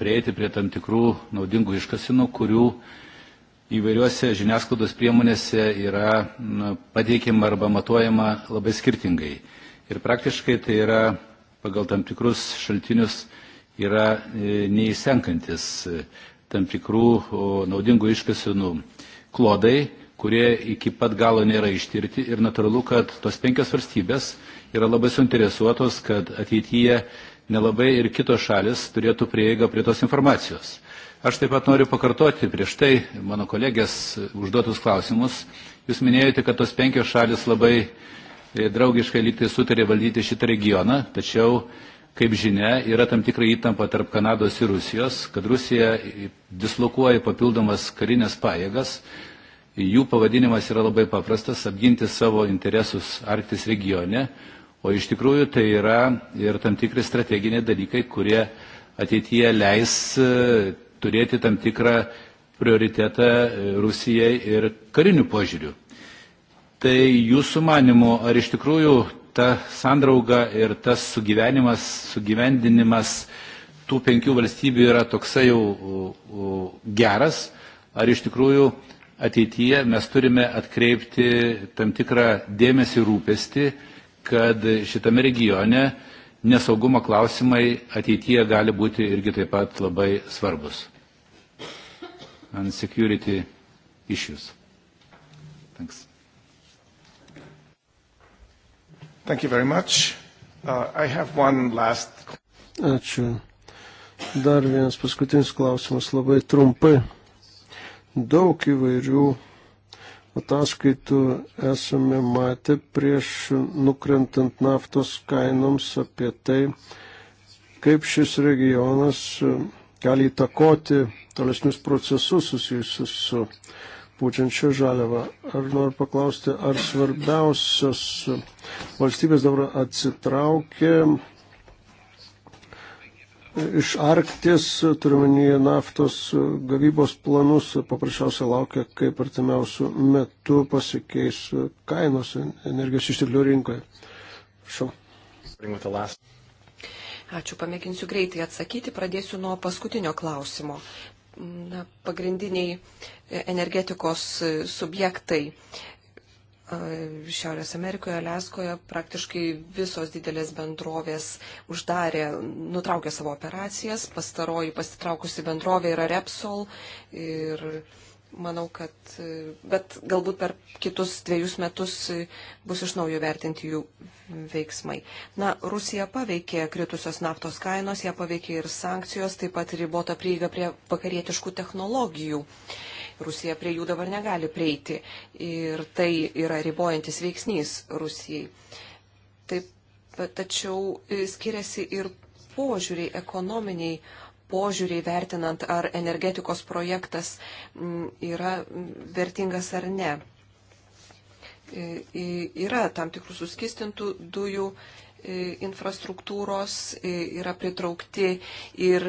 prieiti prie tam tikrų naudingų iškasinų, kurių įvairiuose žiniasklaidos priemonėse yra pateikiama arba matuojama labai skirtingai ir praktiškai tai yra pagal tam tikrus šaltinius yra e, neįsenkantis e, tam tikrų naudingų iškasinų nu, klodai, kurie iki pat galo nėra ištirti ir natūralu, kad tos penkios valstybės yra labai suinteresuotos, kad ateityje nelabai ir kitos šalis turėtų prieigą prie tos informacijos. Aš taip pat noriu pakartoti prieš tai mano kolegės užduotus klausimus. Jūs minėjote, kad tos penkios šalis labai E, draugiškai lygtai sutarė valdyti šitą regioną, tačiau, kaip žinia, yra tam tikra įtampa tarp Kanados ir Rusijos, kad Rusija dislokuoja papildomas karinės pajėgas. Jų pavadinimas yra labai paprastas - apginti savo interesus Arktis regione, o iš tikrųjų tai yra ir tam tikri strateginiai dalykai, kurie ateityje leis e, turėti tam tikrą prioritetą e, Rusijai ir karinių požiūrių. Tai jūsų manimu, ar iš tikrųjų ta sandrauga ir tas sugyvenimas, sugyvendinimas tų penkių valstybių yra toksai jau geras, ar iš tikrųjų ateityje mes turime atkreipti tam tikrą dėmesį rūpestį, kad šitame regione nesaugumo klausimai ateityje gali būti irgi taip pat labai svarbus. And security issues. Thanks. Thank you very much. Uh, I have one last. Ačiū. Dar vienas paskutinis klausimas labai trumpai. Daug įvairių ataskaitų esame matę prieš nukrentant naftos kainoms apie tai, kaip šis regionas gali įtakoti tolesnius procesus susijusius su pučiančią žaliavą. Ar noriu paklausti, ar svarbiausios valstybės dabar atsitraukė iš Arktis, turiuomenyje naftos gavybos planus, paprasčiausiai laukia, kaip artimiausių metų pasikeis kainos energijos išteklių rinkoje. Šau. Ačiū, pamėginsiu greitai atsakyti, pradėsiu nuo paskutinio klausimo na, pagrindiniai e, energetikos e, subjektai. Šiaurės Amerikoje, Aleskoje praktiškai visos didelės bendrovės uždarė, nutraukė savo operacijas. Pastaroji pasitraukusi bendrovė yra Repsol ir manau, kad, bet galbūt per kitus dviejus metus bus iš naujo vertinti jų veiksmai. Na, Rusija paveikė kritusios naftos kainos, ją paveikė ir sankcijos, taip pat ribota prieiga prie vakarietiškų technologijų. Rusija prie jų dabar negali prieiti ir tai yra ribojantis veiksnys Rusijai. Taip, tačiau skiriasi ir požiūriai ekonominiai požiūriai vertinant, ar energetikos projektas mm, yra vertingas ar ne. E, e, yra tam tikrų suskistintų dujų e, infrastruktūros, yra pritraukti ir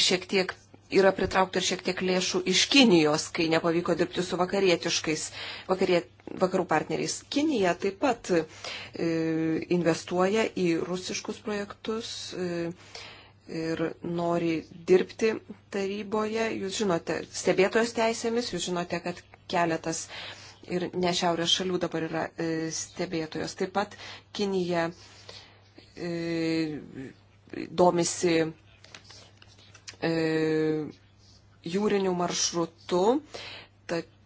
šiek tiek yra pritraukta ir šiek tiek lėšų iš Kinijos, kai nepavyko dirbti su vakarietiškais vakarie, vakarų partneriais. Kinija taip pat e, investuoja į rusiškus projektus. E, ir nori dirbti taryboje. Jūs žinote, stebėtojos teisėmis, jūs žinote, kad keletas ir ne šiaurės šalių dabar yra e, stebėtojos. Taip pat Kinija e, domisi e, jūriniu maršrutu. Taip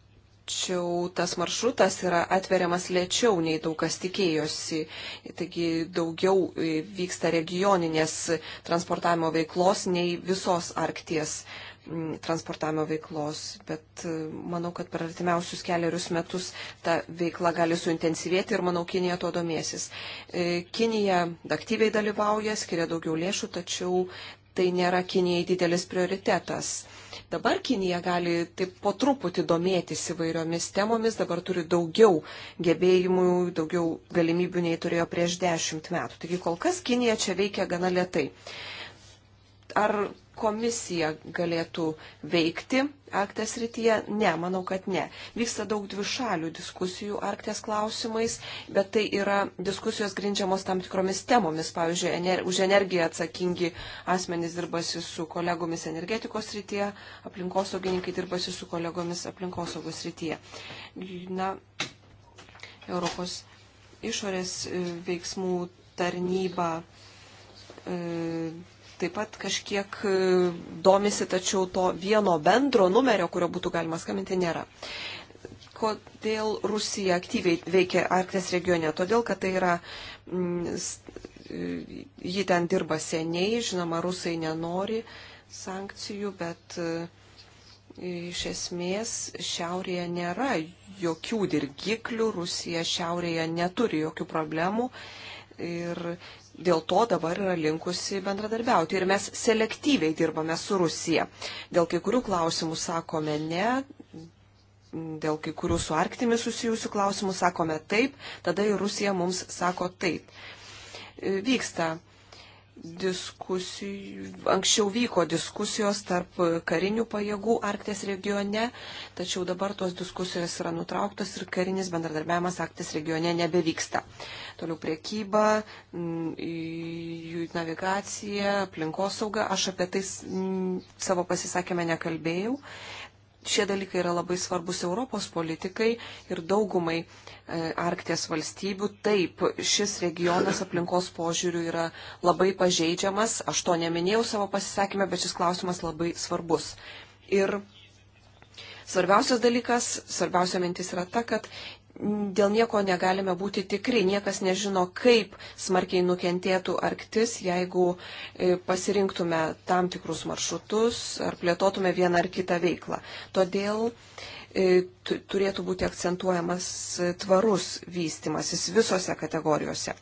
Tačiau tas maršrutas yra atveriamas lėčiau, nei daug kas tikėjosi. Taigi daugiau vyksta regioninės transportavimo veiklos, nei visos Arkties mm, transportavimo veiklos, bet e, manau, kad per artimiausius keliarius metus ta veikla gali suintensyvėti ir manau, Kinija to domėsis. E, Kinija aktyviai dalyvauja, skiria daugiau lėšų, tačiau tai nėra Kinijai didelis prioritetas. Dabar Kinija gali taip po truputį domėtis įvairiomis temomis, dabar turi daugiau gebėjimų, daugiau galimybių nei turėjo prieš dešimt metų. Taigi kol kas Kinija čia veikia gana lietai. Ar komisija galėtų veikti Arkties rytyje? Ne, manau, kad ne. Vyksta daug dvišalių diskusijų Arkties klausimais, bet tai yra diskusijos grindžiamos tam tikromis temomis. Pavyzdžiui, ener, už energiją atsakingi asmenys dirbasi su kolegomis energetikos rytyje, aplinkosaugininkai dirbasi su kolegomis aplinkosaugos rytyje. Na, Europos išorės e, veiksmų tarnyba. E, taip pat kažkiek e, domisi, tačiau to vieno bendro numerio, kurio būtų galima skambinti, nėra. Kodėl Rusija aktyviai veikia Arkties regione? Todėl, kad tai yra, mm, e, ji ten dirba seniai, žinoma, rusai nenori sankcijų, bet e, iš esmės šiaurėje nėra jokių dirgiklių, Rusija šiaurėje neturi jokių problemų ir dėl to dabar yra linkusi bendradarbiauti. Ir mes selektyviai dirbame su Rusija. Dėl kai kurių klausimų sakome ne, dėl kai kurių su Arktimi susijusių klausimų sakome taip, tada ir Rusija mums sako taip. Vyksta diskusijų, anksčiau vyko diskusijos tarp karinių pajėgų Arkties regione, tačiau dabar tos diskusijos yra nutrauktos ir karinis bendradarbiavimas Arkties regione nebevyksta. Toliau priekyba, jų navigacija, aplinkosauga, aš apie tai savo pasisakymę nekalbėjau šie dalykai yra labai svarbus Europos politikai ir daugumai e, Arkties valstybių. Taip, šis regionas aplinkos požiūrių yra labai pažeidžiamas. Aš to neminėjau savo pasisakymę, bet šis klausimas labai svarbus. Ir svarbiausias dalykas, svarbiausia mintis yra ta, kad dėl nieko negalime būti tikri. Niekas nežino, kaip smarkiai nukentėtų Arktis, jeigu e, pasirinktume tam tikrus maršrutus ar plėtotume vieną ar kitą veiklą. Todėl e, turėtų būti akcentuojamas tvarus vystimasis visose kategorijose.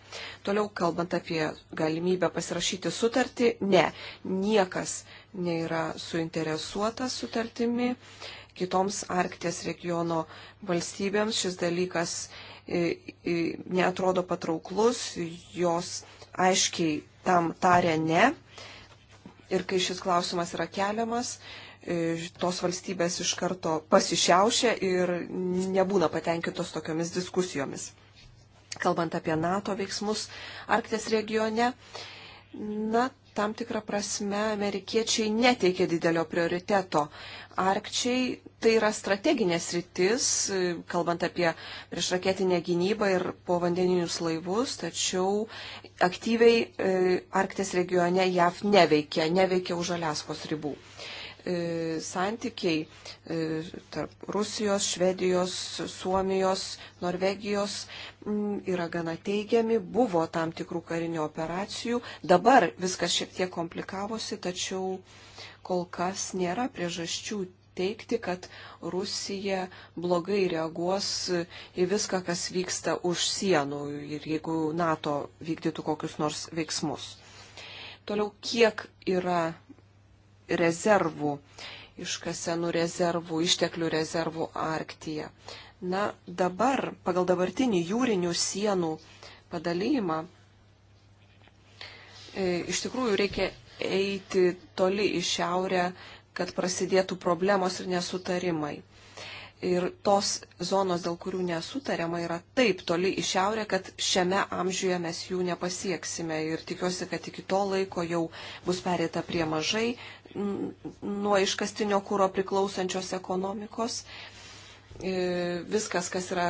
Toliau kalbant apie galimybę pasirašyti sutartį, ne, niekas nėra suinteresuotas sutartimi. E, kitoms Arkties regiono valstybėms. Šis dalykas e, e, netrodo patrauklus, jos aiškiai tam tarė ne. Ir kai šis klausimas yra keliamas, e, tos valstybės iš karto pasišiaušia ir nebūna patenkintos tokiomis diskusijomis. Kalbant apie NATO veiksmus Arkties regione, na, tam tikrą prasme amerikiečiai neteikia didelio prioriteto. Arkčiai tai yra strateginės rytis, e, kalbant apie priešraketinę gynybą ir povandeninius laivus, tačiau aktyviai e, Arktės regione JAV neveikia, neveikia už Aliaskos ribų. E, E, santykiai e, tarp Rusijos, Švedijos, Suomijos, Norvegijos mm, yra gana teigiami, buvo tam tikrų karinių operacijų, dabar viskas šiek tiek komplikavosi, tačiau kol kas nėra priežasčių teikti, kad Rusija blogai reaguos į viską, kas vyksta už sienų ir jeigu NATO vykdytų kokius nors veiksmus. Toliau, kiek yra rezervų, iškasenų rezervų, išteklių rezervų Arktyje. Na, dabar, pagal dabartinį jūrinių sienų padalymą, e, iš tikrųjų reikia eiti toli į šiaurę, kad prasidėtų problemos ir nesutarimai. Ir tos zonos, dėl kurių nesutariama, yra taip toli į šiaurę, kad šiame amžiuje mes jų nepasieksime. Ir tikiuosi, kad iki to laiko jau bus perėta prie mažai nuo iškastinio kūro priklausančios ekonomikos. E, viskas, kas yra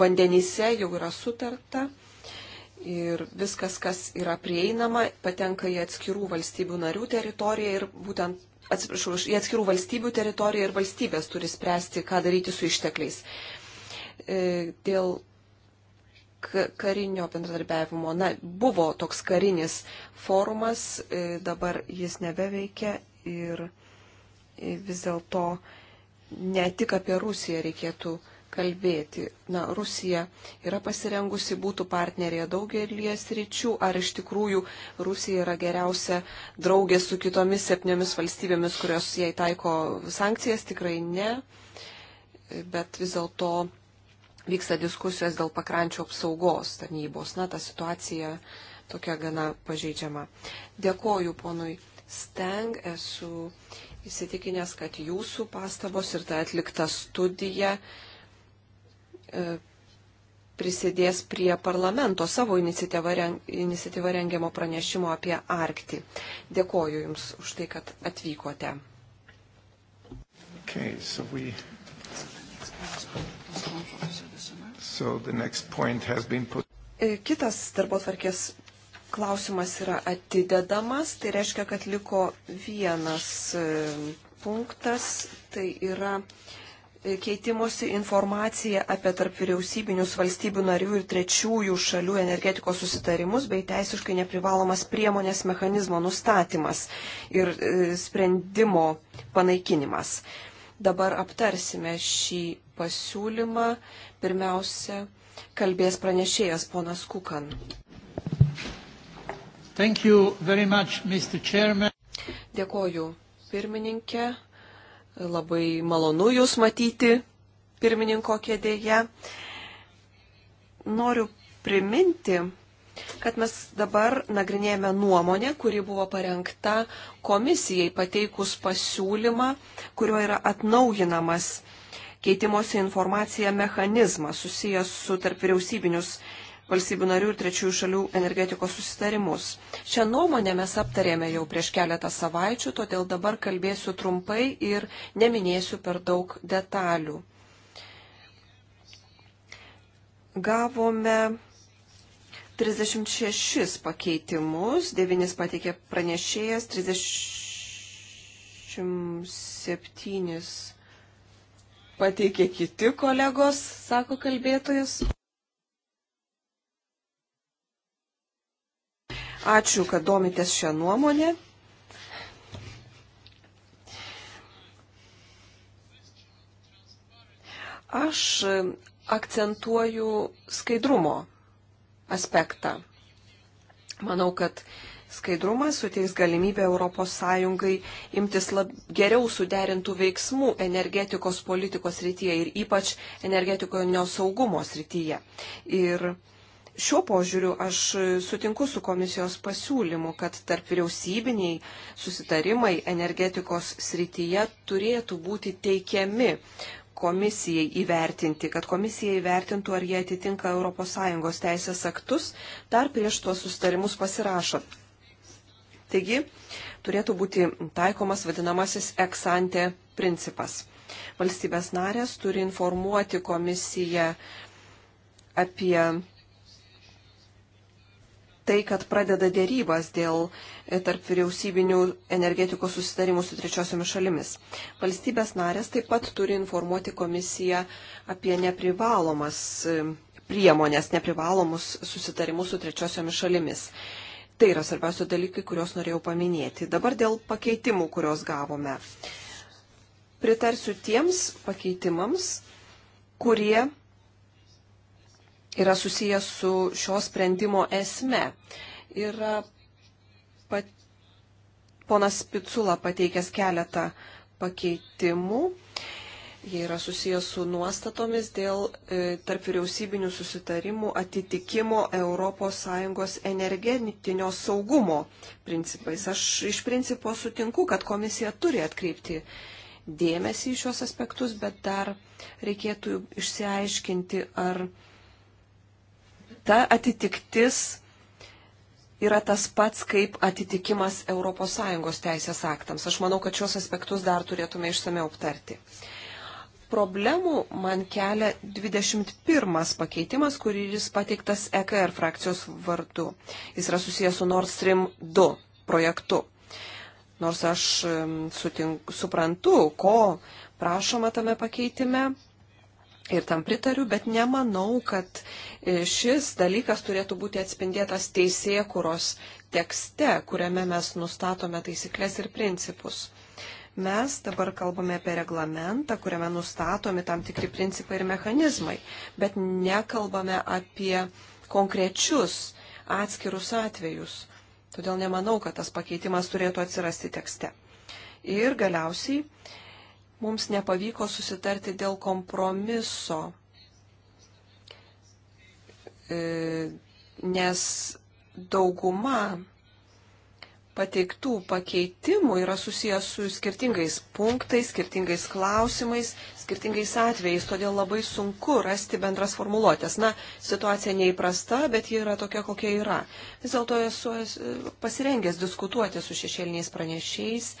vandenyse, jau yra sutarta. Ir viskas, kas yra prieinama, patenka į atskirų valstybių narių teritoriją ir būtent, atsiprašau, į atskirų valstybių teritoriją ir valstybės turi spręsti, ką daryti su ištekliais. E, dėl karinio bendradarbiavimo. Na, buvo toks karinis forumas, e, dabar jis nebeveikia ir e, vis dėlto ne tik apie Rusiją reikėtų kalbėti. Na, Rusija yra pasirengusi būti partnerė daugelį sričių, ar iš tikrųjų Rusija yra geriausia draugė su kitomis septyniomis valstybėmis, kurios jai taiko sankcijas, tikrai ne. Bet vis dėlto vyksta diskusijos dėl pakrančių apsaugos tarnybos. Na, ta situacija tokia gana pažeidžiama. Dėkoju ponui Steng, esu įsitikinęs, kad jūsų pastabos ir ta atlikta studija e, prisidės prie parlamento savo iniciatyvą rengiamo pranešimo apie Arktį. Dėkoju Jums už tai, kad atvykote. Okay, so we... So the next point has been put. E, kitas darbo tvarkės klausimas yra atidedamas, tai reiškia, kad liko vienas e, punktas, tai yra e, keitimosi informacija apie tarp vyriausybinius valstybių narių ir trečiųjų šalių energetikos susitarimus bei teisiškai neprivalomas priemonės mechanizmo nustatymas ir sprendimo panaikinimas. Dabar aptarsime šį pasiūlymą. Pirmiausia, kalbės pranešėjas ponas Kukan. Much, Dėkoju, pirmininkė. Labai malonu Jūs matyti pirmininko kėdėje. Noriu priminti, kad mes dabar nagrinėjame nuomonę, kuri buvo parengta komisijai pateikus pasiūlymą, kurio yra atnaujinamas keitimosi informacija mechanizmą susijęs su tarp vyriausybinius valstybių narių ir trečiųjų šalių energetikos susitarimus. Šią nuomonę mes aptarėme jau prieš keletą savaičių, todėl dabar kalbėsiu trumpai ir neminėsiu per daug detalių. Gavome 36 pakeitimus, 9 pateikė pranešėjas, 37 pateikė kiti kolegos, sako kalbėtojas. Ačiū, kad domitės šią nuomonę. Aš akcentuoju skaidrumo aspektą. Manau, kad Skaidrumas suteiks galimybę ES imtis lab, geriau suderintų veiksmų energetikos politikos rytyje ir ypač energetikonio saugumo srityje. Ir Šiuo požiūriu aš sutinku su komisijos pasiūlymu, kad tarp vyriausybiniai susitarimai energetikos srityje turėtų būti teikiami komisijai įvertinti, kad komisija įvertintų, ar jie atitinka ES teisės aktus dar prieš tuos susitarimus pasirašant. Taigi turėtų būti taikomas vadinamasis eksante principas. Valstybės narės turi informuoti komisiją apie tai, kad pradeda dėrybas dėl e, tarp vyriausybinių energetikos susitarimų su trečiosiomis šalimis. Valstybės narės taip pat turi informuoti komisiją apie neprivalomas e, priemonės, neprivalomus susitarimus su trečiosiomis šalimis. Tai yra svarbiausia dalykai, kuriuos norėjau paminėti. Dabar dėl pakeitimų, kuriuos gavome. Pritarsiu tiems pakeitimams, kurie yra susijęs su šio sprendimo esme. Yra pat... ponas Picula pateikęs keletą pakeitimų Jie yra susijęs su nuostatomis dėl e, tarp vyriausybinių susitarimų atitikimo ES energetinio saugumo principais. Aš iš principo sutinku, kad komisija turi atkreipti dėmesį į šios aspektus, bet dar reikėtų išsiaiškinti, ar ta atitiktis yra tas pats kaip atitikimas ES teisės aktams. Aš manau, kad šios aspektus dar turėtume išsameu aptarti problemų man kelia 21 pakeitimas, kuris pateiktas EKR frakcijos vardu. Jis yra susijęs su Nord Stream 2 projektu. Nors aš sutink, suprantu, ko prašoma tame pakeitime ir tam pritariu, bet nemanau, kad e, šis dalykas turėtų būti atspindėtas teisėkuros tekste, kuriame mes nustatome taisyklės ir principus. Mes dabar kalbame apie reglamentą, kuriame nustatomi tam tikri principai ir mechanizmai, bet nekalbame apie konkrečius atskirus atvejus. Todėl nemanau, kad tas pakeitimas turėtų atsirasti tekste. Ir galiausiai mums nepavyko susitarti dėl kompromiso, e, nes dauguma pateiktų pakeitimų yra susijęs su skirtingais punktais, skirtingais klausimais, skirtingais atvejais, todėl labai sunku rasti bendras formuluotės. Na, situacija neįprasta, bet ji yra tokia, kokia yra. Vis dėlto esu pasirengęs diskutuoti su šešėliniais pranešiais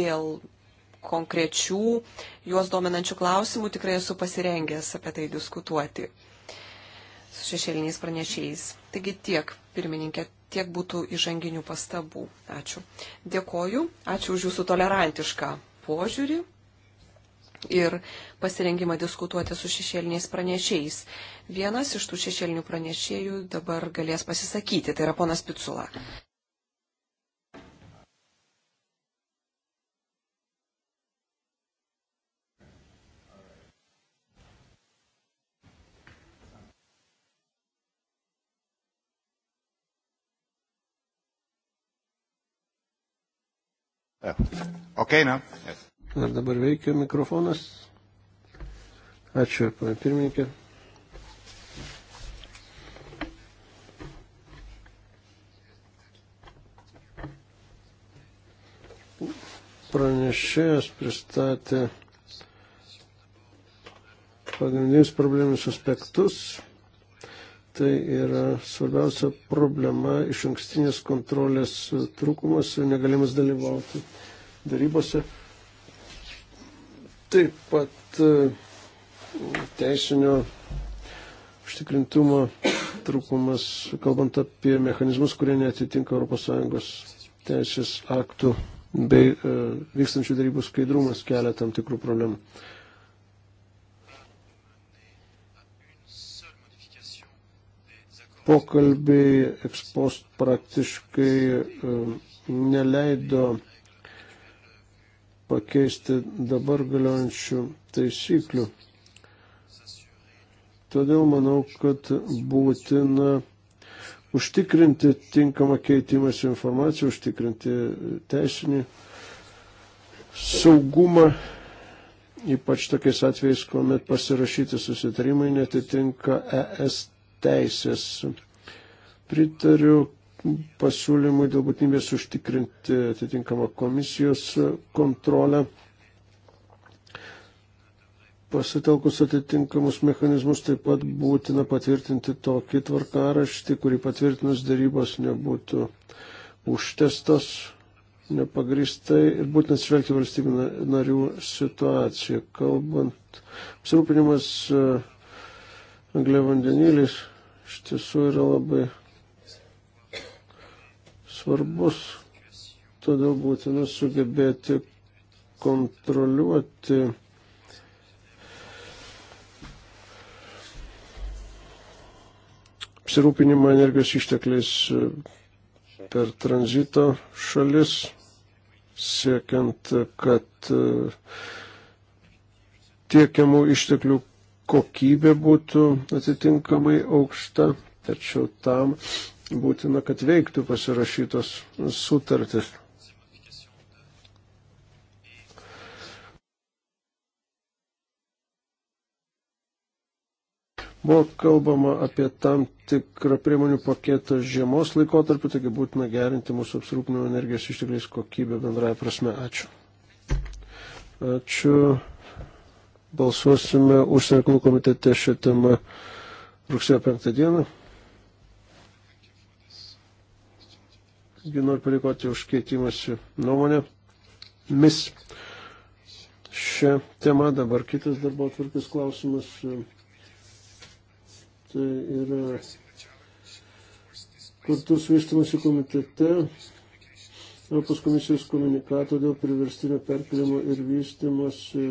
dėl konkrečių, juos dominančių klausimų, tikrai esu pasirengęs apie tai diskutuoti su šešėliniais pranešiais. Taigi tiek, pirmininkė, Tiek būtų įžanginių pastabų. Ačiū. Dėkoju. Ačiū už jūsų tolerantišką požiūrį ir pasirengimą diskutuoti su šešėliniais pranešėjais. Vienas iš tų šešėlinių pranešėjų dabar galės pasisakyti, tai yra ponas Picula. Ok, na? No? Yes. Ar dabar veikia mikrofonas? Ačiū, pana pirmininkė. Pranešėjas pristatė pagrindinius probleminius aspektus Tai yra svarbiausia problema iš ankstinės kontrolės trūkumas ir negalimas dalyvauti darybose. Taip pat e, teisinio užtikrintumo trūkumas, kalbant apie mechanizmus, kurie netitinka ES teisės aktų bei e, vykstančių darybų skaidrumas kelia tam tikrų problemų. pokalbiai ekspost praktiškai e, neleido pakeisti dabar galiojančių taisyklių. Todėl manau, kad būtina užtikrinti tinkamą keitimąsi informaciją, užtikrinti teisinį saugumą, ypač tokiais atvejais, kuomet pasirašyti susitarimai netitinka ES teisės. Pritariu pasiūlymui dėl būtinybės užtikrinti atitinkamą komisijos kontrolę, pasitelkus atitinkamus mechanizmus taip pat būtina patvirtinti tokį tvarkaraštį, kurį patvirtinus darybos nebūtų užtestas nepagristai ir būtent atsvelgti valstybių narių situaciją. Kalbant, apsirūpinimas e, angliavandeniliais iš tiesų yra labai svarbus. Todėl būtina sugebėti kontroliuoti apsirūpinimą energijos ištekliais per tranzito šalis, siekiant, kad tiekiamų išteklių kokybė būtų atitinkamai aukšta, tačiau tam būtina, kad veiktų pasirašytos sutartis. Buvo kalbama apie tam tikrą priemonių paketą žiemos laikotarpiu, taigi būtina gerinti mūsų apsirūpinimo energijos ištekliais kokybę bendrąją prasme. Ačiū. Ačiū balsuosime užsienio reikalų komitete šią temą rugsėjo 5 dieną. Taigi noriu padėkoti už keitimąsi nuomonę. Mis šią temą dabar kitas darbo atvarkis klausimas. E, tai yra kartu su vystimasi komitete Europos komisijos komunikato dėl priverstinio perkelimo ir vystimosi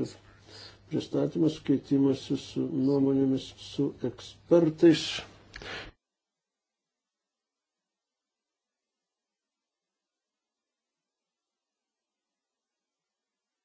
pristatymas, keitimasis su nuomonėmis su ekspertais.